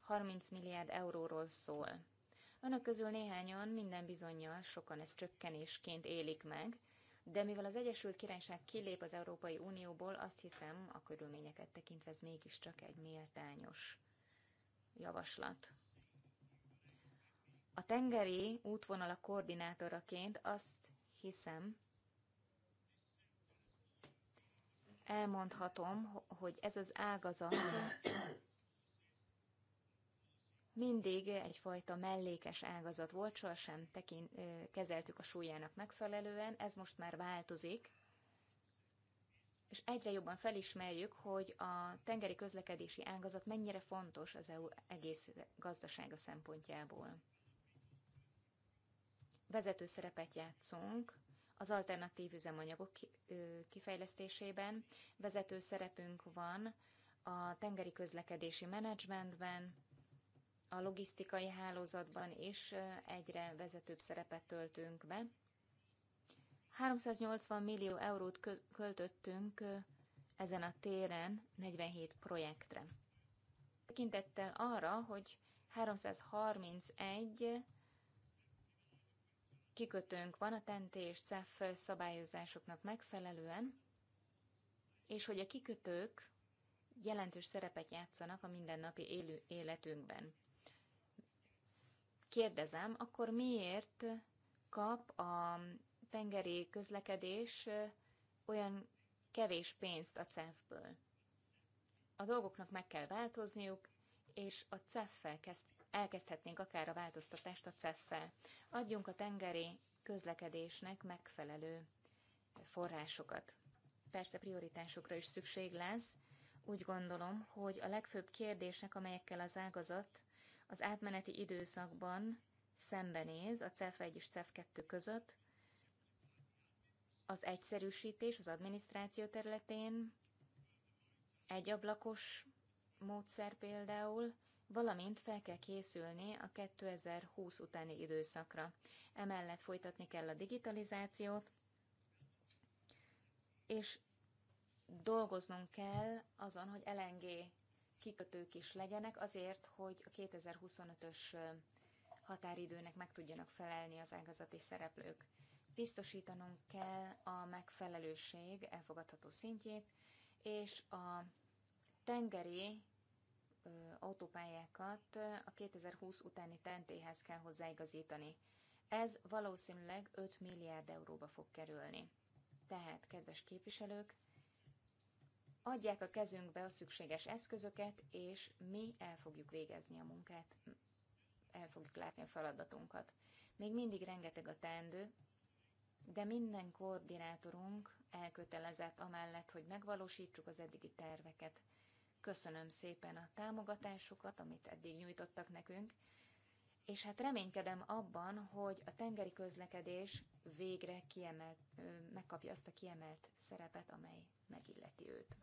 30 milliárd euróról szól. Önök közül néhányan minden bizonyal sokan ezt csökkenésként élik meg, de mivel az Egyesült Királyság kilép az Európai Unióból, azt hiszem, a körülményeket tekintve ez mégiscsak egy méltányos javaslat. A tengeri útvonala koordinátoraként azt hiszem, elmondhatom, hogy ez az ágazat mindig egyfajta mellékes ágazat volt, sohasem tekint, kezeltük a súlyának megfelelően, ez most már változik, és egyre jobban felismerjük, hogy a tengeri közlekedési ágazat mennyire fontos az EU egész gazdasága szempontjából. Vezető szerepet játszunk az alternatív üzemanyagok kifejlesztésében, vezető szerepünk van a tengeri közlekedési menedzsmentben, a logisztikai hálózatban is egyre vezetőbb szerepet töltünk be. 380 millió eurót költöttünk ezen a téren 47 projektre. Tekintettel arra, hogy 331 kikötőnk van a TENT e és CEF szabályozásoknak megfelelően, és hogy a kikötők jelentős szerepet játszanak a mindennapi élő életünkben kérdezem, akkor miért kap a tengeri közlekedés olyan kevés pénzt a CEF-ből? A dolgoknak meg kell változniuk, és a CEF-fel elkezdhetnénk akár a változtatást a CEF-fel. Adjunk a tengeri közlekedésnek megfelelő forrásokat. Persze prioritásokra is szükség lesz. Úgy gondolom, hogy a legfőbb kérdések, amelyekkel az ágazat az átmeneti időszakban szembenéz a CEF 1 és CEF 2 között az egyszerűsítés az adminisztráció területén, egyablakos módszer például, valamint fel kell készülni a 2020 utáni időszakra. Emellett folytatni kell a digitalizációt, és dolgoznunk kell azon, hogy LNG kikötők is legyenek azért, hogy a 2025-ös határidőnek meg tudjanak felelni az ágazati szereplők. Biztosítanunk kell a megfelelőség elfogadható szintjét, és a tengeri ö, autópályákat a 2020 utáni tentéhez kell hozzáigazítani. Ez valószínűleg 5 milliárd euróba fog kerülni. Tehát, kedves képviselők, adják a kezünkbe a szükséges eszközöket, és mi el fogjuk végezni a munkát, el fogjuk látni a feladatunkat. Még mindig rengeteg a teendő, de minden koordinátorunk elkötelezett amellett, hogy megvalósítsuk az eddigi terveket. Köszönöm szépen a támogatásukat, amit eddig nyújtottak nekünk, és hát reménykedem abban, hogy a tengeri közlekedés végre kiemelt, megkapja azt a kiemelt szerepet, amely megilleti őt.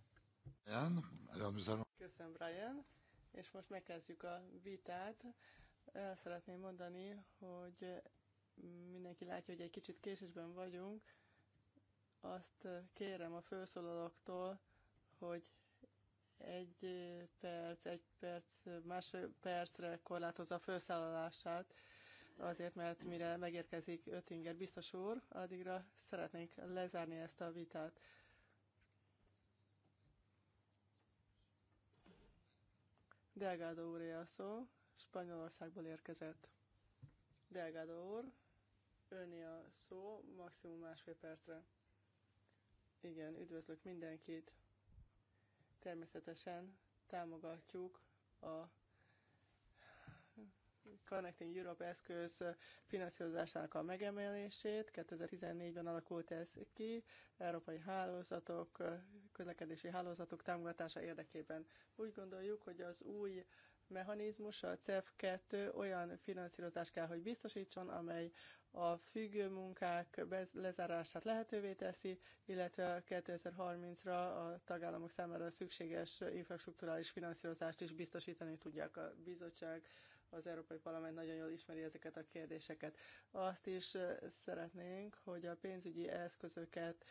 Köszönöm, Brian. És most megkezdjük a vitát. El szeretném mondani, hogy mindenki látja, hogy egy kicsit késésben vagyunk. Azt kérem a felszólalóktól, hogy egy perc, egy perc, másfél percre korlátozza a felszállalását, azért, mert mire megérkezik Ötinger biztos úr, addigra szeretnénk lezárni ezt a vitát. Delgado úr a szó, Spanyolországból érkezett. Delgado úr, önni a szó, maximum másfél percre. Igen, üdvözlök mindenkit. Természetesen támogatjuk a Connecting Europe eszköz finanszírozásának a megemelését. 2014-ben alakult ez ki, európai hálózatok, közlekedési hálózatok támogatása érdekében. Úgy gondoljuk, hogy az új mechanizmus, a CEF2 olyan finanszírozást kell, hogy biztosítson, amely a függő munkák lezárását lehetővé teszi, illetve 2030-ra a tagállamok számára szükséges infrastruktúrális finanszírozást is biztosítani tudják a bizottság az Európai Parlament nagyon jól ismeri ezeket a kérdéseket. Azt is szeretnénk, hogy a pénzügyi eszközöket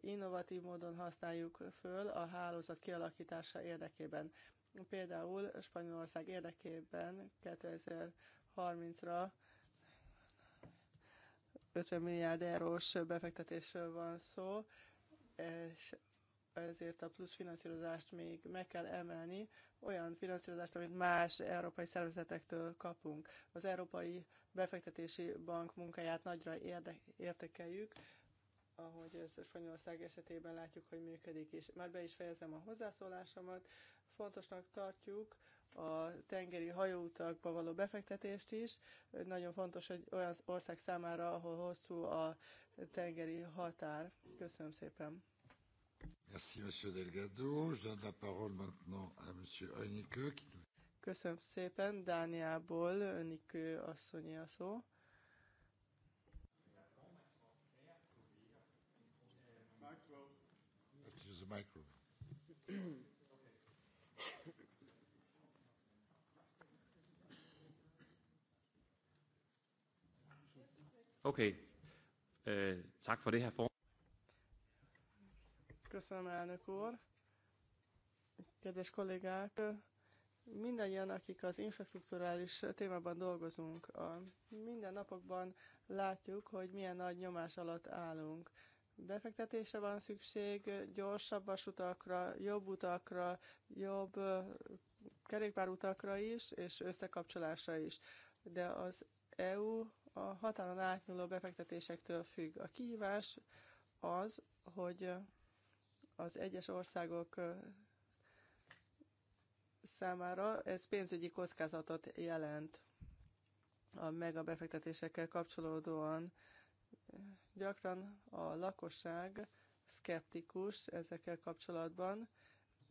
innovatív módon használjuk föl a hálózat kialakítása érdekében. Például Spanyolország érdekében 2030-ra 50 milliárd eurós befektetésről van szó, és ezért a plusz finanszírozást még meg kell emelni olyan finanszírozást, amit más európai szervezetektől kapunk. Az Európai Befektetési Bank munkáját nagyra érde- értékeljük, ahogy ez Spanyolország esetében látjuk, hogy működik is. Már be is fejezem a hozzászólásomat. Fontosnak tartjuk a tengeri hajóutakba való befektetést is. Nagyon fontos egy olyan ország számára, ahol hosszú a tengeri határ. Köszönöm szépen! Merci, Monsieur Delgado. Je donne la parole maintenant à Monsieur Heineke. Qui... Köszönöm szépen. Dániából Önikő asszonyi a szó. micro. Okay. Uh, tak for det her for. Köszönöm, elnök úr. Kedves kollégák, mindannyian, akik az infrastruktúrális témában dolgozunk, a minden napokban látjuk, hogy milyen nagy nyomás alatt állunk. Befektetésre van szükség, gyorsabb vasutakra, jobb utakra, jobb kerékpárutakra is, és összekapcsolásra is. De az EU a határon átnyúló befektetésektől függ. A kihívás az, hogy az egyes országok számára ez pénzügyi kockázatot jelent a a befektetésekkel kapcsolódóan. Gyakran a lakosság szkeptikus ezekkel kapcsolatban,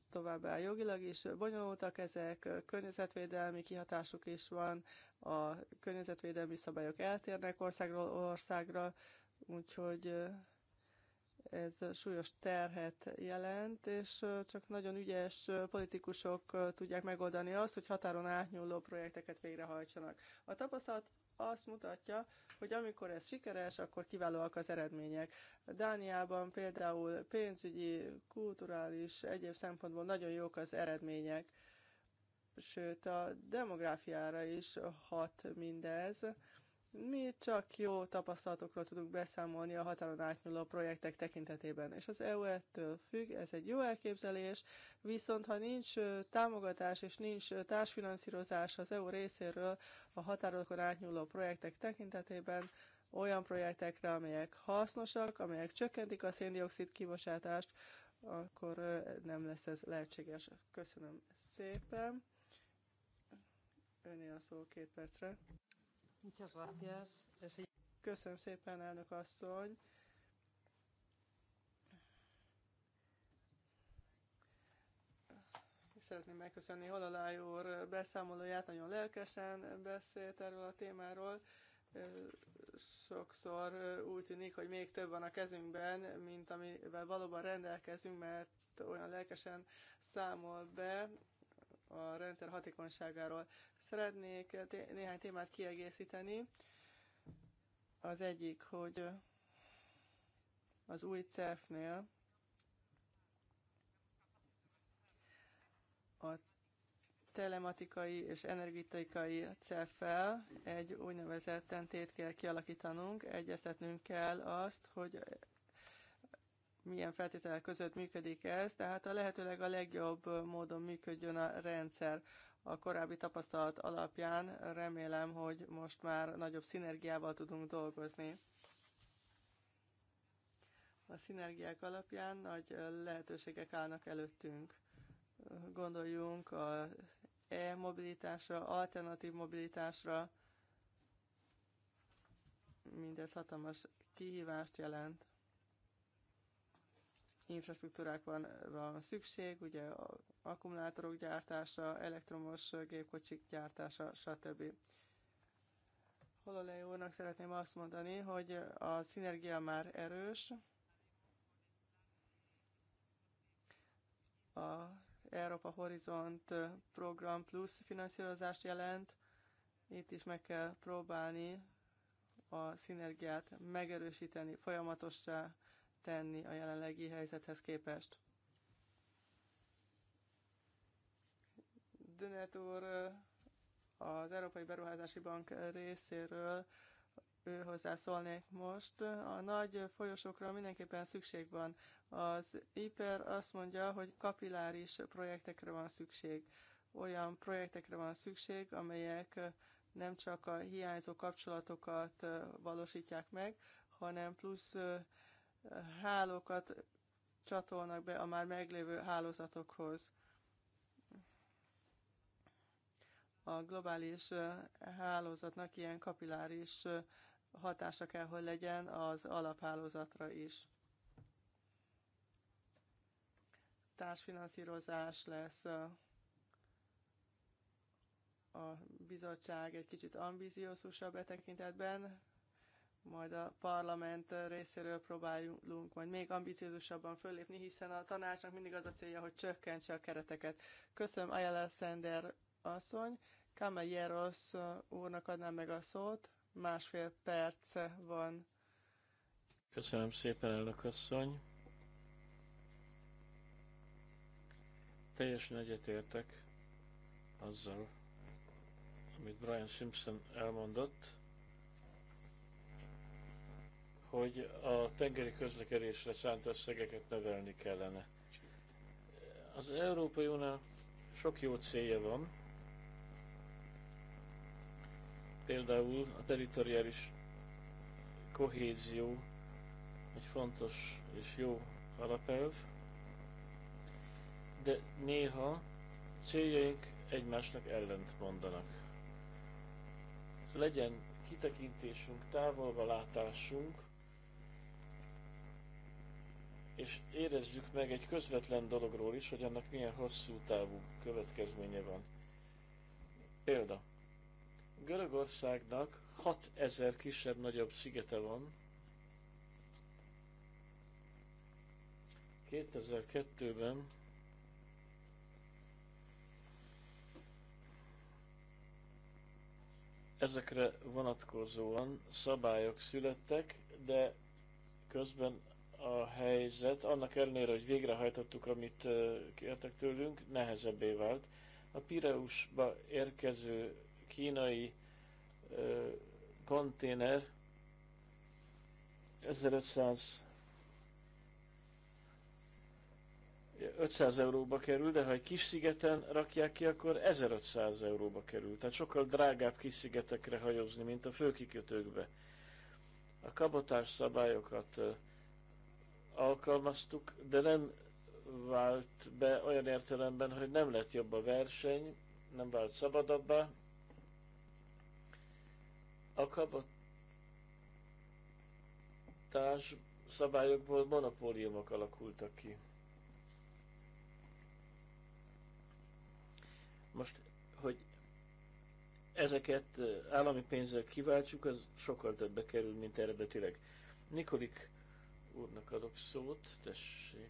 továbbá jogilag is bonyolultak ezek, környezetvédelmi kihatásuk is van, a környezetvédelmi szabályok eltérnek országról országra, úgyhogy ez súlyos terhet jelent, és csak nagyon ügyes politikusok tudják megoldani azt, hogy határon átnyúló projekteket végrehajtsanak. A tapasztalat azt mutatja, hogy amikor ez sikeres, akkor kiválóak az eredmények. Dániában például pénzügyi, kulturális, egyéb szempontból nagyon jók az eredmények, sőt a demográfiára is hat mindez mi csak jó tapasztalatokról tudunk beszámolni a határon átnyúló projektek tekintetében, és az EU ettől függ, ez egy jó elképzelés, viszont ha nincs támogatás és nincs társfinanszírozás az EU részéről a határokon átnyúló projektek tekintetében, olyan projektekre, amelyek hasznosak, amelyek csökkentik a széndiokszid kibocsátást, akkor nem lesz ez lehetséges. Köszönöm szépen. Öné a szó két percre. Köszönöm szépen, elnök asszony. Szeretném megköszönni Halalály úr beszámolóját, nagyon lelkesen beszélt erről a témáról. Sokszor úgy tűnik, hogy még több van a kezünkben, mint amivel valóban rendelkezünk, mert olyan lelkesen számol be a rendszer hatékonyságáról. Szeretnék néhány témát kiegészíteni. Az egyik, hogy az új CEF-nél a telematikai és energetikai CEF-fel egy úgynevezett tentét kell kialakítanunk, egyeztetnünk kell azt, hogy milyen feltételek között működik ez, tehát a lehetőleg a legjobb módon működjön a rendszer. A korábbi tapasztalat alapján remélem, hogy most már nagyobb szinergiával tudunk dolgozni. A szinergiák alapján nagy lehetőségek állnak előttünk. Gondoljunk a e-mobilitásra, alternatív mobilitásra, mindez hatalmas kihívást jelent infrastruktúrák van, van szükség, ugye akkumulátorok gyártása, elektromos gépkocsik gyártása, stb. Hololei úrnak szeretném azt mondani, hogy a szinergia már erős, a Európa Horizont program plusz finanszírozást jelent, itt is meg kell próbálni a szinergiát megerősíteni, folyamatossá tenni a jelenlegi helyzethez képest. Dönet úr az Európai Beruházási Bank részéről ő hozzászólnék most. A nagy folyosókra mindenképpen szükség van. Az IPER azt mondja, hogy kapilláris projektekre van szükség. Olyan projektekre van szükség, amelyek nem csak a hiányzó kapcsolatokat valósítják meg, hanem plusz hálókat csatolnak be a már meglévő hálózatokhoz. A globális hálózatnak ilyen kapiláris hatása kell, hogy legyen az alaphálózatra is. Társfinanszírozás lesz a bizottság egy kicsit ambíciózusabb e tekintetben, majd a parlament részéről próbálunk majd még ambiciózusabban fölépni, hiszen a tanácsnak mindig az a célja, hogy csökkentse a kereteket. Köszönöm Ayala Sender asszony, Kamelyeros úrnak adnám meg a szót, másfél perc van. Köszönöm szépen, elnök asszony. Teljesen egyetértek azzal, amit Brian Simpson elmondott hogy a tengeri közlekedésre szánt összegeket növelni kellene. Az Európai Uniónak sok jó célja van, például a teritoriális kohézió egy fontos és jó alapelv, de néha céljaink egymásnak ellent mondanak. Legyen kitekintésünk, távolba látásunk és érezzük meg egy közvetlen dologról is, hogy annak milyen hosszú távú következménye van. Példa. Görögországnak 6000 kisebb-nagyobb szigete van. 2002-ben ezekre vonatkozóan szabályok születtek, de közben a helyzet, annak ellenére, hogy végrehajtottuk, amit kértek tőlünk, nehezebbé vált. A Pireusba érkező kínai ö, konténer 1500 500 euróba kerül, de ha egy kis szigeten rakják ki, akkor 1500 euróba kerül. Tehát sokkal drágább kis szigetekre hajózni, mint a főkikötőkbe. A kabotás szabályokat alkalmaztuk, de nem vált be olyan értelemben, hogy nem lett jobb a verseny, nem vált szabadabbá. A kabotás szabályokból monopóliumok alakultak ki. Most, hogy ezeket állami pénzzel kiváltsuk, az sokkal többbe kerül, mint eredetileg. Nikolik úrnak adok szót, tessék.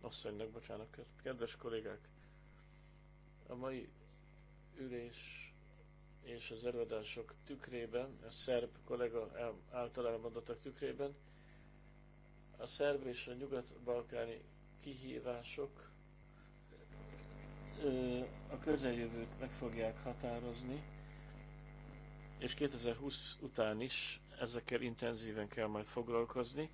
Asszonynak, bocsánat, kedves kollégák. A mai ülés és az előadások tükrében, a szerb kollega által elmondottak tükrében, a szerb és a nyugat-balkáni kihívások a közeljövőt meg fogják határozni, és 2020 után is ezekkel intenzíven kell majd foglalkozni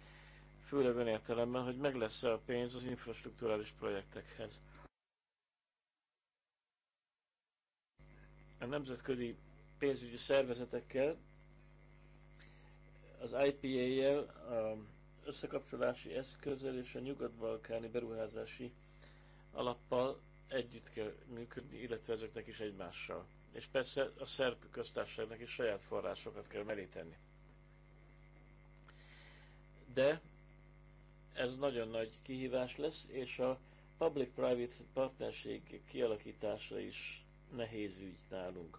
főleg ön értelemben, hogy meg lesz -e a pénz az infrastruktúrális projektekhez. A nemzetközi pénzügyi szervezetekkel, az IPA-jel, összekapcsolási eszközzel és a nyugat-balkáni beruházási alappal együtt kell működni, illetve ezeknek is egymással. És persze a szerb köztársaságnak is saját forrásokat kell meríteni. De ez nagyon nagy kihívás lesz, és a public-private partnerség kialakítása is nehéz ügy nálunk.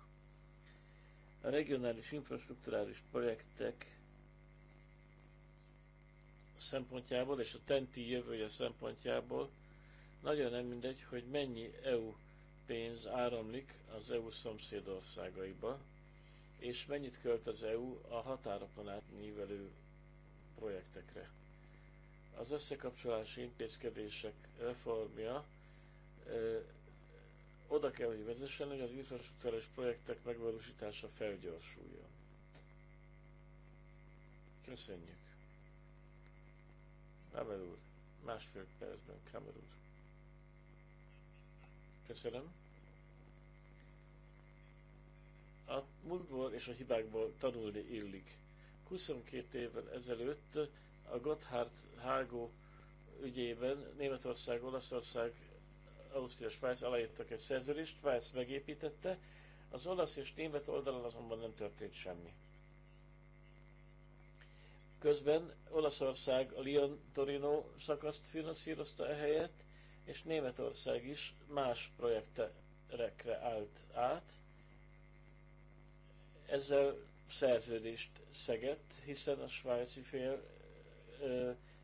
A regionális infrastruktúrális projektek szempontjából és a TENTI jövője szempontjából nagyon nem mindegy, hogy mennyi EU pénz áramlik az EU szomszédországaiba, és mennyit költ az EU a határokon átnyívelő projektekre. Az összekapcsolási intézkedések reformja ö, oda kell, hogy vezessen, hogy az infrastruktúrás projektek megvalósítása felgyorsuljon. Köszönjük. Kamer úr, másfél percben Kamer úr. Köszönöm. A múltból és a hibákból tanulni illik. 22 évvel ezelőtt a Gotthard Hágó ügyében Németország, Olaszország, Ausztria, Svájc aláírtak egy szerződést, Svájc megépítette, az olasz és német oldalon azonban nem történt semmi. Közben Olaszország a Lyon-Torino szakaszt finanszírozta ehelyett, és Németország is más projektekre állt át. Ezzel szerződést szegett, hiszen a svájci fél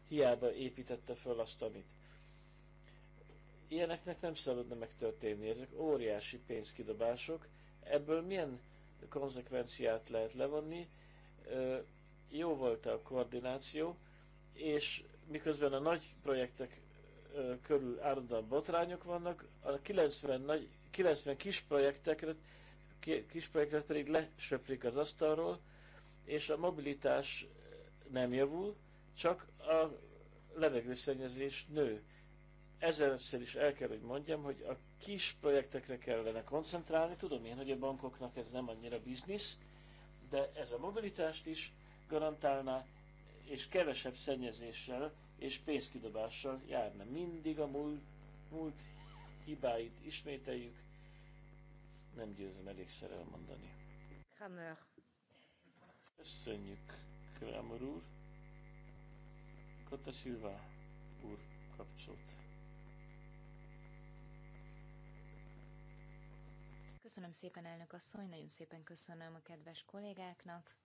hiába építette föl azt, amit. Ilyeneknek nem szabadna megtörténni, ezek óriási pénzkidobások. Ebből milyen konzekvenciát lehet levonni? Jó volt a koordináció, és miközben a nagy projektek körül állandóan botrányok vannak, a 90, nagy, 90 kis projektekre kis projektet pedig lesöprik az asztalról, és a mobilitás nem javul, csak a levegőszennyezés nő. Ezerszer is el kell, hogy mondjam, hogy a kis projektekre kellene koncentrálni. Tudom én, hogy a bankoknak ez nem annyira biznisz, de ez a mobilitást is garantálná, és kevesebb szennyezéssel és pénzkidobással járna. Mindig a múlt, múlt hibáit ismételjük, nem győzöm elégszer elmondani. Kramer. Köszönjük, Kramer úr. Kotta Silva úr kapcsolt. Köszönöm szépen, elnök asszony, nagyon szépen köszönöm a kedves kollégáknak.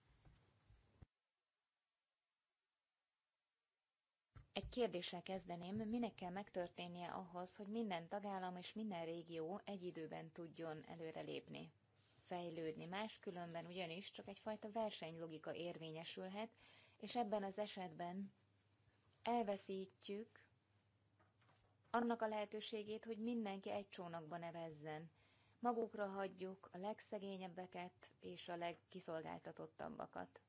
Egy kérdéssel kezdeném, minek kell megtörténnie ahhoz, hogy minden tagállam és minden régió egy időben tudjon előrelépni, fejlődni. Máskülönben ugyanis csak egyfajta versenylogika érvényesülhet, és ebben az esetben elveszítjük annak a lehetőségét, hogy mindenki egy csónakba nevezzen. Magukra hagyjuk a legszegényebbeket és a legkiszolgáltatottabbakat.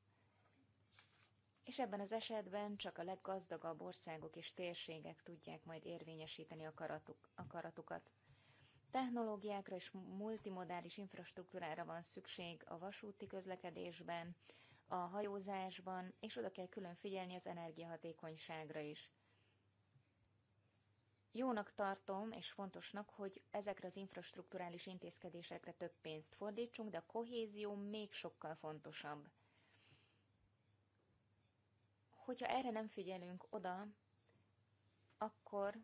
És ebben az esetben csak a leggazdagabb országok és térségek tudják majd érvényesíteni akaratuk, akaratukat. Technológiákra és multimodális infrastruktúrára van szükség a vasúti közlekedésben, a hajózásban, és oda kell külön figyelni az energiahatékonyságra is. Jónak tartom és fontosnak, hogy ezekre az infrastruktúrális intézkedésekre több pénzt fordítsunk, de a kohézió még sokkal fontosabb. Hogyha erre nem figyelünk oda, akkor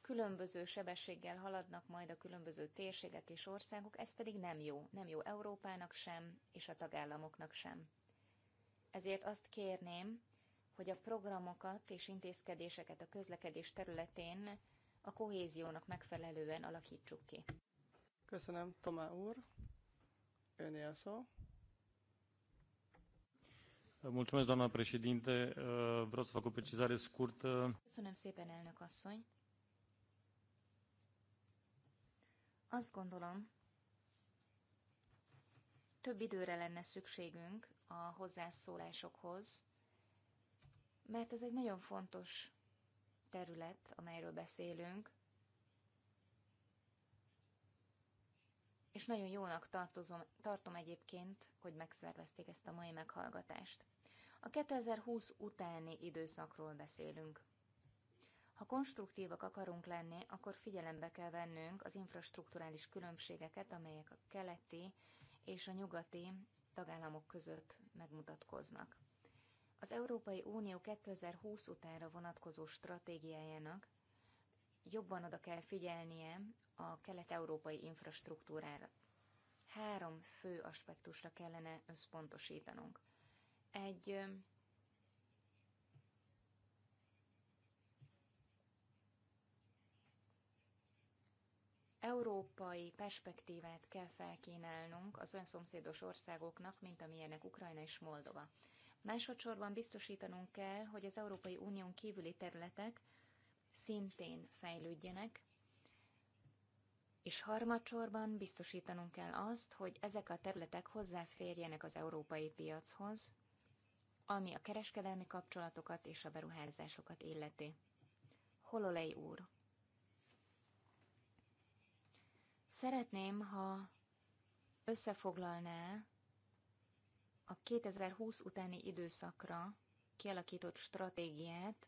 különböző sebességgel haladnak majd a különböző térségek és országok, ez pedig nem jó. Nem jó Európának sem, és a tagállamoknak sem. Ezért azt kérném, hogy a programokat és intézkedéseket a közlekedés területén a kohéziónak megfelelően alakítsuk ki. Köszönöm, Tomá úr. Önél szó. Mulțumesc, doamna președinte. Vreau să fac o precizare scurtă. Köszönöm szépen, elnök asszony. Azt gondolom, több időre lenne szükségünk a hozzászólásokhoz, mert ez egy nagyon fontos terület, amelyről beszélünk, és nagyon jónak tartozom, tartom egyébként, hogy megszervezték ezt a mai meghallgatást. A 2020 utáni időszakról beszélünk. Ha konstruktívak akarunk lenni, akkor figyelembe kell vennünk az infrastruktúrális különbségeket, amelyek a keleti és a nyugati tagállamok között megmutatkoznak. Az Európai Unió 2020 utára vonatkozó stratégiájának jobban oda kell figyelnie a kelet-európai infrastruktúrára. Három fő aspektusra kellene összpontosítanunk. Egy európai perspektívát kell felkínálnunk az olyan szomszédos országoknak, mint amilyenek Ukrajna és Moldova. Másodszorban biztosítanunk kell, hogy az Európai Unión kívüli területek szintén fejlődjenek, és harmadsorban biztosítanunk kell azt, hogy ezek a területek hozzáférjenek az európai piachoz, ami a kereskedelmi kapcsolatokat és a beruházásokat illeti. Hololei úr, Szeretném, ha összefoglalná a 2020 utáni időszakra kialakított stratégiát,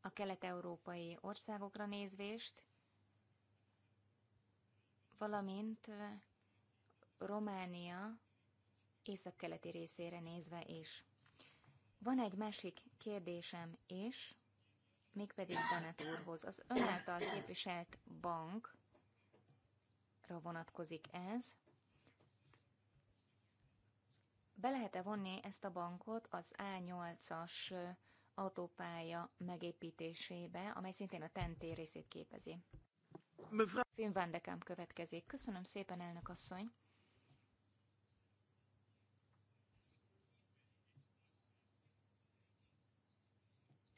a kelet-európai országokra nézvést, valamint Románia keleti részére nézve is. Van egy másik kérdésem is, mégpedig Danet úrhoz. Az ön által képviselt bank ágazatokra vonatkozik ez. Be lehet-e vonni ezt a bankot az A8-as autópálya megépítésébe, amely szintén a TNT részét képezi? Finn Vandekám következik. Köszönöm szépen, elnök asszony.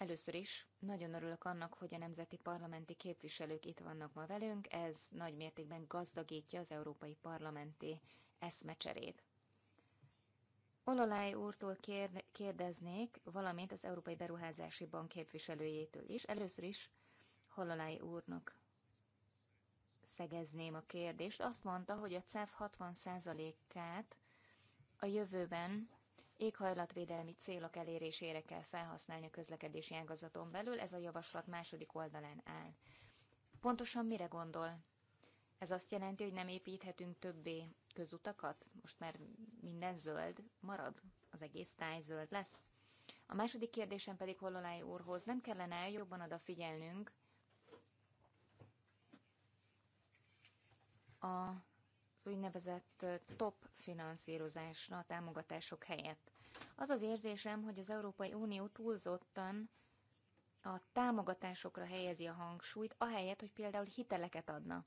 Először is nagyon örülök annak, hogy a nemzeti parlamenti képviselők itt vannak ma velünk, ez nagy mértékben gazdagítja az európai parlamenti eszmecserét. Ololáj úrtól kérdeznék, valamint az Európai Beruházási Bank képviselőjétől is. Először is Hololaj úrnak szegezném a kérdést. Azt mondta, hogy a CEF 60%-át a jövőben éghajlatvédelmi célok elérésére kell felhasználni a közlekedési ágazaton belül, ez a javaslat második oldalán áll. Pontosan mire gondol? Ez azt jelenti, hogy nem építhetünk többé közutakat? Most már minden zöld marad, az egész táj zöld lesz. A második kérdésem pedig Hololáj úrhoz, nem kellene jobban odafigyelnünk a az úgynevezett top finanszírozásra, a támogatások helyett. Az az érzésem, hogy az Európai Unió túlzottan a támogatásokra helyezi a hangsúlyt, ahelyett, hogy például hiteleket adna.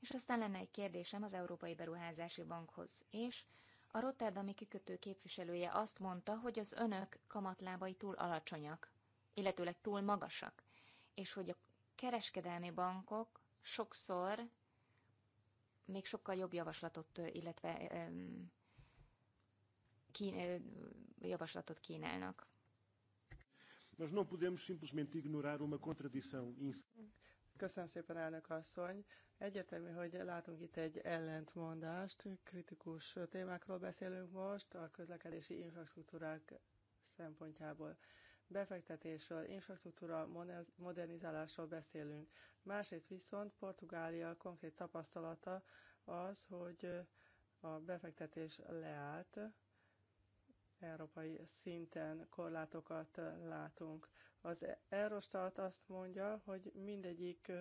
És aztán lenne egy kérdésem az Európai Beruházási Bankhoz. És a Rotterdami kikötő képviselője azt mondta, hogy az önök kamatlábai túl alacsonyak, illetőleg túl magasak, és hogy a kereskedelmi bankok sokszor még sokkal jobb javaslatot, illetve kín, javaslatot kínálnak. Nos, não podemos simplesmente ignorar uma contradição. Köszönöm szépen, elnök asszony. Egyetemű, hogy látunk itt egy ellentmondást, kritikus témákról beszélünk most, a közlekedési infrastruktúrák szempontjából befektetésről, infrastruktúra modernizálásról beszélünk. Másrészt viszont Portugália konkrét tapasztalata az, hogy a befektetés leállt, európai szinten korlátokat látunk. Az Eurostat azt mondja, hogy mindegyik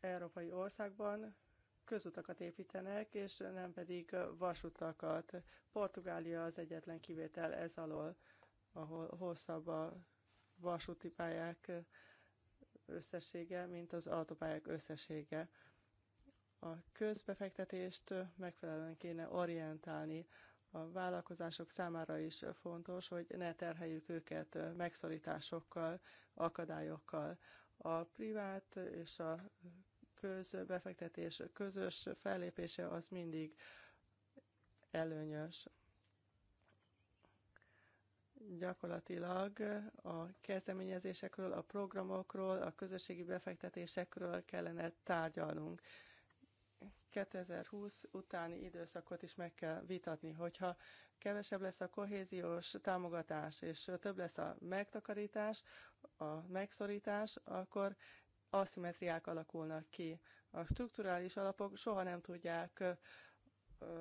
európai országban közutakat építenek, és nem pedig vasutakat. Portugália az egyetlen kivétel ez alól ahol hosszabb a vasúti pályák összessége, mint az autópályák összessége. A közbefektetést megfelelően kéne orientálni. A vállalkozások számára is fontos, hogy ne terheljük őket megszorításokkal, akadályokkal. A privát és a közbefektetés közös fellépése az mindig előnyös gyakorlatilag a kezdeményezésekről, a programokról, a közösségi befektetésekről kellene tárgyalnunk. 2020 utáni időszakot is meg kell vitatni, hogyha kevesebb lesz a kohéziós támogatás, és több lesz a megtakarítás, a megszorítás, akkor aszimetriák alakulnak ki. A strukturális alapok soha nem tudják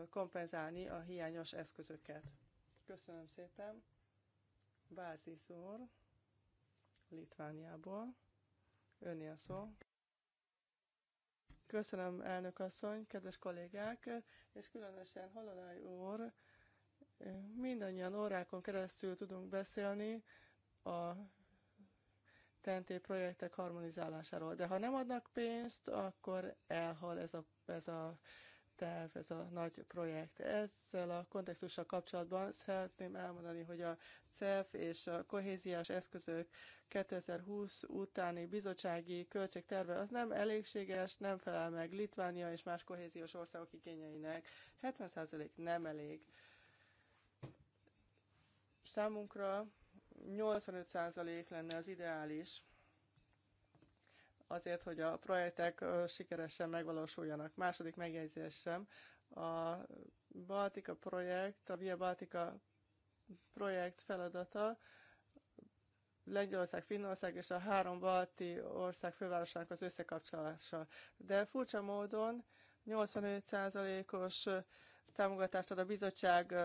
kompenzálni a hiányos eszközöket. Köszönöm szépen! Bázis úr, Litvániából. Önni a szó. Köszönöm, elnök asszony, kedves kollégák, és különösen Halalaj úr, mindannyian órákon keresztül tudunk beszélni a TNT projektek harmonizálásáról. De ha nem adnak pénzt, akkor elhal ez a, ez a terv, ez a nagy projekt. Ezzel a kontextussal kapcsolatban szeretném elmondani, hogy a CEF és a kohéziás eszközök 2020 utáni bizottsági költségterve az nem elégséges, nem felel meg Litvánia és más kohéziós országok igényeinek. 70% nem elég. Számunkra 85% lenne az ideális azért, hogy a projektek sikeresen megvalósuljanak. Második megjegyzésem, a Baltika projekt, a Via baltika projekt feladata Lengyelország, Finnország és a három balti ország fővárosának az összekapcsolása. De furcsa módon 85%-os támogatást ad a bizottság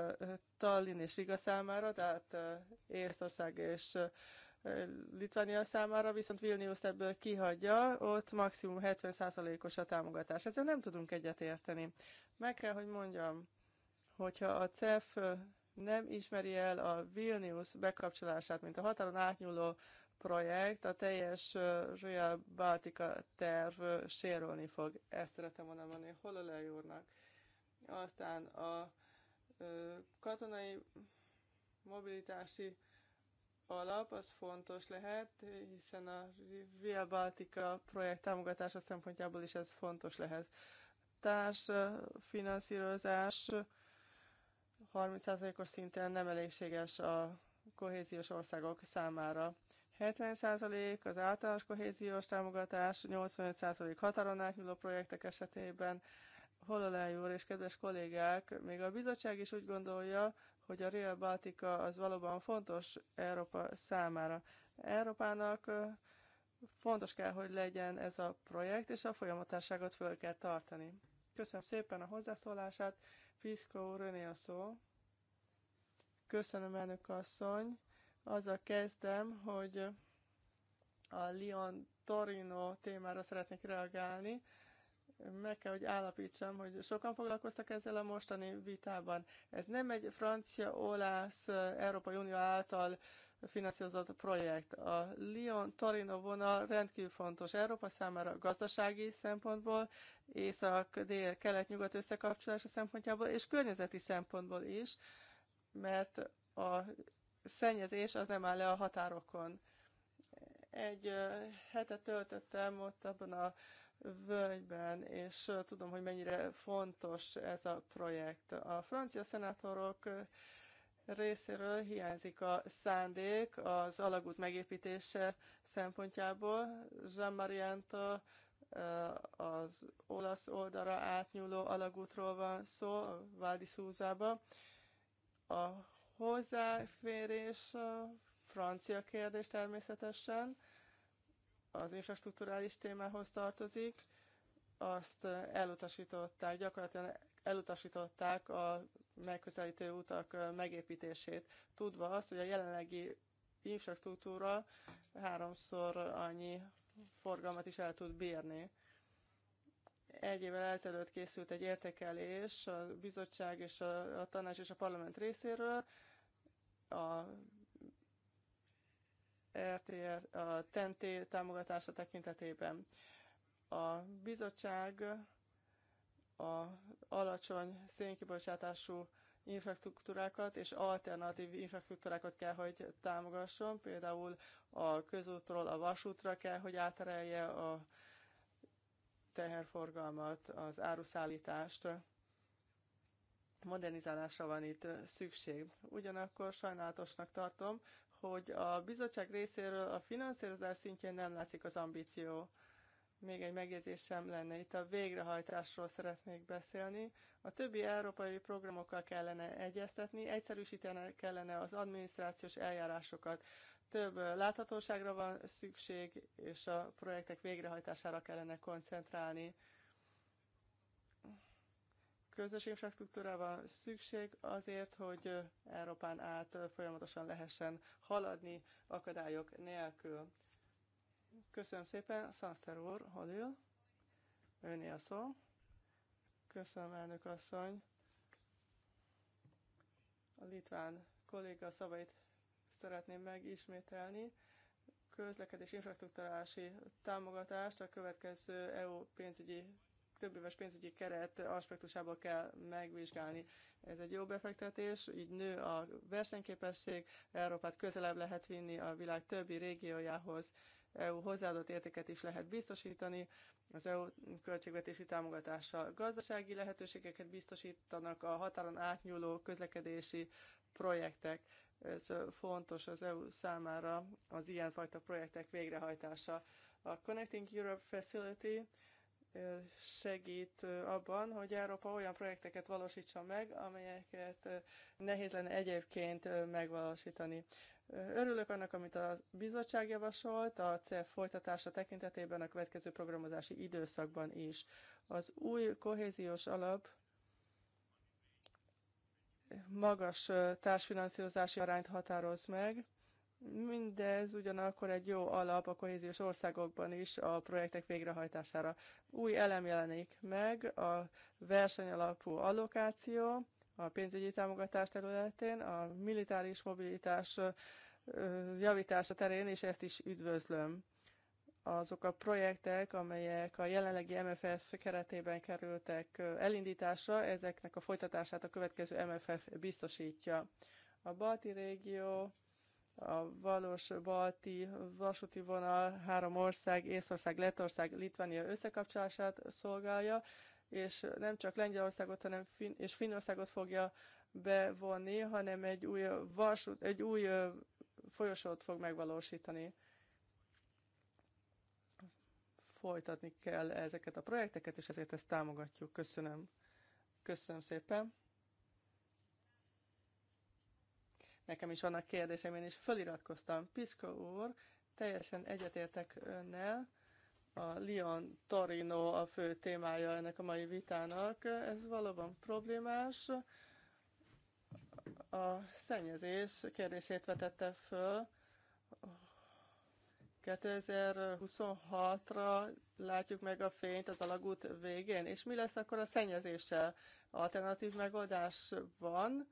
Tallinn és Riga számára, tehát Észtország és Litvánia számára, viszont Vilnius ebből kihagyja, ott maximum 70%-os a támogatás. Ezzel nem tudunk egyetérteni. Meg kell, hogy mondjam, hogyha a CEF nem ismeri el a Vilnius bekapcsolását, mint a határon átnyúló projekt, a teljes Royal Baltica terv sérülni fog. Ezt szeretem volna mondani a lejúrnak? Aztán a katonai mobilitási alap, az fontos lehet, hiszen a Via Baltica projekt támogatása szempontjából is ez fontos lehet. Társ finanszírozás 30%-os szinten nem elégséges a kohéziós országok számára. 70% az általános kohéziós támogatás, 85% határon átnyúló projektek esetében. Hololáj úr és kedves kollégák, még a bizottság is úgy gondolja, hogy a Real Baltica az valóban fontos Európa számára. Európának fontos kell, hogy legyen ez a projekt, és a folyamatosságot föl kell tartani. Köszönöm szépen a hozzászólását. Fiszkó René a szó. Köszönöm, elnök asszony. Azzal kezdem, hogy a Lyon Torino témára szeretnék reagálni meg kell, hogy állapítsam, hogy sokan foglalkoztak ezzel a mostani vitában. Ez nem egy francia olasz Európai Unió által finanszírozott projekt. A Lyon-Torino vonal rendkívül fontos Európa számára gazdasági szempontból, észak-dél-kelet-nyugat összekapcsolása szempontjából, és környezeti szempontból is, mert a szennyezés az nem áll le a határokon. Egy hetet töltöttem ott abban a völgyben, és tudom, hogy mennyire fontos ez a projekt. A francia szenátorok részéről hiányzik a szándék az alagút megépítése szempontjából. jean az olasz oldalra átnyúló alagútról van szó, a Vádi Szúzába. A hozzáférés francia kérdés természetesen, az infrastruktúrális témához tartozik, azt elutasították, gyakorlatilag elutasították a megközelítő utak megépítését, tudva azt, hogy a jelenlegi infrastruktúra háromszor annyi forgalmat is el tud bírni. Egy évvel ezelőtt készült egy értékelés a bizottság és a, a tanács és a parlament részéről a RTR, a TNT támogatása tekintetében. A bizottság a alacsony szénkibocsátású infrastruktúrákat és alternatív infrastruktúrákat kell, hogy támogasson. Például a közútról a vasútra kell, hogy áterelje a teherforgalmat, az áruszállítást. Modernizálásra van itt szükség. Ugyanakkor sajnálatosnak tartom, hogy a bizottság részéről a finanszírozás szintjén nem látszik az ambíció. Még egy megjegyzés sem lenne, itt a végrehajtásról szeretnék beszélni. A többi európai programokkal kellene egyeztetni, egyszerűsíteni kellene az adminisztrációs eljárásokat, több láthatóságra van szükség, és a projektek végrehajtására kellene koncentrálni közös infrastruktúra van szükség azért, hogy Európán át folyamatosan lehessen haladni akadályok nélkül. Köszönöm szépen, Szanszter úr, hol ül? Öné a szó. Köszönöm, elnök asszony. A litván kolléga szavait szeretném megismételni közlekedés infrastruktúrási támogatást a következő EU pénzügyi több éves pénzügyi keret aspektusából kell megvizsgálni. Ez egy jó befektetés, így nő a versenyképesség, Európát közelebb lehet vinni a világ többi régiójához, EU hozzáadott értéket is lehet biztosítani, az EU költségvetési támogatása gazdasági lehetőségeket biztosítanak a határon átnyúló közlekedési projektek. Ez fontos az EU számára az ilyenfajta projektek végrehajtása. A Connecting Europe Facility segít abban, hogy Európa olyan projekteket valósítson meg, amelyeket nehéz lenne egyébként megvalósítani. Örülök annak, amit a bizottság javasolt a CEF folytatása tekintetében a következő programozási időszakban is. Az új kohéziós alap magas társfinanszírozási arányt határoz meg, Mindez ugyanakkor egy jó alap a kohéziós országokban is a projektek végrehajtására. Új elem jelenik meg a versenyalapú allokáció a pénzügyi támogatás területén, a militáris mobilitás javítása terén, és ezt is üdvözlöm. Azok a projektek, amelyek a jelenlegi MFF keretében kerültek elindításra, ezeknek a folytatását a következő MFF biztosítja. A balti régió a valós balti vasúti vonal három ország, Észország, Lettország, Litvánia összekapcsolását szolgálja, és nem csak Lengyelországot, hanem fin- és Finnországot fogja bevonni, hanem egy új, vasút, egy új folyosót fog megvalósítani. Folytatni kell ezeket a projekteket, és ezért ezt támogatjuk. Köszönöm. Köszönöm szépen. Nekem is vannak kérdéseim, én is föliratkoztam. Piszka úr, teljesen egyetértek önnel. A Lyon Torino a fő témája ennek a mai vitának. Ez valóban problémás. A szennyezés kérdését vetette föl. 2026-ra látjuk meg a fényt az alagút végén, és mi lesz akkor a szennyezéssel? Alternatív megoldás van,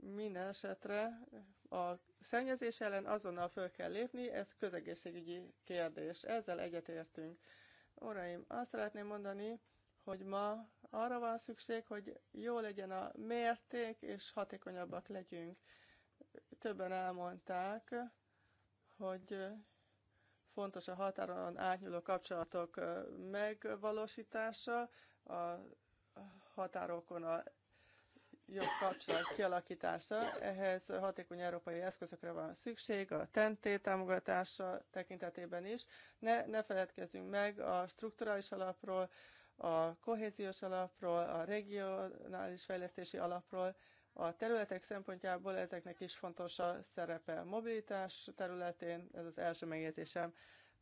minden esetre a szennyezés ellen azonnal föl kell lépni, ez közegészségügyi kérdés. Ezzel egyetértünk. Uraim, azt szeretném mondani, hogy ma arra van szükség, hogy jó legyen a mérték, és hatékonyabbak legyünk. Többen elmondták, hogy fontos a határon átnyúló kapcsolatok megvalósítása, a határokon a jobb kapcsolat kialakítása. Ehhez hatékony európai eszközökre van szükség, a TNT támogatása tekintetében is. Ne, ne feledkezzünk meg a strukturális alapról, a kohéziós alapról, a regionális fejlesztési alapról. A területek szempontjából ezeknek is fontos a szerepe a mobilitás területén, ez az első megjegyzésem.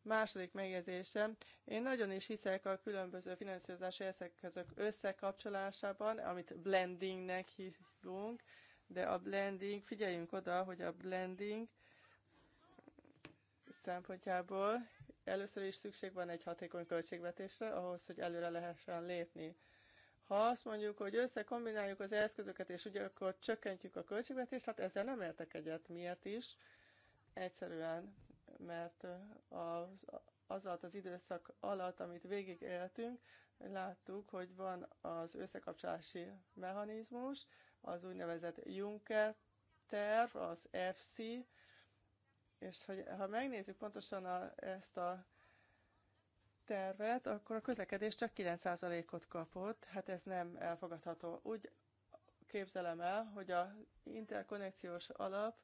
Második megjegyzésem, én nagyon is hiszek a különböző finanszírozási eszközök összekapcsolásában, amit blendingnek hívunk, de a blending, figyeljünk oda, hogy a blending szempontjából először is szükség van egy hatékony költségvetésre, ahhoz, hogy előre lehessen lépni. Ha azt mondjuk, hogy összekombináljuk az eszközöket, és ugye akkor csökkentjük a költségvetést, hát ezzel nem értek egyet. Miért is? Egyszerűen mert az, az alatt az időszak alatt, amit végigéltünk, láttuk, hogy van az összekapcsolási mechanizmus, az úgynevezett Juncker terv, az FC, és hogy ha megnézzük pontosan a, ezt a tervet, akkor a közlekedés csak 9%-ot kapott, hát ez nem elfogadható. Úgy képzelem el, hogy a interkonnekciós alap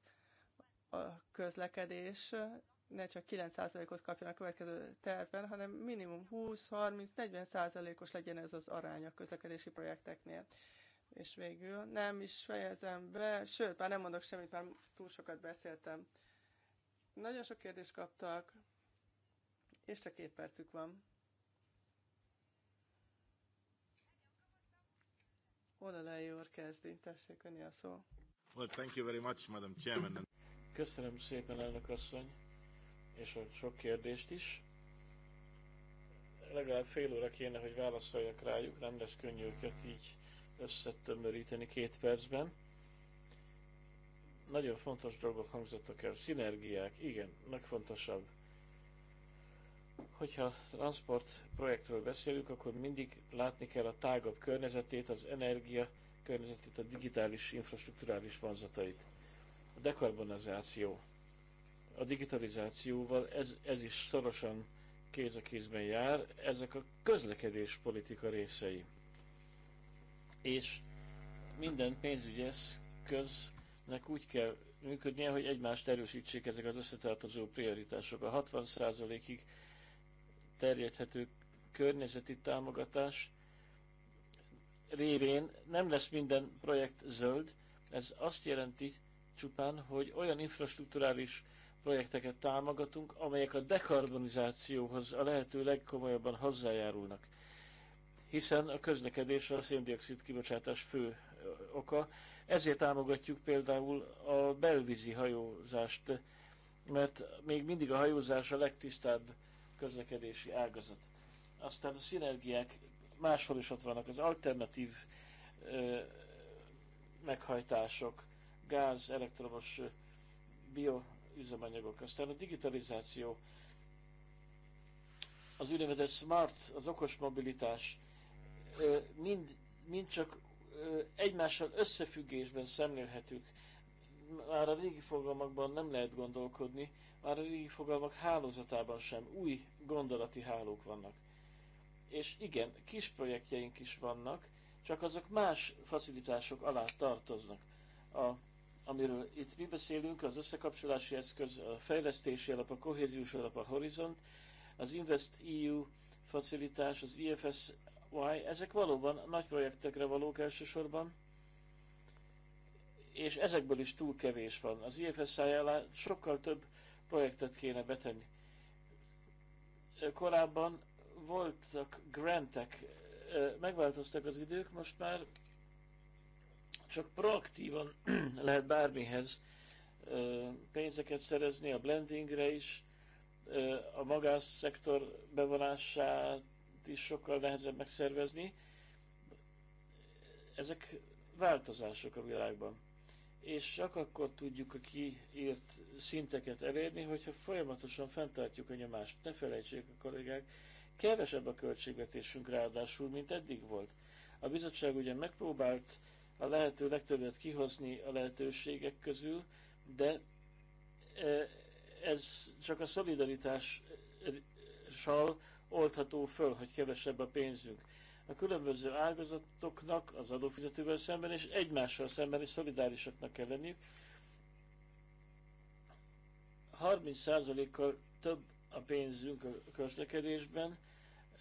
a közlekedés ne csak 9%-ot kapjon a következő tervben, hanem minimum 20-30-40%-os legyen ez az arány a közlekedési projekteknél. És végül nem is fejezem be, sőt, már nem mondok semmit, már túl sokat beszéltem. Nagyon sok kérdést kaptak, és csak két percük van. Olalai úr kezdi, tessék önni a szó. Well, thank you very much, Madam Chairman. Köszönöm szépen, elnök asszony és a sok kérdést is. Legalább fél óra kéne, hogy válaszoljak rájuk, nem lesz könnyű őket így összetömöríteni két percben. Nagyon fontos dolgok hangzottak el, szinergiák, igen, legfontosabb. Hogyha transport projektről beszélünk, akkor mindig látni kell a tágabb környezetét, az energia környezetét, a digitális, infrastruktúrális vonzatait. A dekarbonizáció a digitalizációval ez, ez is szorosan kéz a kézben jár, ezek a közlekedés politika részei. És minden pénzügyi eszköznek úgy kell működnie, hogy egymást erősítsék ezek az összetartozó prioritások. A 60%-ig terjedhető környezeti támogatás révén nem lesz minden projekt zöld, ez azt jelenti csupán, hogy olyan infrastruktúrális projekteket támogatunk, amelyek a dekarbonizációhoz a lehető legkomolyabban hozzájárulnak. Hiszen a közlekedés a széndiokszid kibocsátás fő oka. Ezért támogatjuk például a belvízi hajózást, mert még mindig a hajózás a legtisztább közlekedési ágazat. Aztán a szinergiák máshol is ott vannak, az alternatív ö, meghajtások, gáz, elektromos, bio üzemanyagok. Aztán a digitalizáció, az úgynevezett smart, az okos mobilitás, mind, mind csak egymással összefüggésben szemlélhetők. Már a régi fogalmakban nem lehet gondolkodni, már a régi fogalmak hálózatában sem új gondolati hálók vannak. És igen, kis projektjeink is vannak, csak azok más facilitások alá tartoznak. A amiről itt mi beszélünk, az összekapcsolási eszköz, a fejlesztési alap, a kohéziós alap, a horizont, az Invest EU facilitás, az EFSY, ezek valóban nagy projektekre valók elsősorban, és ezekből is túl kevés van. Az IFSI alá sokkal több projektet kéne betenni. Korábban voltak grantek, megváltoztak az idők, most már csak proaktívan [clears throat] lehet bármihez pénzeket szerezni, a blendingre is, a magánszektor bevonását is sokkal nehezebb megszervezni. Ezek változások a világban. És csak akkor tudjuk a kiírt szinteket elérni, hogyha folyamatosan fenntartjuk a nyomást. Ne felejtsék a kollégák, kevesebb a költségvetésünk ráadásul, mint eddig volt. A bizottság ugye megpróbált uh, a lehető legtöbbet kihozni a lehetőségek közül, de e, ez csak a szolidaritással oldható föl, hogy kevesebb a pénzünk. A különböző ágazatoknak az adófizetővel szemben és egymással szemben is szolidárisaknak kell lenniük. 30%-kal több a pénzünk a közlekedésben,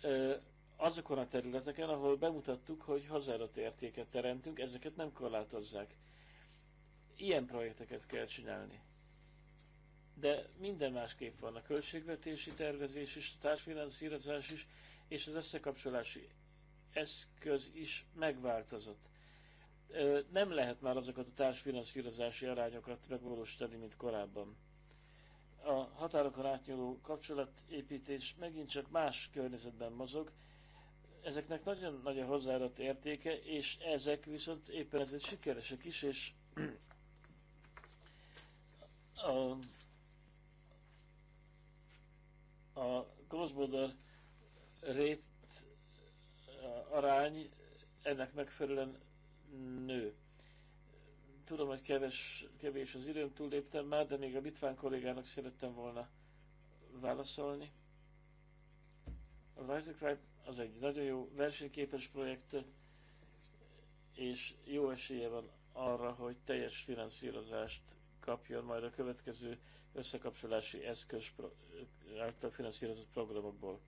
e, azokon a területeken, ahol bemutattuk, hogy hazárat értéket teremtünk, ezeket nem korlátozzák. Ilyen projekteket kell csinálni. De minden másképp van. A költségvetési tervezés is, a társfinanszírozás is, és az összekapcsolási eszköz is megváltozott. Nem lehet már azokat a társfinanszírozási arányokat megvalósítani, mint korábban a határokon átnyúló kapcsolatépítés megint csak más környezetben mozog, ezeknek nagyon nagy a hozzáadott értéke, és ezek viszont éppen ezért sikeresek is, és a, a cross-border rate arány ennek megfelelően nő. Tudom, hogy keves, kevés az időm, túlléptem már, de még a litván kollégának szerettem volna válaszolni. A Right az egy nagyon jó versenyképes projekt, és jó esélye van arra, hogy teljes finanszírozást kapjon majd a következő összekapcsolási eszköz által finanszírozott programokból.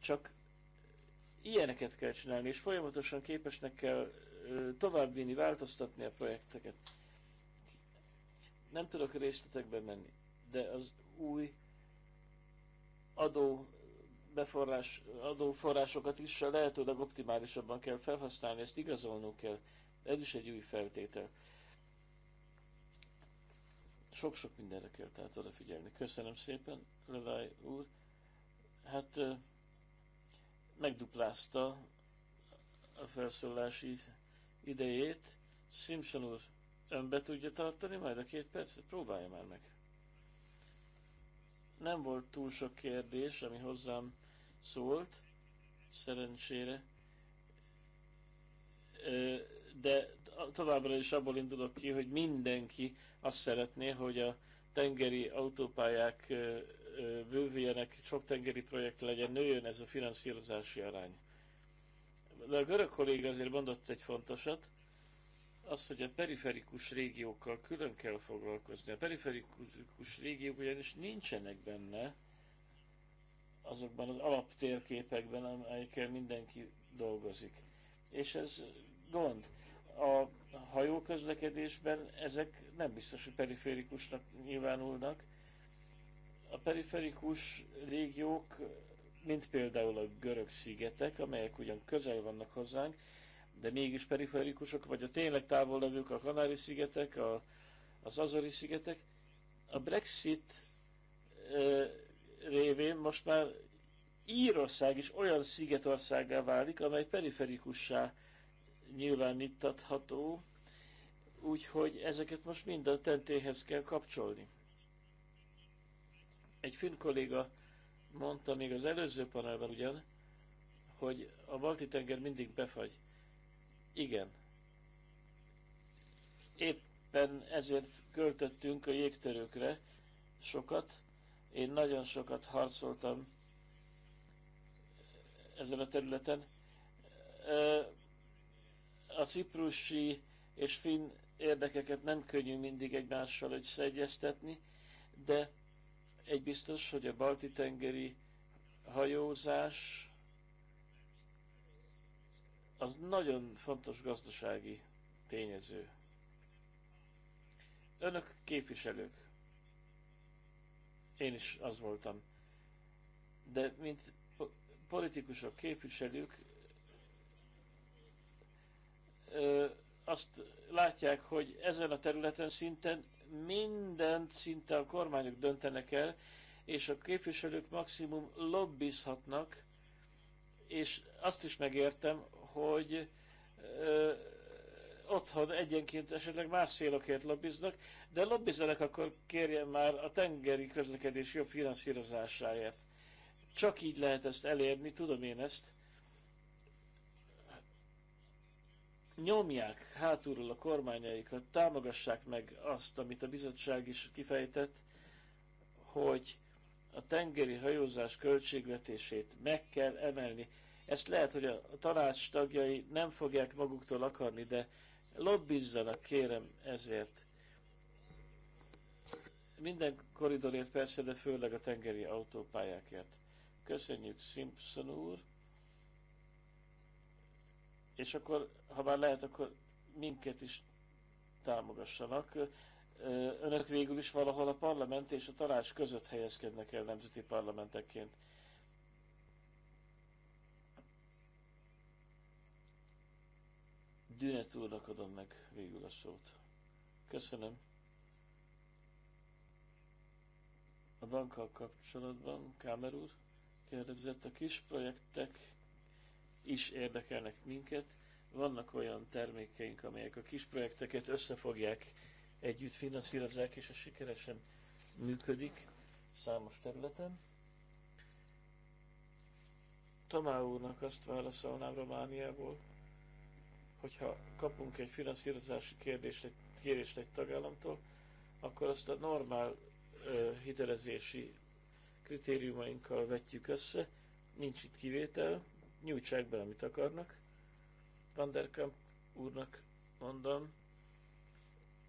Csak ilyeneket kell csinálni, és folyamatosan képesnek kell továbbvinni, változtatni a projekteket. Nem tudok részletekben menni, de az új adó beforrás, adóforrásokat is a lehetőleg optimálisabban kell felhasználni, ezt igazolnunk kell. Ez is egy új feltétel. Sok-sok mindenre kell tehát odafigyelni. Köszönöm szépen, Lelaj úr. Hát megduplázta a felszólási idejét. Simpson úr, ön be tudja tartani majd a két percet? Próbálja már meg. Nem volt túl sok kérdés, ami hozzám szólt, szerencsére, de továbbra is abból indulok ki, hogy mindenki azt szeretné, hogy a tengeri autópályák bővüljenek, sok tengeri projekt legyen, nőjön ez a finanszírozási arány. De a görög kolléga azért mondott egy fontosat, az, hogy a periferikus régiókkal külön kell foglalkozni. A periferikus régiók ugyanis nincsenek benne azokban az alaptérképekben, amelyekkel mindenki dolgozik. És ez gond. A hajóközlekedésben ezek nem biztos, hogy periférikusnak nyilvánulnak. A periférikus régiók, mint például a görög szigetek, amelyek ugyan közel vannak hozzánk, de mégis periférikusok vagy a tényleg távol levők, a Kanári-szigetek, a, az Azori-szigetek, a Brexit révén most már Írország is olyan szigetországá válik, amely periferikussá nyilvánítatható, úgyhogy ezeket most mind a tentéhez kell kapcsolni. Egy finn kolléga mondta még az előző panelben ugyan, hogy a balti tenger mindig befagy. Igen. Éppen ezért költöttünk a jégtörőkre sokat, én nagyon sokat harcoltam ezen a területen. A ciprusi és finn érdekeket nem könnyű mindig egymással összeegyeztetni, de egy biztos, hogy a balti-tengeri hajózás az nagyon fontos gazdasági tényező. Önök képviselők. Én is az voltam. De mint politikusok, képviselők ö, azt látják, hogy ezen a területen szinten mindent szinte a kormányok döntenek el, és a képviselők maximum lobbizhatnak, és azt is megértem, hogy ö, otthon egyenként esetleg más célokért lobbiznak, de lobbizenek, akkor kérjen már a tengeri közlekedés jobb finanszírozásáért. Csak így lehet ezt elérni, tudom én ezt. Nyomják hátulról a kormányaikat, támogassák meg azt, amit a bizottság is kifejtett, hogy a tengeri hajózás költségvetését meg kell emelni. Ezt lehet, hogy a tanács tagjai nem fogják maguktól akarni, de Lobbizzanak, kérem, ezért. Minden koridorért persze, de főleg a tengeri autópályákért. Köszönjük, Simpson úr. És akkor, ha már lehet, akkor minket is támogassanak. Önök végül is valahol a parlament és a tanács között helyezkednek el nemzeti parlamentekként. Dünet úrnak adom meg végül a szót. Köszönöm. A bankkal kapcsolatban Kámer úr kérdezett, a kis projektek is érdekelnek minket. Vannak olyan termékeink, amelyek a kis projekteket összefogják, együtt finanszírozzák, és ez sikeresen működik számos területen. Tamá úrnak azt válaszolnám Romániából, hogyha kapunk egy finanszírozási kérdést, egy, kérdést egy tagállamtól, akkor azt a normál ö, hitelezési kritériumainkkal vetjük össze, nincs itt kivétel, nyújtsák be, amit akarnak. Vanderkamp úrnak mondom,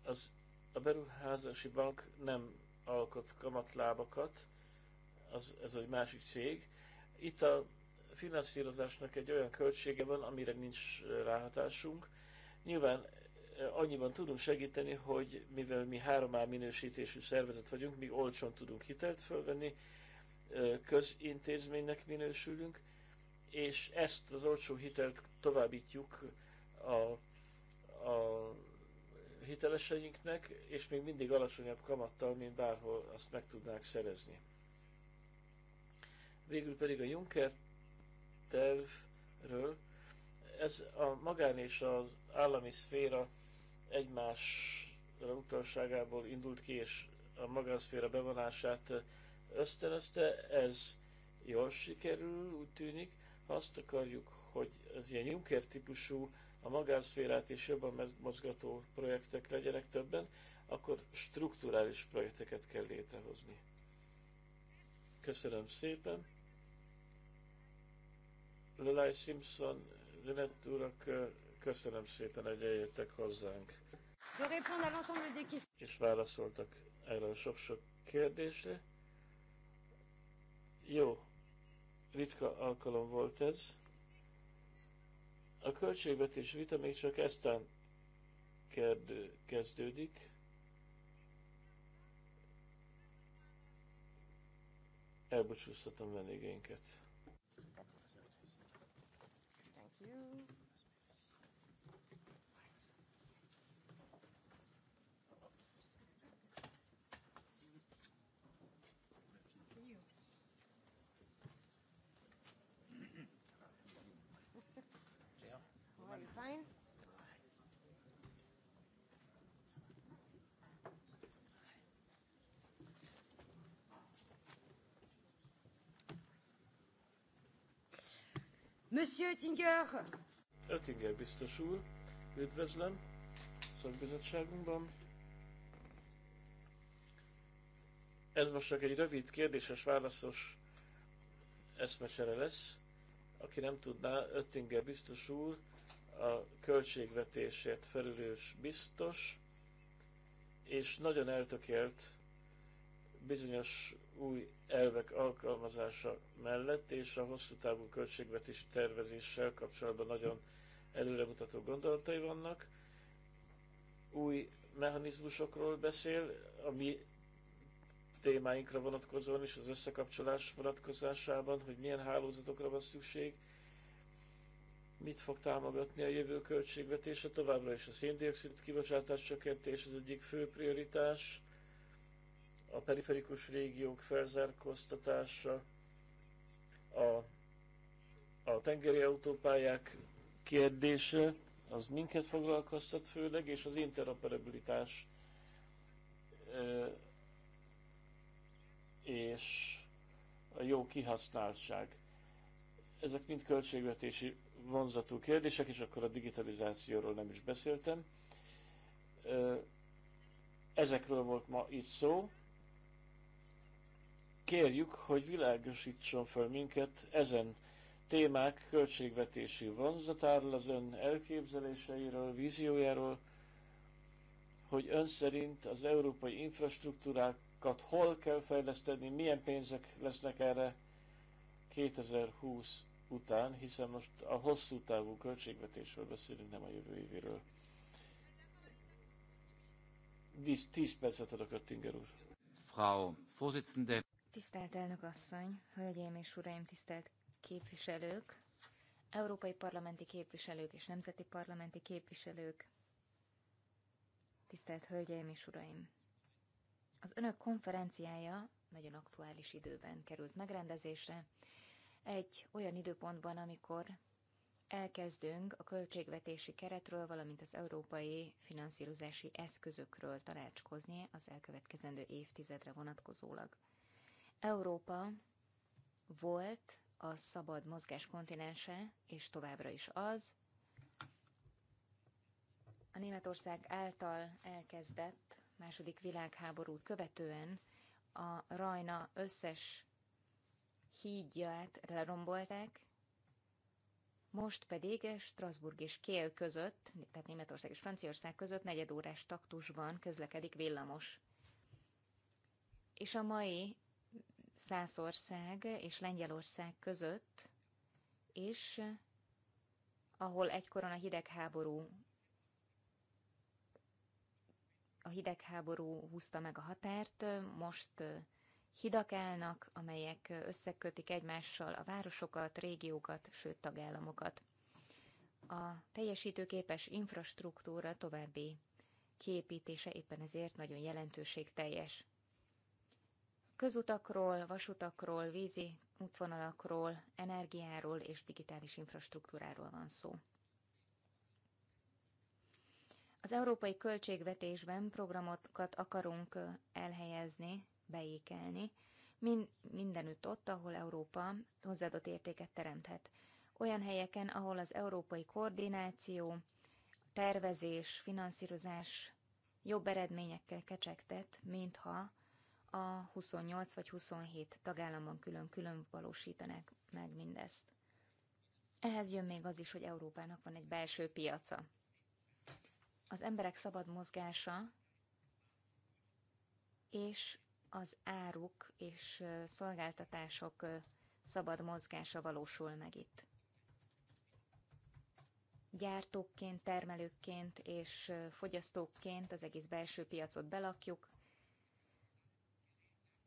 az a beruházási bank nem alkot kamatlábakat, az, ez egy másik cég. Itt a finanszírozásnak egy olyan költsége van, amire nincs ráhatásunk. Nyilván eh, annyiban tudunk segíteni, hogy mivel mi 3A minősítésű szervezet vagyunk, mi olcsón tudunk hitelt fölvenni, eh, közintézménynek minősülünk, és ezt az olcsó hitelt továbbítjuk a, a hiteleseinknek, és még mindig alacsonyabb kamattal, mint bárhol azt meg tudnák szerezni. Végül pedig a Juncker tervről. Ez a magán és az állami szféra egymásra utalságából indult ki, és a magánszféra bevonását ösztönözte, ez jól sikerül, úgy tűnik. Ha azt akarjuk, hogy az ilyen Juncker típusú, a magánszférát is jobban mozgató projektek legyenek többen, akkor strukturális projekteket kell létrehozni. Köszönöm szépen! Lelai Simpson, Renett úrak, köszönöm szépen, hogy eljöttek hozzánk. És válaszoltak erre a sok-sok kérdésre. Jó, ritka alkalom volt ez. A költségvetés vita még csak eztán kérdő, kezdődik. Elbocsúsztatom vendégeinket. Monsieur Oettinger! Oettinger biztos úr, üdvözlöm szakbizottságunkban. Ez most csak egy rövid kérdéses válaszos eszmesere lesz. Aki nem tudná, Öttinger biztos úr, a költségvetésért felülős biztos, és nagyon eltökélt bizonyos új elvek alkalmazása mellett és a hosszú távú költségvetési tervezéssel kapcsolatban nagyon előremutató gondolatai vannak. Új mechanizmusokról beszél, ami témáinkra vonatkozóan is, az összekapcsolás vonatkozásában, hogy milyen hálózatokra van szükség, mit fog támogatni a jövő költségvetése, továbbra is a széndiokszid kibocsátás csökkentés az egyik fő prioritás, a periferikus régiók felzárkóztatása, a, a tengeri autópályák kérdése, az minket foglalkoztat főleg, és az interoperabilitás és a jó kihasználtság. Ezek mind költségvetési vonzatú kérdések, és akkor a digitalizációról nem is beszéltem. Ezekről volt ma itt szó kérjük, hogy világosítson fel minket ezen témák költségvetési vonzatáról, az ön elképzeléseiről, víziójáról, hogy ön szerint az európai infrastruktúrákat hol kell fejleszteni, milyen pénzek lesznek erre 2020 után, hiszen most a hosszú távú költségvetésről beszélünk, nem a jövő évéről. 10, percet adok Tinger úr. Frau Vorsitzende. Tisztelt elnök asszony, hölgyeim és uraim, tisztelt képviselők, európai parlamenti képviselők és nemzeti parlamenti képviselők, tisztelt hölgyeim és uraim. Az önök konferenciája nagyon aktuális időben került megrendezésre, egy olyan időpontban, amikor elkezdünk a költségvetési keretről, valamint az európai finanszírozási eszközökről tanácskozni az elkövetkezendő évtizedre vonatkozólag. Európa volt a szabad mozgás kontinense, és továbbra is az. A Németország által elkezdett második világháborút követően a Rajna összes hídját lerombolták, most pedig Strasbourg és Kiel között, tehát Németország és Franciaország között negyedórás taktusban közlekedik villamos. És a mai Szászország és Lengyelország között, és ahol egykoron a hidegháború a hidegháború húzta meg a határt, most hidak állnak, amelyek összekötik egymással a városokat, régiókat, sőt tagállamokat. A teljesítőképes infrastruktúra további kiépítése éppen ezért nagyon jelentőségteljes közutakról, vasutakról, vízi útvonalakról, energiáról és digitális infrastruktúráról van szó. Az európai költségvetésben programokat akarunk elhelyezni, beékelni, mind, mindenütt ott, ahol Európa hozzáadott értéket teremthet. Olyan helyeken, ahol az európai koordináció, tervezés, finanszírozás jobb eredményekkel kecsegtet, mintha a 28 vagy 27 tagállamban külön-külön valósítanák meg mindezt. Ehhez jön még az is, hogy Európának van egy belső piaca. Az emberek szabad mozgása és az áruk és szolgáltatások szabad mozgása valósul meg itt. Gyártókként, termelőkként és fogyasztókként az egész belső piacot belakjuk,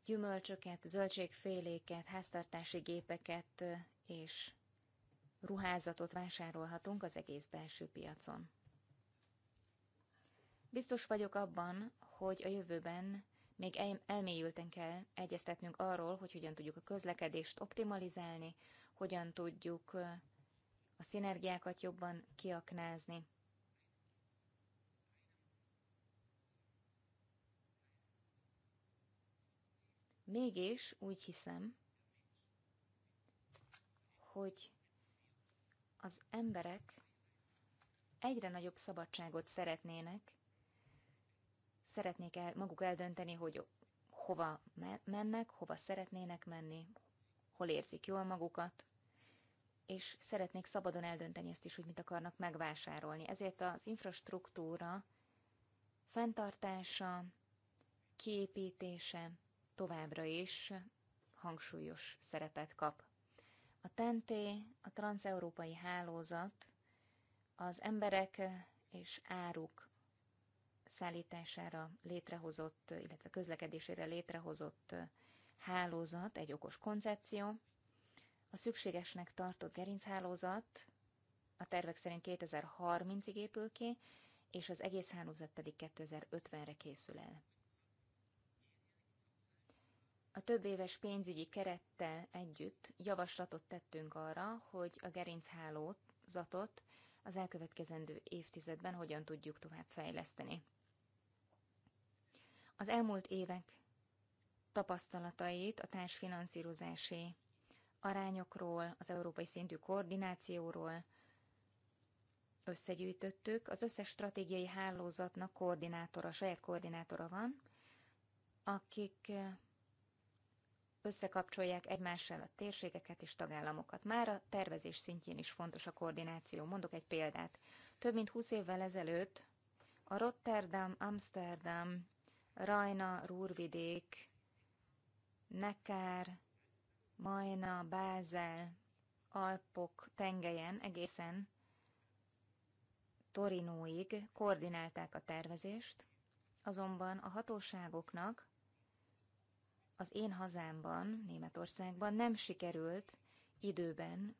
gyümölcsöket, zöldségféléket, háztartási gépeket és ruházatot vásárolhatunk az egész belső piacon. Biztos vagyok abban, hogy a jövőben még elmélyülten kell egyeztetnünk arról, hogy hogyan tudjuk a közlekedést optimalizálni, hogyan tudjuk a szinergiákat jobban kiaknázni. Mégis úgy hiszem, hogy az emberek egyre nagyobb szabadságot szeretnének, szeretnék el, maguk eldönteni, hogy hova mennek, hova szeretnének menni, hol érzik jól magukat, és szeretnék szabadon eldönteni azt is, hogy mit akarnak megvásárolni. Ezért az infrastruktúra fenntartása, kiépítése, továbbra is hangsúlyos szerepet kap. A TNT, a transeurópai hálózat az emberek és áruk szállítására létrehozott, illetve közlekedésére létrehozott hálózat, egy okos koncepció. A szükségesnek tartott gerinchálózat a tervek szerint 2030-ig épül ki, és az egész hálózat pedig 2050-re készül el a több éves pénzügyi kerettel együtt javaslatot tettünk arra, hogy a gerinchálózatot az elkövetkezendő évtizedben hogyan tudjuk tovább fejleszteni. Az elmúlt évek tapasztalatait a társfinanszírozási arányokról, az európai szintű koordinációról összegyűjtöttük. Az összes stratégiai hálózatnak koordinátora, saját koordinátora van, akik összekapcsolják egymással a térségeket és tagállamokat. Már a tervezés szintjén is fontos a koordináció. Mondok egy példát. Több mint 20 évvel ezelőtt a Rotterdam, Amsterdam, Rajna, Rúrvidék, Nekár, Majna, Bázel, Alpok, tengelyen egészen Torinóig koordinálták a tervezést, azonban a hatóságoknak az én hazámban, Németországban nem sikerült időben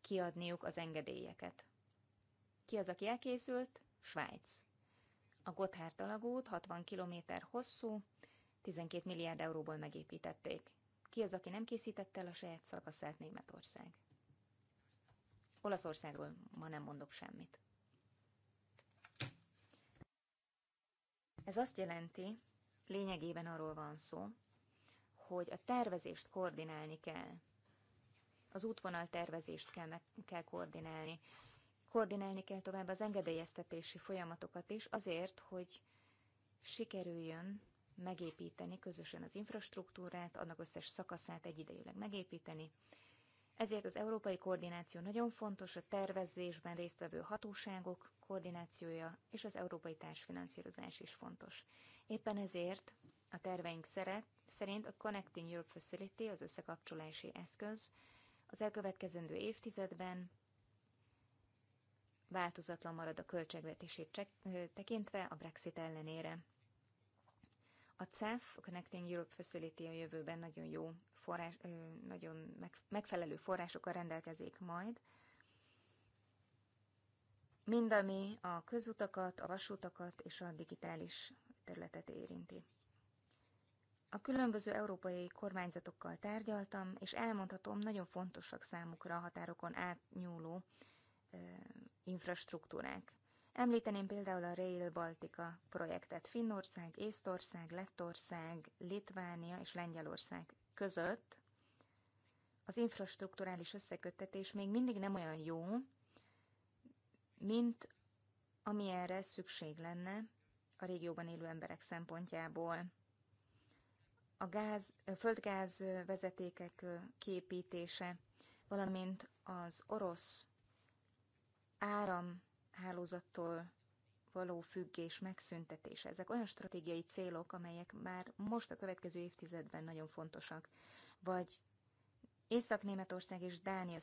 kiadniuk az engedélyeket. Ki az, aki elkészült? Svájc. A Gotthard alagút 60 km hosszú, 12 milliárd euróból megépítették. Ki az, aki nem készítette el a saját szakaszát Németország? Olaszországról ma nem mondok semmit. Ez azt jelenti, lényegében arról van szó, hogy a tervezést koordinálni kell. Az útvonal tervezést kell, meg, kell koordinálni. Koordinálni kell tovább az engedélyeztetési folyamatokat is, azért, hogy sikerüljön megépíteni közösen az infrastruktúrát, annak összes szakaszát egyidejűleg megépíteni. Ezért az európai koordináció nagyon fontos, a tervezésben résztvevő hatóságok koordinációja és az európai társfinanszírozás is fontos. Éppen ezért a terveink szeret, szerint a Connecting Europe Facility, az összekapcsolási eszköz, az elkövetkezendő évtizedben változatlan marad a költségvetését tekintve a Brexit ellenére. A CEF, a Connecting Europe Facility a jövőben nagyon jó forrás, nagyon megfelelő forrásokkal rendelkezik majd. Mind ami a közutakat, a vasutakat és a digitális területet érinti. A különböző európai kormányzatokkal tárgyaltam, és elmondhatom, nagyon fontosak számukra a határokon átnyúló ö, infrastruktúrák. Említeném például a Rail Baltica projektet Finnország, Észtország, Lettország, Litvánia és Lengyelország között. Az infrastruktúrális összeköttetés még mindig nem olyan jó, mint amilyenre szükség lenne a régióban élő emberek szempontjából. A, gáz, a földgáz vezetékek képítése, valamint az orosz áramhálózattól való függés megszüntetése. Ezek olyan stratégiai célok, amelyek már most a következő évtizedben nagyon fontosak. Vagy Észak-Németország és Dánia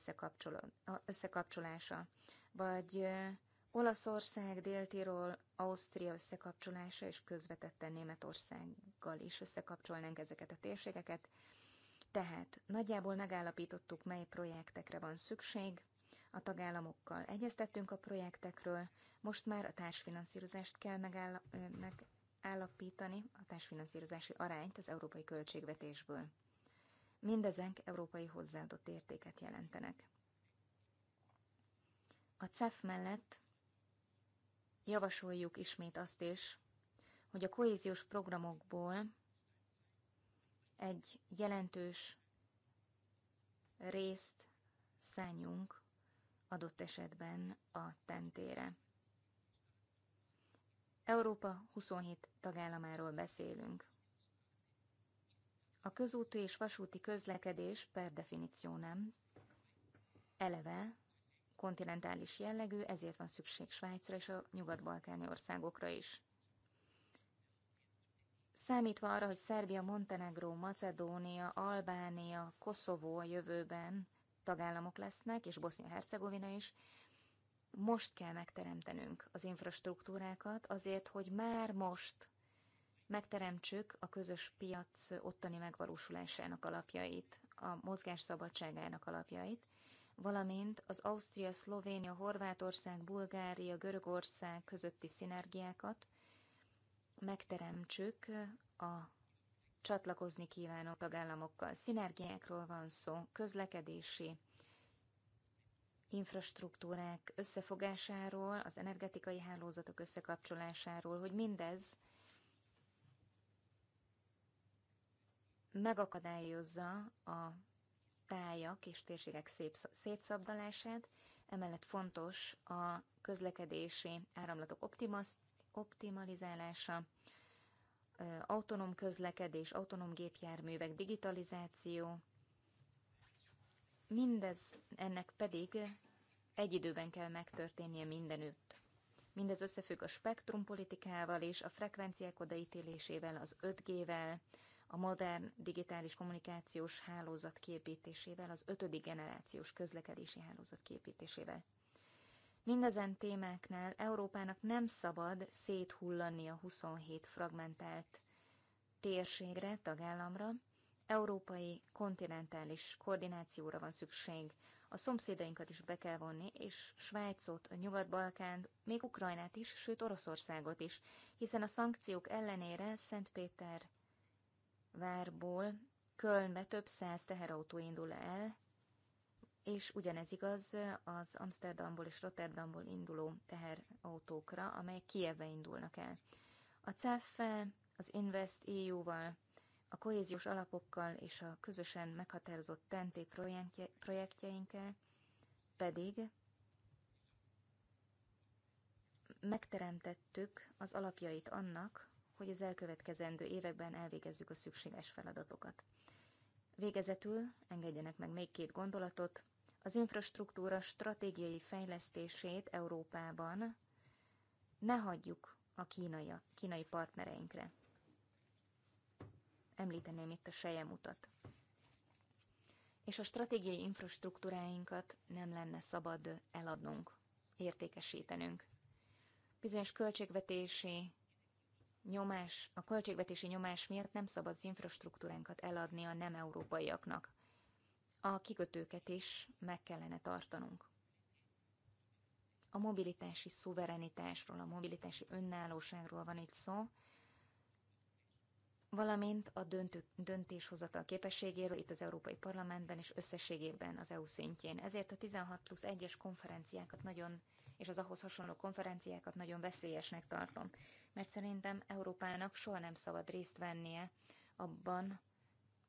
összekapcsolása, vagy Olaszország, déltiról Ausztria összekapcsolása és közvetetten Németországgal is összekapcsolnánk ezeket a térségeket. Tehát nagyjából megállapítottuk, mely projektekre van szükség, a tagállamokkal egyeztettünk a projektekről, most már a társfinanszírozást kell megáll- megállapítani, a társfinanszírozási arányt az európai költségvetésből. Mindezek európai hozzáadott értéket jelentenek. A CEF mellett javasoljuk ismét azt is, hogy a kohéziós programokból egy jelentős részt szálljunk adott esetben a tentére. Európa 27 tagállamáról beszélünk. A közúti és vasúti közlekedés per definíció nem, eleve kontinentális jellegű, ezért van szükség Svájcra és a nyugat-balkáni országokra is. Számítva arra, hogy Szerbia, Montenegró, Macedónia, Albánia, Koszovó a jövőben tagállamok lesznek, és Bosznia-Hercegovina is, most kell megteremtenünk az infrastruktúrákat azért, hogy már most megteremtsük a közös piac ottani megvalósulásának alapjait, a mozgás szabadságának alapjait, valamint az Ausztria, Szlovénia, Horvátország, Bulgária, Görögország közötti szinergiákat megteremtsük a csatlakozni kívánó tagállamokkal. Szinergiákról van szó, közlekedési infrastruktúrák összefogásáról, az energetikai hálózatok összekapcsolásáról, hogy mindez megakadályozza a tájak és térségek szép szétszabdalását, emellett fontos a közlekedési áramlatok optimaz, optimalizálása, autonóm közlekedés, autonóm gépjárművek, digitalizáció, mindez ennek pedig egy időben kell megtörténnie mindenütt. Mindez összefügg a spektrumpolitikával és a frekvenciák odaítélésével, az 5G-vel, a modern digitális kommunikációs hálózat képítésével, az ötödik generációs közlekedési hálózat képítésével. Mindezen témáknál Európának nem szabad széthullani a 27 fragmentált térségre, tagállamra, európai kontinentális koordinációra van szükség. A szomszédainkat is be kell vonni, és Svájcot, a Nyugat-Balkánt, még Ukrajnát is, sőt Oroszországot is, hiszen a szankciók ellenére Szentpéter várból Kölnbe több száz teherautó indul el, és ugyanez igaz az Amsterdamból és Rotterdamból induló teherautókra, amelyek Kievbe indulnak el. A cef az Invest EU-val, a kohéziós alapokkal és a közösen meghatározott TNT projektje, projektjeinkkel pedig megteremtettük az alapjait annak, hogy az elkövetkezendő években elvégezzük a szükséges feladatokat. Végezetül engedjenek meg még két gondolatot. Az infrastruktúra stratégiai fejlesztését Európában ne hagyjuk a kínai, a kínai partnereinkre. Említeném itt a utat. És a stratégiai infrastruktúráinkat nem lenne szabad eladnunk, értékesítenünk. Bizonyos költségvetési nyomás, a költségvetési nyomás miatt nem szabad az infrastruktúránkat eladni a nem európaiaknak. A kikötőket is meg kellene tartanunk. A mobilitási szuverenitásról, a mobilitási önállóságról van itt szó, valamint a döntő, döntéshozatal képességéről itt az Európai Parlamentben és összességében az EU szintjén. Ezért a 16 plusz 1-es konferenciákat nagyon és az ahhoz hasonló konferenciákat nagyon veszélyesnek tartom, mert szerintem Európának soha nem szabad részt vennie abban,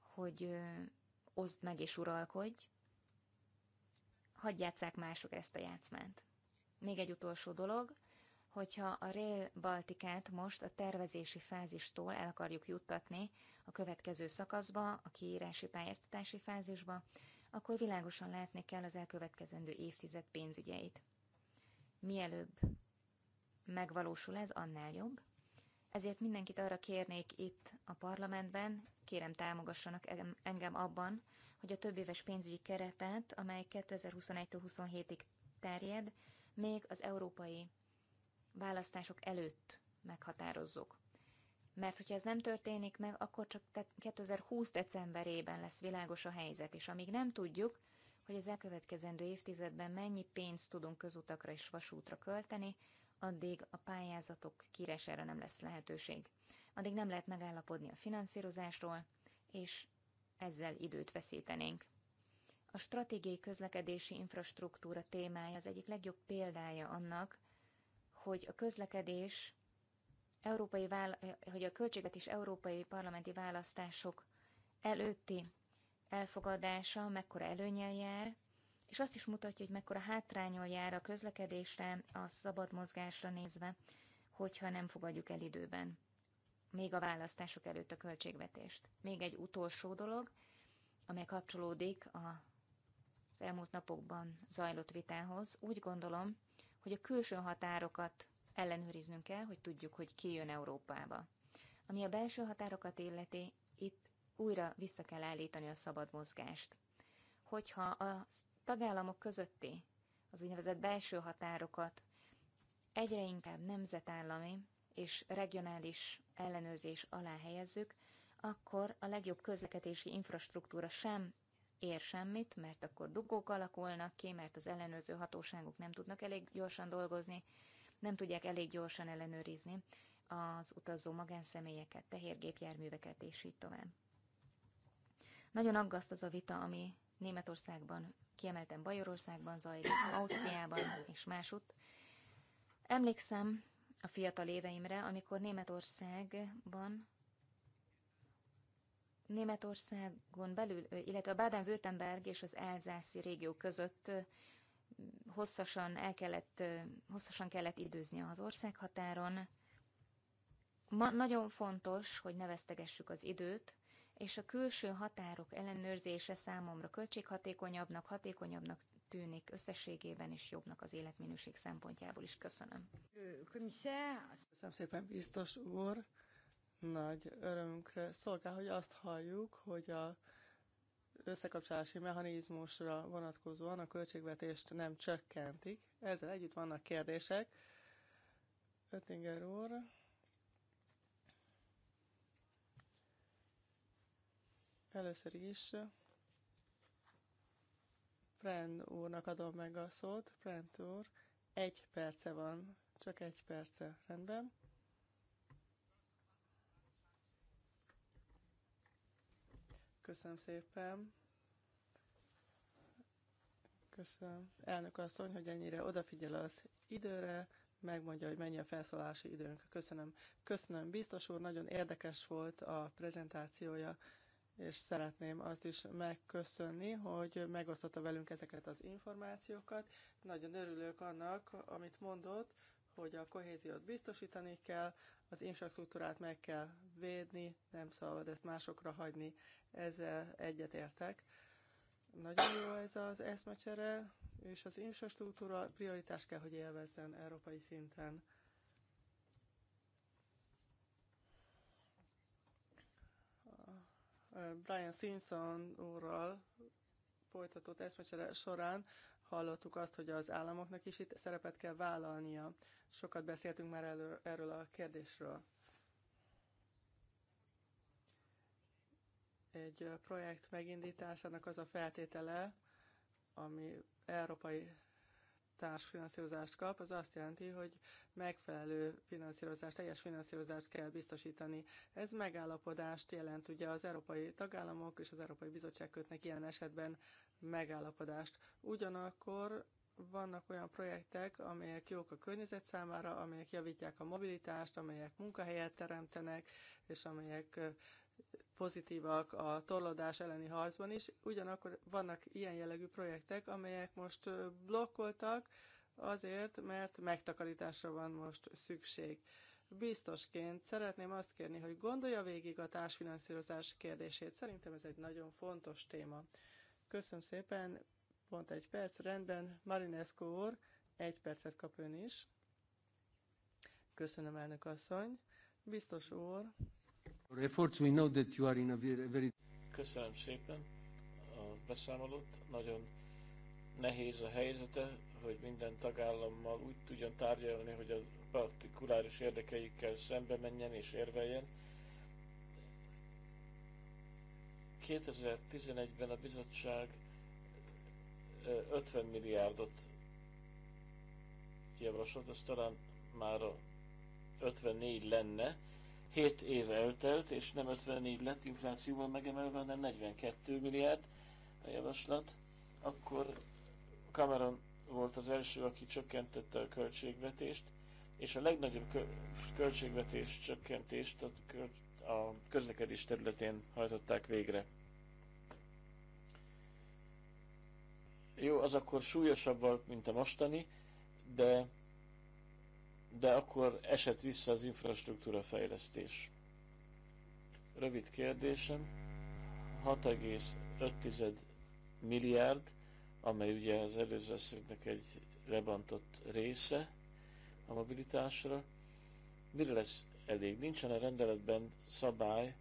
hogy oszd meg és uralkodj, hagyj játsszák mások ezt a játszmát. Még egy utolsó dolog, hogyha a Rail Baltikát most a tervezési fázistól el akarjuk juttatni a következő szakaszba, a kiírási pályáztatási fázisba, akkor világosan látni kell az elkövetkezendő évtized pénzügyeit mielőbb megvalósul ez, annál jobb. Ezért mindenkit arra kérnék itt a parlamentben, kérem támogassanak engem abban, hogy a több éves pénzügyi keretet, amely 2021-27-ig terjed, még az európai választások előtt meghatározzuk. Mert hogyha ez nem történik meg, akkor csak 2020 decemberében lesz világos a helyzet, és amíg nem tudjuk, hogy az elkövetkezendő évtizedben mennyi pénzt tudunk közutakra és vasútra költeni, addig a pályázatok kiresére nem lesz lehetőség. Addig nem lehet megállapodni a finanszírozásról, és ezzel időt veszítenénk. A stratégiai közlekedési infrastruktúra témája az egyik legjobb példája annak, hogy a közlekedés európai vála- hogy a költségvetés európai parlamenti választások előtti elfogadása mekkora előnyel jár, és azt is mutatja, hogy mekkora hátrányol jár a közlekedésre, a szabad mozgásra nézve, hogyha nem fogadjuk el időben. Még a választások előtt a költségvetést. Még egy utolsó dolog, amely kapcsolódik a az elmúlt napokban zajlott vitához, úgy gondolom, hogy a külső határokat ellenőriznünk kell, hogy tudjuk, hogy ki jön Európába. Ami a belső határokat illeti, itt újra vissza kell állítani a szabad mozgást. Hogyha a tagállamok közötti, az úgynevezett belső határokat egyre inkább nemzetállami és regionális ellenőrzés alá helyezzük, akkor a legjobb közlekedési infrastruktúra sem ér semmit, mert akkor dugók alakulnak ki, mert az ellenőrző hatóságok nem tudnak elég gyorsan dolgozni, nem tudják elég gyorsan ellenőrizni az utazó magánszemélyeket, tehérgépjárműveket és így tovább. Nagyon aggaszt az a vita, ami Németországban, kiemelten Bajorországban zajlik, Ausztriában és másutt. Emlékszem a fiatal éveimre, amikor Németországban Németországon belül, illetve a Baden-Württemberg és az Elzászi régió között hosszasan, el kellett, hosszasan kellett időzni az országhatáron. Ma nagyon fontos, hogy ne vesztegessük az időt, és a külső határok ellenőrzése számomra költséghatékonyabbnak, hatékonyabbnak tűnik összességében, és jobbnak az életminőség szempontjából is. Köszönöm. Köszönöm szépen, biztos úr. Nagy örömünkre szolgál, hogy azt halljuk, hogy a összekapcsolási mechanizmusra vonatkozóan a költségvetést nem csökkentik. Ezzel együtt vannak kérdések. Öttinger úr. Először is Prend úrnak adom meg a szót. Prend úr, egy perce van, csak egy perce. Rendben? Köszönöm szépen. Köszönöm. Elnök asszony, hogy ennyire odafigyel az időre, megmondja, hogy mennyi a felszólási időnk. Köszönöm. Köszönöm. Biztos úr, nagyon érdekes volt a prezentációja és szeretném azt is megköszönni, hogy megosztotta velünk ezeket az információkat. Nagyon örülök annak, amit mondott, hogy a kohéziót biztosítani kell, az infrastruktúrát meg kell védni, nem szabad ezt másokra hagyni. Ezzel egyetértek. Nagyon jó ez az eszmecsere, és az infrastruktúra prioritás kell, hogy élvezzen európai szinten. Brian Simpson úrral folytatott eszmecsere során hallottuk azt, hogy az államoknak is itt szerepet kell vállalnia. Sokat beszéltünk már elő, erről a kérdésről. Egy projekt megindításának az a feltétele, ami európai társfinanszírozást kap, az azt jelenti, hogy megfelelő finanszírozást, teljes finanszírozást kell biztosítani. Ez megállapodást jelent, ugye az európai tagállamok és az Európai Bizottság kötnek ilyen esetben megállapodást. Ugyanakkor vannak olyan projektek, amelyek jók a környezet számára, amelyek javítják a mobilitást, amelyek munkahelyet teremtenek, és amelyek pozitívak a torlódás elleni harcban is, ugyanakkor vannak ilyen jellegű projektek, amelyek most blokkoltak azért, mert megtakarításra van most szükség. Biztosként szeretném azt kérni, hogy gondolja végig a társfinanszírozás kérdését. Szerintem ez egy nagyon fontos téma. Köszönöm szépen, pont egy perc, rendben. Marinescu úr, egy percet kap ön is. Köszönöm, elnök asszony. Biztos úr, Köszönöm szépen a beszámolót. Nagyon nehéz a helyzete, hogy minden tagállammal úgy tudjon tárgyalni, hogy az partikuláris érdekeikkel szembe menjen és érveljen. 2011-ben a bizottság 50 milliárdot javasolt, ez talán már a 54 lenne, 7 év eltelt, és nem 54 lett inflációval megemelve, hanem 42 milliárd a javaslat, akkor Cameron volt az első, aki csökkentette a költségvetést, és a legnagyobb költségvetés csökkentést a, a közlekedés területén hajtották végre. Jó, az akkor súlyosabb volt, mint a mostani, de de akkor esett vissza az infrastruktúra fejlesztés. Rövid kérdésem. 6,5 milliárd, amely ugye az előző összegnek egy lebantott része a mobilitásra. Mire lesz elég? Nincsen a rendeletben szabály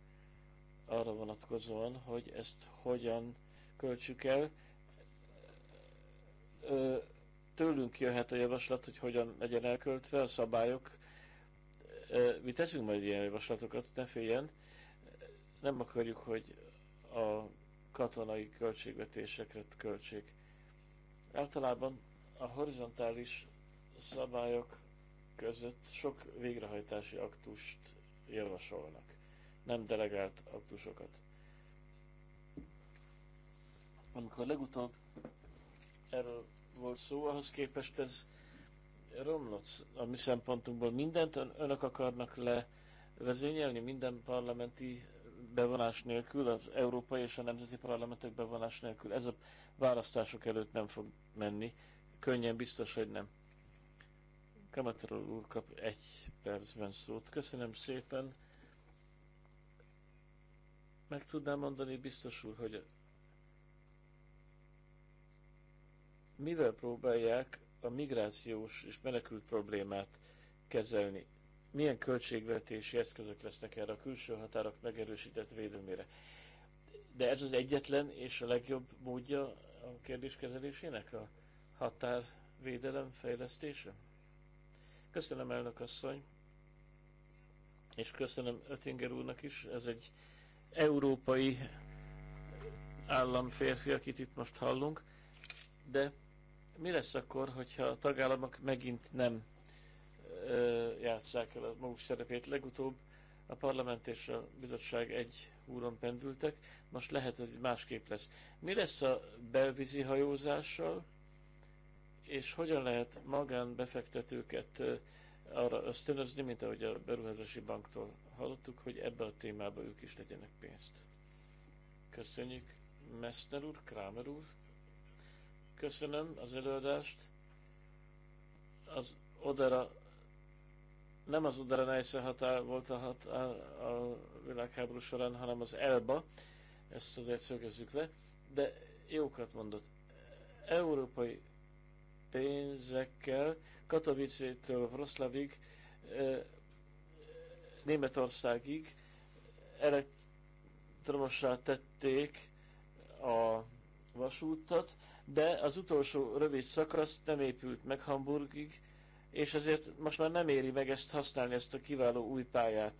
arra vonatkozóan, hogy ezt hogyan költsük el. Ö, tőlünk jöhet a javaslat, hogy hogyan legyen elköltve a szabályok. Mi teszünk majd ilyen javaslatokat, ne féljen. Nem akarjuk, hogy a katonai költségvetésekre költség. Általában a horizontális szabályok között sok végrehajtási aktust javasolnak, nem delegált aktusokat. Amikor legutóbb erről volt szó, ahhoz képest ez romlott a mi szempontunkból. Mindent önök akarnak levezényelni, minden parlamenti bevonás nélkül, az európai és a nemzeti parlamentek bevonás nélkül. Ez a választások előtt nem fog menni. Könnyen biztos, hogy nem. Kamatról úr kap egy percben szót. Köszönöm szépen. Meg tudnám mondani biztos úr, hogy mivel próbálják a migrációs és menekült problémát kezelni? Milyen költségvetési eszközök lesznek erre a külső határok megerősített védelmére? De ez az egyetlen és a legjobb módja a kérdés kezelésének, a határvédelem fejlesztése? Köszönöm, elnök asszony, és köszönöm Ötinger úrnak is. Ez egy európai államférfi, akit itt most hallunk, de mi lesz akkor, hogyha a tagállamok megint nem ö, játsszák el a maguk szerepét? Legutóbb a parlament és a bizottság egy úron pendültek, most lehet, hogy másképp lesz. Mi lesz a belvízi hajózással, és hogyan lehet magánbefektetőket arra ösztönözni, mint ahogy a Beruházási Banktól hallottuk, hogy ebbe a témába ők is legyenek pénzt. Köszönjük, Messner úr, Kramer úr. Köszönöm az előadást. Az Odera, nem az Odera Neisse határ volt a, határ a világháború során, hanem az Elba. Ezt azért szögezzük le. De jókat mondott. Európai pénzekkel Katowice-től Vroszlavig Németországig elektromossá tették a vasútat, de az utolsó rövid szakasz nem épült meg Hamburgig, és ezért most már nem éri meg ezt használni, ezt a kiváló új pályát.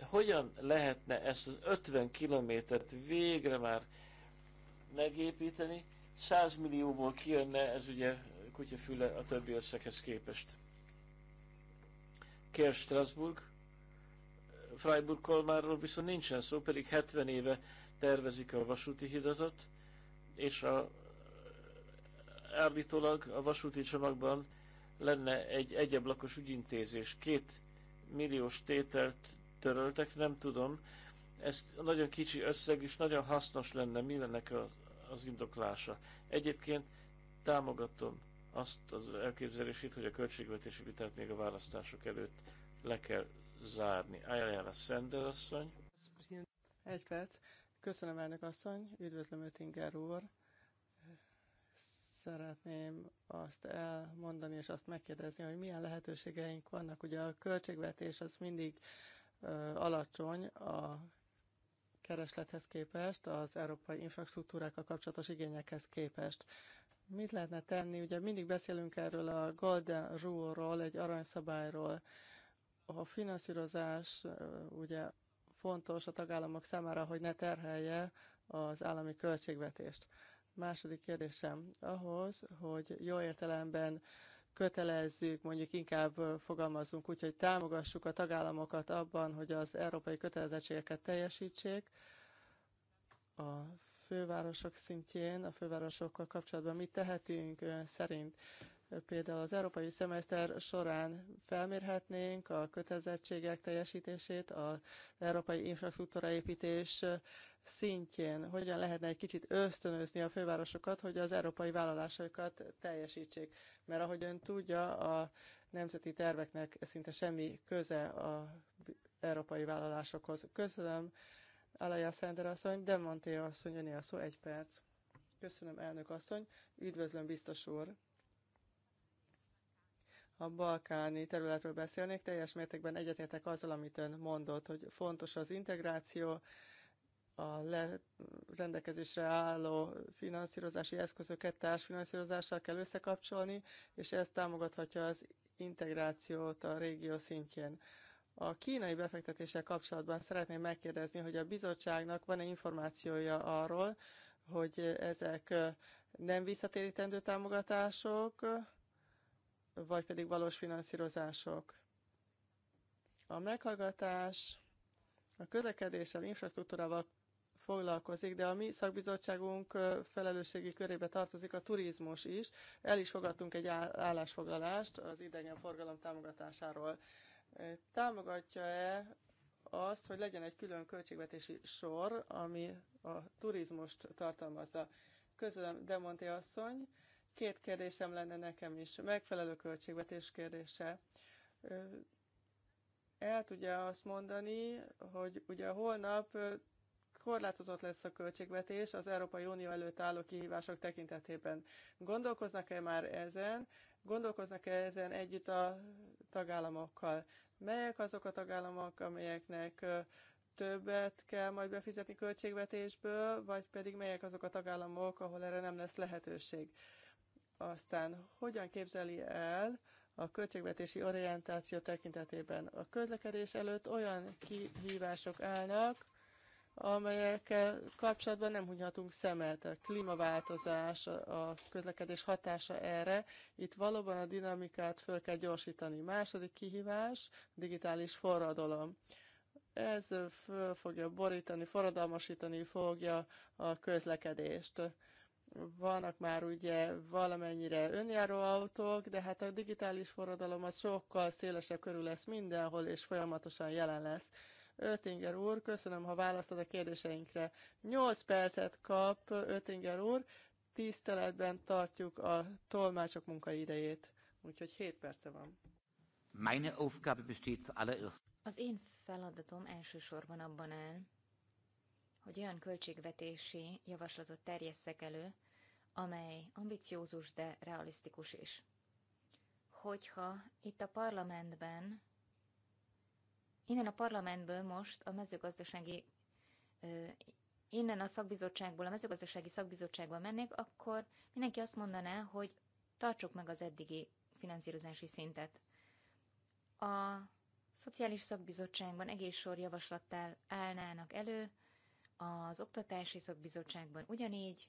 Hogyan lehetne ezt az 50 kilométert végre már megépíteni? 100 millióból kijönne, ez ugye kutyafüle a többi összeghez képest. Kér Strasbourg, Freiburg Kolmárról viszont nincsen szó, pedig 70 éve tervezik a vasúti hidatot, és a állítólag a vasúti csomagban lenne egy egyablakos ügyintézés. Két milliós tételt töröltek, nem tudom. Ez nagyon kicsi összeg, és nagyon hasznos lenne, mi lenne az indoklása. Egyébként támogatom azt az elképzelését, hogy a költségvetési vitát még a választások előtt le kell zárni. a Szender asszony. Egy perc. Köszönöm elnök asszony, üdvözlöm Ötinger úr szeretném azt elmondani és azt megkérdezni, hogy milyen lehetőségeink vannak. Ugye a költségvetés az mindig ö, alacsony a kereslethez képest, az európai infrastruktúrákkal kapcsolatos igényekhez képest. Mit lehetne tenni? Ugye mindig beszélünk erről a Golden Rule-ról, egy aranyszabályról. A finanszírozás ugye fontos a tagállamok számára, hogy ne terhelje az állami költségvetést. Második kérdésem ahhoz, hogy jó értelemben kötelezzük, mondjuk inkább fogalmazunk úgy, hogy támogassuk a tagállamokat abban, hogy az európai kötelezettségeket teljesítsék a fővárosok szintjén, a fővárosokkal kapcsolatban mit tehetünk ön szerint? Például az európai szemeszter során felmérhetnénk a kötelezettségek teljesítését, az európai infrastruktúraépítés szintjén hogyan lehetne egy kicsit ösztönözni a fővárosokat, hogy az európai vállalásokat teljesítsék. Mert ahogy ön tudja, a nemzeti terveknek szinte semmi köze az európai vállalásokhoz. Köszönöm, Alaya Szender asszony, de Monté asszony, jönni a szó, egy perc. Köszönöm, elnök asszony, üdvözlöm, biztos úr. A balkáni területről beszélnék, teljes mértékben egyetértek azzal, amit ön mondott, hogy fontos az integráció, a le, rendelkezésre álló finanszírozási eszközöket társfinanszírozással kell összekapcsolni, és ez támogathatja az integrációt a régió szintjén. A kínai befektetéssel kapcsolatban szeretném megkérdezni, hogy a bizottságnak van-e információja arról, hogy ezek nem visszatérítendő támogatások, vagy pedig valós finanszírozások. A meghallgatás a közlekedéssel, infrastruktúrával foglalkozik, de a mi szakbizottságunk felelősségi körébe tartozik a turizmus is. El is fogadtunk egy állásfoglalást az idegenforgalom támogatásáról. Támogatja-e azt, hogy legyen egy külön költségvetési sor, ami a turizmust tartalmazza? Közölöm, Demonti asszony, két kérdésem lenne nekem is. Megfelelő költségvetés kérdése el tudja azt mondani, hogy ugye holnap korlátozott lesz a költségvetés az Európai Unió előtt álló kihívások tekintetében. Gondolkoznak-e már ezen? Gondolkoznak-e ezen együtt a tagállamokkal? Melyek azok a tagállamok, amelyeknek többet kell majd befizetni költségvetésből, vagy pedig melyek azok a tagállamok, ahol erre nem lesz lehetőség? Aztán hogyan képzeli el, a költségvetési orientáció tekintetében. A közlekedés előtt olyan kihívások állnak, amelyekkel kapcsolatban nem hunyhatunk szemet. A klímaváltozás, a közlekedés hatása erre, itt valóban a dinamikát föl kell gyorsítani. Második kihívás, digitális forradalom. Ez föl fogja borítani, forradalmasítani fogja a közlekedést vannak már ugye valamennyire önjáró autók, de hát a digitális forradalom az sokkal szélesebb körül lesz mindenhol, és folyamatosan jelen lesz. Ötinger úr, köszönöm, ha választod a kérdéseinkre. 8 percet kap Ötinger úr, tiszteletben tartjuk a tolmácsok munkaidejét, úgyhogy 7 perce van. Meine Aufgabe besteht zuallererst. Az én feladatom elsősorban abban áll, hogy olyan költségvetési javaslatot terjesszek elő, amely ambiciózus, de realisztikus is. Hogyha itt a parlamentben Innen a parlamentből most a mezőgazdasági, innen a szakbizottságból, a mezőgazdasági szakbizottságba mennék, akkor mindenki azt mondaná, hogy tartsuk meg az eddigi finanszírozási szintet. A Szociális Szakbizottságban egész sor javaslattal állnának elő, az Oktatási Szakbizottságban ugyanígy,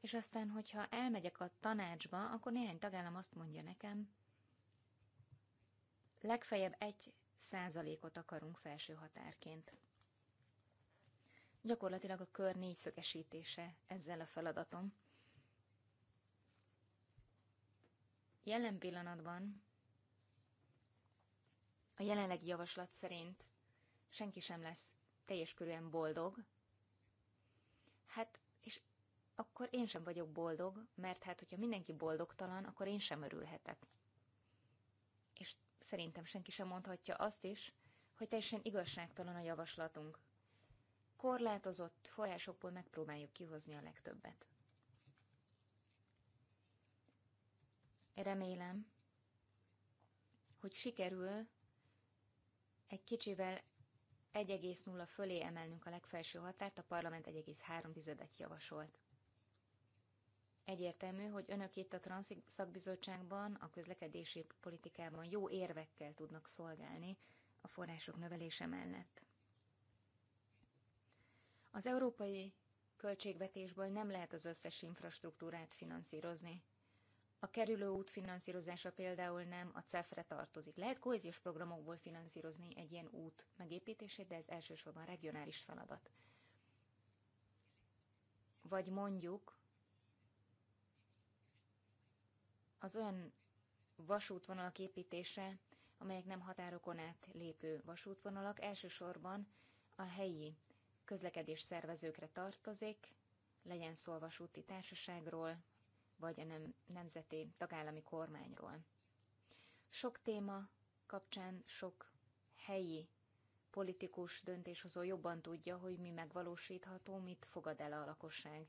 és aztán, hogyha elmegyek a tanácsba, akkor néhány tagállam azt mondja nekem, legfeljebb egy százalékot akarunk felső határként. Gyakorlatilag a kör négyszögesítése ezzel a feladatom. Jelen pillanatban a jelenlegi javaslat szerint senki sem lesz teljes körülön boldog. Hát, és akkor én sem vagyok boldog, mert hát, hogyha mindenki boldogtalan, akkor én sem örülhetek. És szerintem senki sem mondhatja azt is, hogy teljesen igazságtalan a javaslatunk. Korlátozott forrásokból megpróbáljuk kihozni a legtöbbet. Remélem, hogy sikerül egy kicsivel 1,0 fölé emelnünk a legfelső határt, a parlament 1,3-et javasolt. Egyértelmű, hogy önök itt a Transz a közlekedési politikában jó érvekkel tudnak szolgálni a források növelése mellett. Az európai költségvetésből nem lehet az összes infrastruktúrát finanszírozni. A kerülő út finanszírozása például nem a CEF-re tartozik. Lehet kohéziós programokból finanszírozni egy ilyen út megépítését, de ez elsősorban regionális feladat. Vagy mondjuk az olyan vasútvonalak építése, amelyek nem határokon át lépő vasútvonalak, elsősorban a helyi közlekedés szervezőkre tartozik, legyen szó a vasúti társaságról, vagy a nem, nemzeti tagállami kormányról. Sok téma kapcsán sok helyi politikus döntéshozó jobban tudja, hogy mi megvalósítható, mit fogad el a lakosság.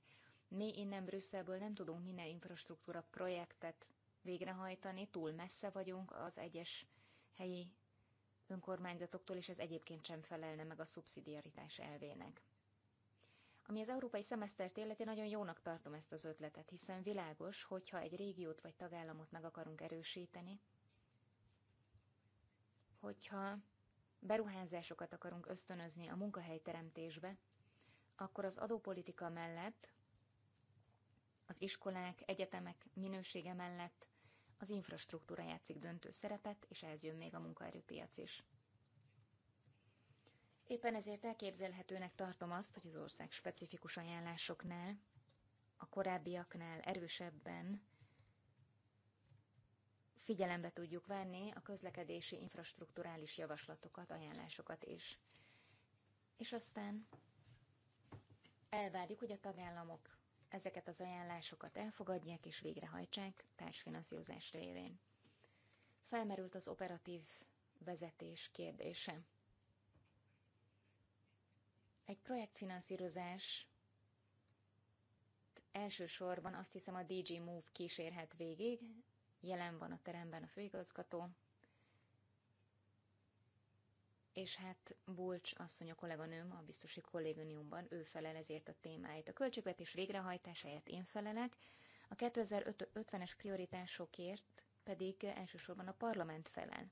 Mi innen Brüsszelből nem tudunk minden infrastruktúra projektet végrehajtani, túl messze vagyunk az egyes helyi önkormányzatoktól, és ez egyébként sem felelne meg a szubszidiaritás elvének. Ami az európai szemesztert illeti, nagyon jónak tartom ezt az ötletet, hiszen világos, hogyha egy régiót vagy tagállamot meg akarunk erősíteni, hogyha beruházásokat akarunk ösztönözni a munkahelyteremtésbe, akkor az adópolitika mellett, az iskolák, egyetemek minősége mellett az infrastruktúra játszik döntő szerepet, és ehhez jön még a munkaerőpiac is. Éppen ezért elképzelhetőnek tartom azt, hogy az ország specifikus ajánlásoknál, a korábbiaknál erősebben figyelembe tudjuk venni a közlekedési infrastruktúrális javaslatokat, ajánlásokat is. És aztán elvárjuk, hogy a tagállamok ezeket az ajánlásokat elfogadják és végrehajtsák társfinanszírozás révén. Felmerült az operatív vezetés kérdése. Egy projektfinanszírozás elsősorban azt hiszem a DG Move kísérhet végig, jelen van a teremben a főigazgató, és hát Bulcs asszony a kolléganőm a biztosi kolléganiumban, ő felel ezért a témáit. A költségvetés végrehajtásáért én felelek, a 2050-es prioritásokért pedig elsősorban a parlament felel.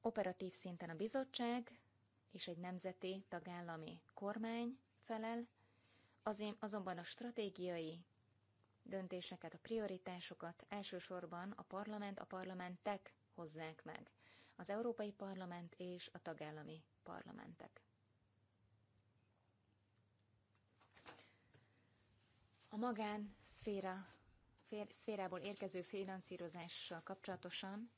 Operatív szinten a bizottság és egy nemzeti tagállami kormány felel, Azért azonban a stratégiai döntéseket, a prioritásokat elsősorban a parlament, a parlamentek hozzák meg az Európai Parlament és a tagállami parlamentek. A magán szféra, szférából érkező finanszírozással kapcsolatosan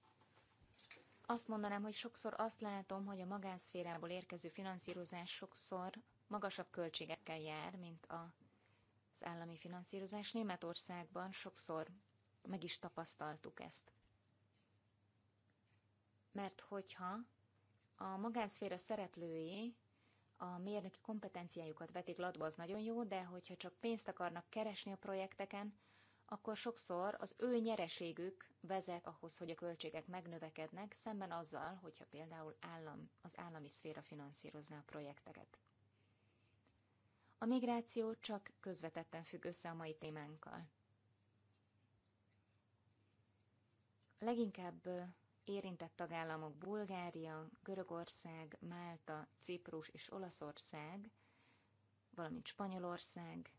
azt mondanám, hogy sokszor azt látom, hogy a magánszférából érkező finanszírozás sokszor magasabb költségekkel jár, mint a, az állami finanszírozás. Németországban sokszor meg is tapasztaltuk ezt mert hogyha a magánszféra szereplői a mérnöki kompetenciájukat vetik latba, az nagyon jó, de hogyha csak pénzt akarnak keresni a projekteken, akkor sokszor az ő nyereségük vezet ahhoz, hogy a költségek megnövekednek, szemben azzal, hogyha például állam, az állami szféra finanszírozná a projekteket. A migráció csak közvetetten függ össze a mai témánkkal. Leginkább érintett tagállamok Bulgária, Görögország, Málta, Ciprus és Olaszország, valamint Spanyolország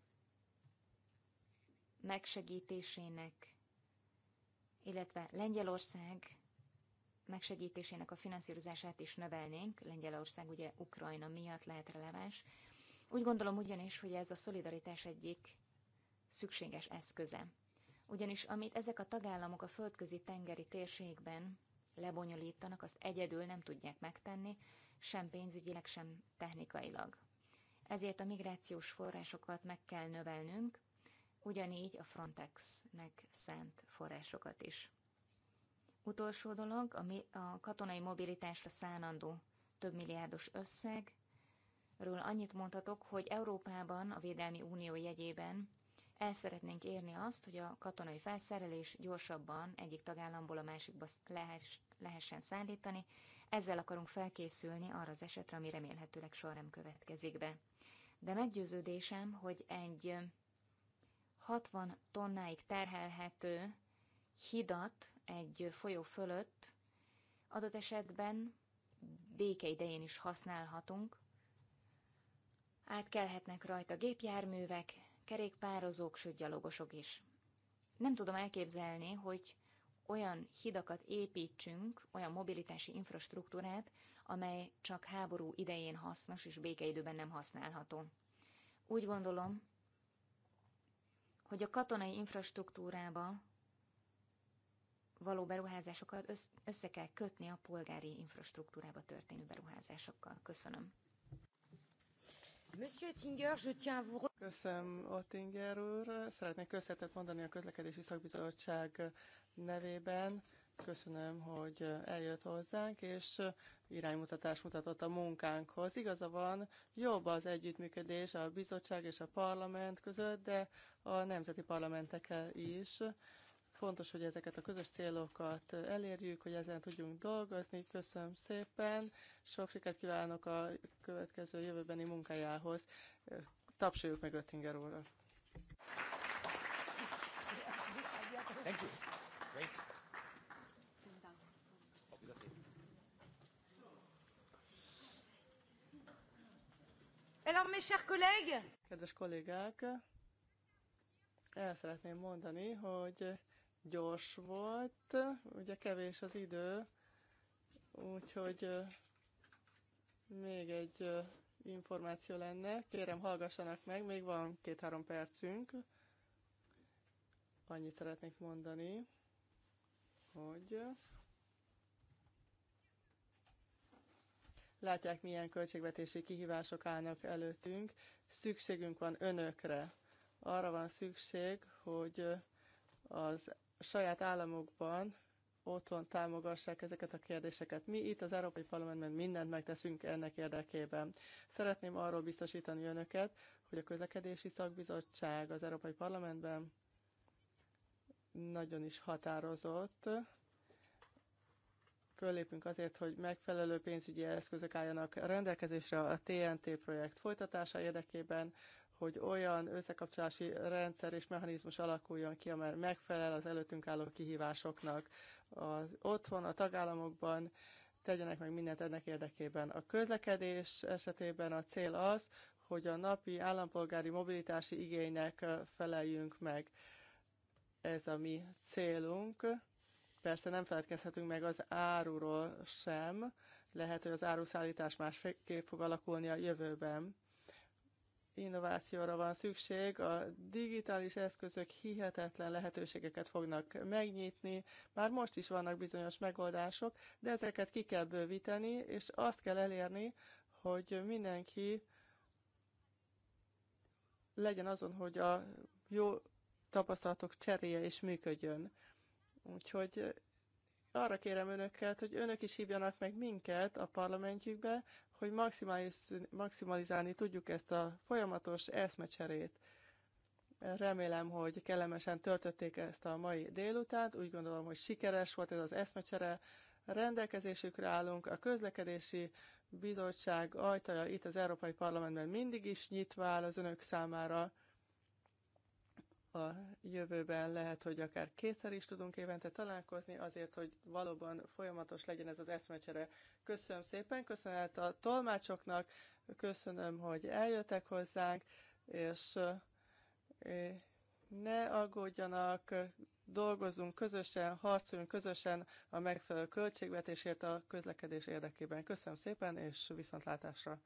megsegítésének, illetve Lengyelország megsegítésének a finanszírozását is növelnénk. Lengyelország ugye Ukrajna miatt lehet releváns. Úgy gondolom ugyanis, hogy ez a szolidaritás egyik szükséges eszköze. Ugyanis amit ezek a tagállamok a földközi tengeri térségben lebonyolítanak, azt egyedül nem tudják megtenni, sem pénzügyileg, sem technikailag. Ezért a migrációs forrásokat meg kell növelnünk, ugyanígy a Frontexnek szánt forrásokat is. Utolsó dolog, a, a katonai mobilitásra szánandó több milliárdos összeg, Ről annyit mondhatok, hogy Európában a Védelmi Unió jegyében el szeretnénk érni azt, hogy a katonai felszerelés gyorsabban egyik tagállamból a másikba lehessen szállítani, ezzel akarunk felkészülni arra az esetre, ami remélhetőleg soha nem következik be. De meggyőződésem, hogy egy 60 tonnáig terhelhető hidat egy folyó fölött adott esetben békeidején is használhatunk. Átkelhetnek rajta gépjárművek, kerékpározók, sőt gyalogosok is. Nem tudom elképzelni, hogy olyan hidakat építsünk, olyan mobilitási infrastruktúrát, amely csak háború idején hasznos és békeidőben nem használható. Úgy gondolom, hogy a katonai infrastruktúrába való beruházásokat össze kell kötni a polgári infrastruktúrába történő beruházásokkal. Köszönöm. Monsieur Tinger, je tiens à vous Köszönöm, Ottinger úr. Szeretnék köszönetet mondani a Közlekedési Szakbizottság nevében. Köszönöm, hogy eljött hozzánk, és iránymutatást mutatott a munkánkhoz. Igaza van, jobb az együttműködés a bizottság és a parlament között, de a nemzeti parlamentekkel is. Fontos, hogy ezeket a közös célokat elérjük, hogy ezen tudjunk dolgozni. Köszönöm szépen, sok sikert kívánok a következő jövőbeni munkájához. Tapsoljuk meg Öttinger úrra. Thank you. Great. Alors, mes chers collègues, Kedves kollégák, el szeretném mondani, hogy gyors volt, ugye kevés az idő, úgyhogy még egy információ lenne. Kérem, hallgassanak meg, még van két-három percünk. Annyit szeretnék mondani, hogy látják, milyen költségvetési kihívások állnak előttünk. Szükségünk van önökre. Arra van szükség, hogy az saját államokban otthon támogassák ezeket a kérdéseket. Mi itt az Európai Parlamentben mindent megteszünk ennek érdekében. Szeretném arról biztosítani önöket, hogy a közlekedési szakbizottság az Európai Parlamentben nagyon is határozott. Föllépünk azért, hogy megfelelő pénzügyi eszközök álljanak rendelkezésre a TNT projekt folytatása érdekében, hogy olyan összekapcsolási rendszer és mechanizmus alakuljon ki, amely megfelel az előttünk álló kihívásoknak. Az otthon, a tagállamokban tegyenek meg mindent ennek érdekében. A közlekedés esetében a cél az, hogy a napi állampolgári mobilitási igénynek feleljünk meg. Ez a mi célunk. Persze nem feledkezhetünk meg az áruról sem. Lehet, hogy az áruszállítás másképp fog alakulni a jövőben innovációra van szükség. A digitális eszközök hihetetlen lehetőségeket fognak megnyitni. Már most is vannak bizonyos megoldások, de ezeket ki kell bővíteni, és azt kell elérni, hogy mindenki legyen azon, hogy a jó tapasztalatok cseréje is működjön. Úgyhogy arra kérem önöket, hogy önök is hívjanak meg minket a parlamentjükbe, hogy maximalizálni tudjuk ezt a folyamatos eszmecserét. Remélem, hogy kellemesen töltötték ezt a mai délutánt. Úgy gondolom, hogy sikeres volt ez az eszmecsere. Rendelkezésükre állunk. A közlekedési bizottság ajtaja itt az Európai Parlamentben mindig is nyitva áll az önök számára. A jövőben lehet, hogy akár kétszer is tudunk évente találkozni, azért, hogy valóban folyamatos legyen ez az eszmecsere. Köszönöm szépen, köszönet a tolmácsoknak, köszönöm, hogy eljöttek hozzánk, és ne aggódjanak, Dolgozunk közösen, harcoljunk közösen a megfelelő költségvetésért a közlekedés érdekében. Köszönöm szépen, és viszontlátásra!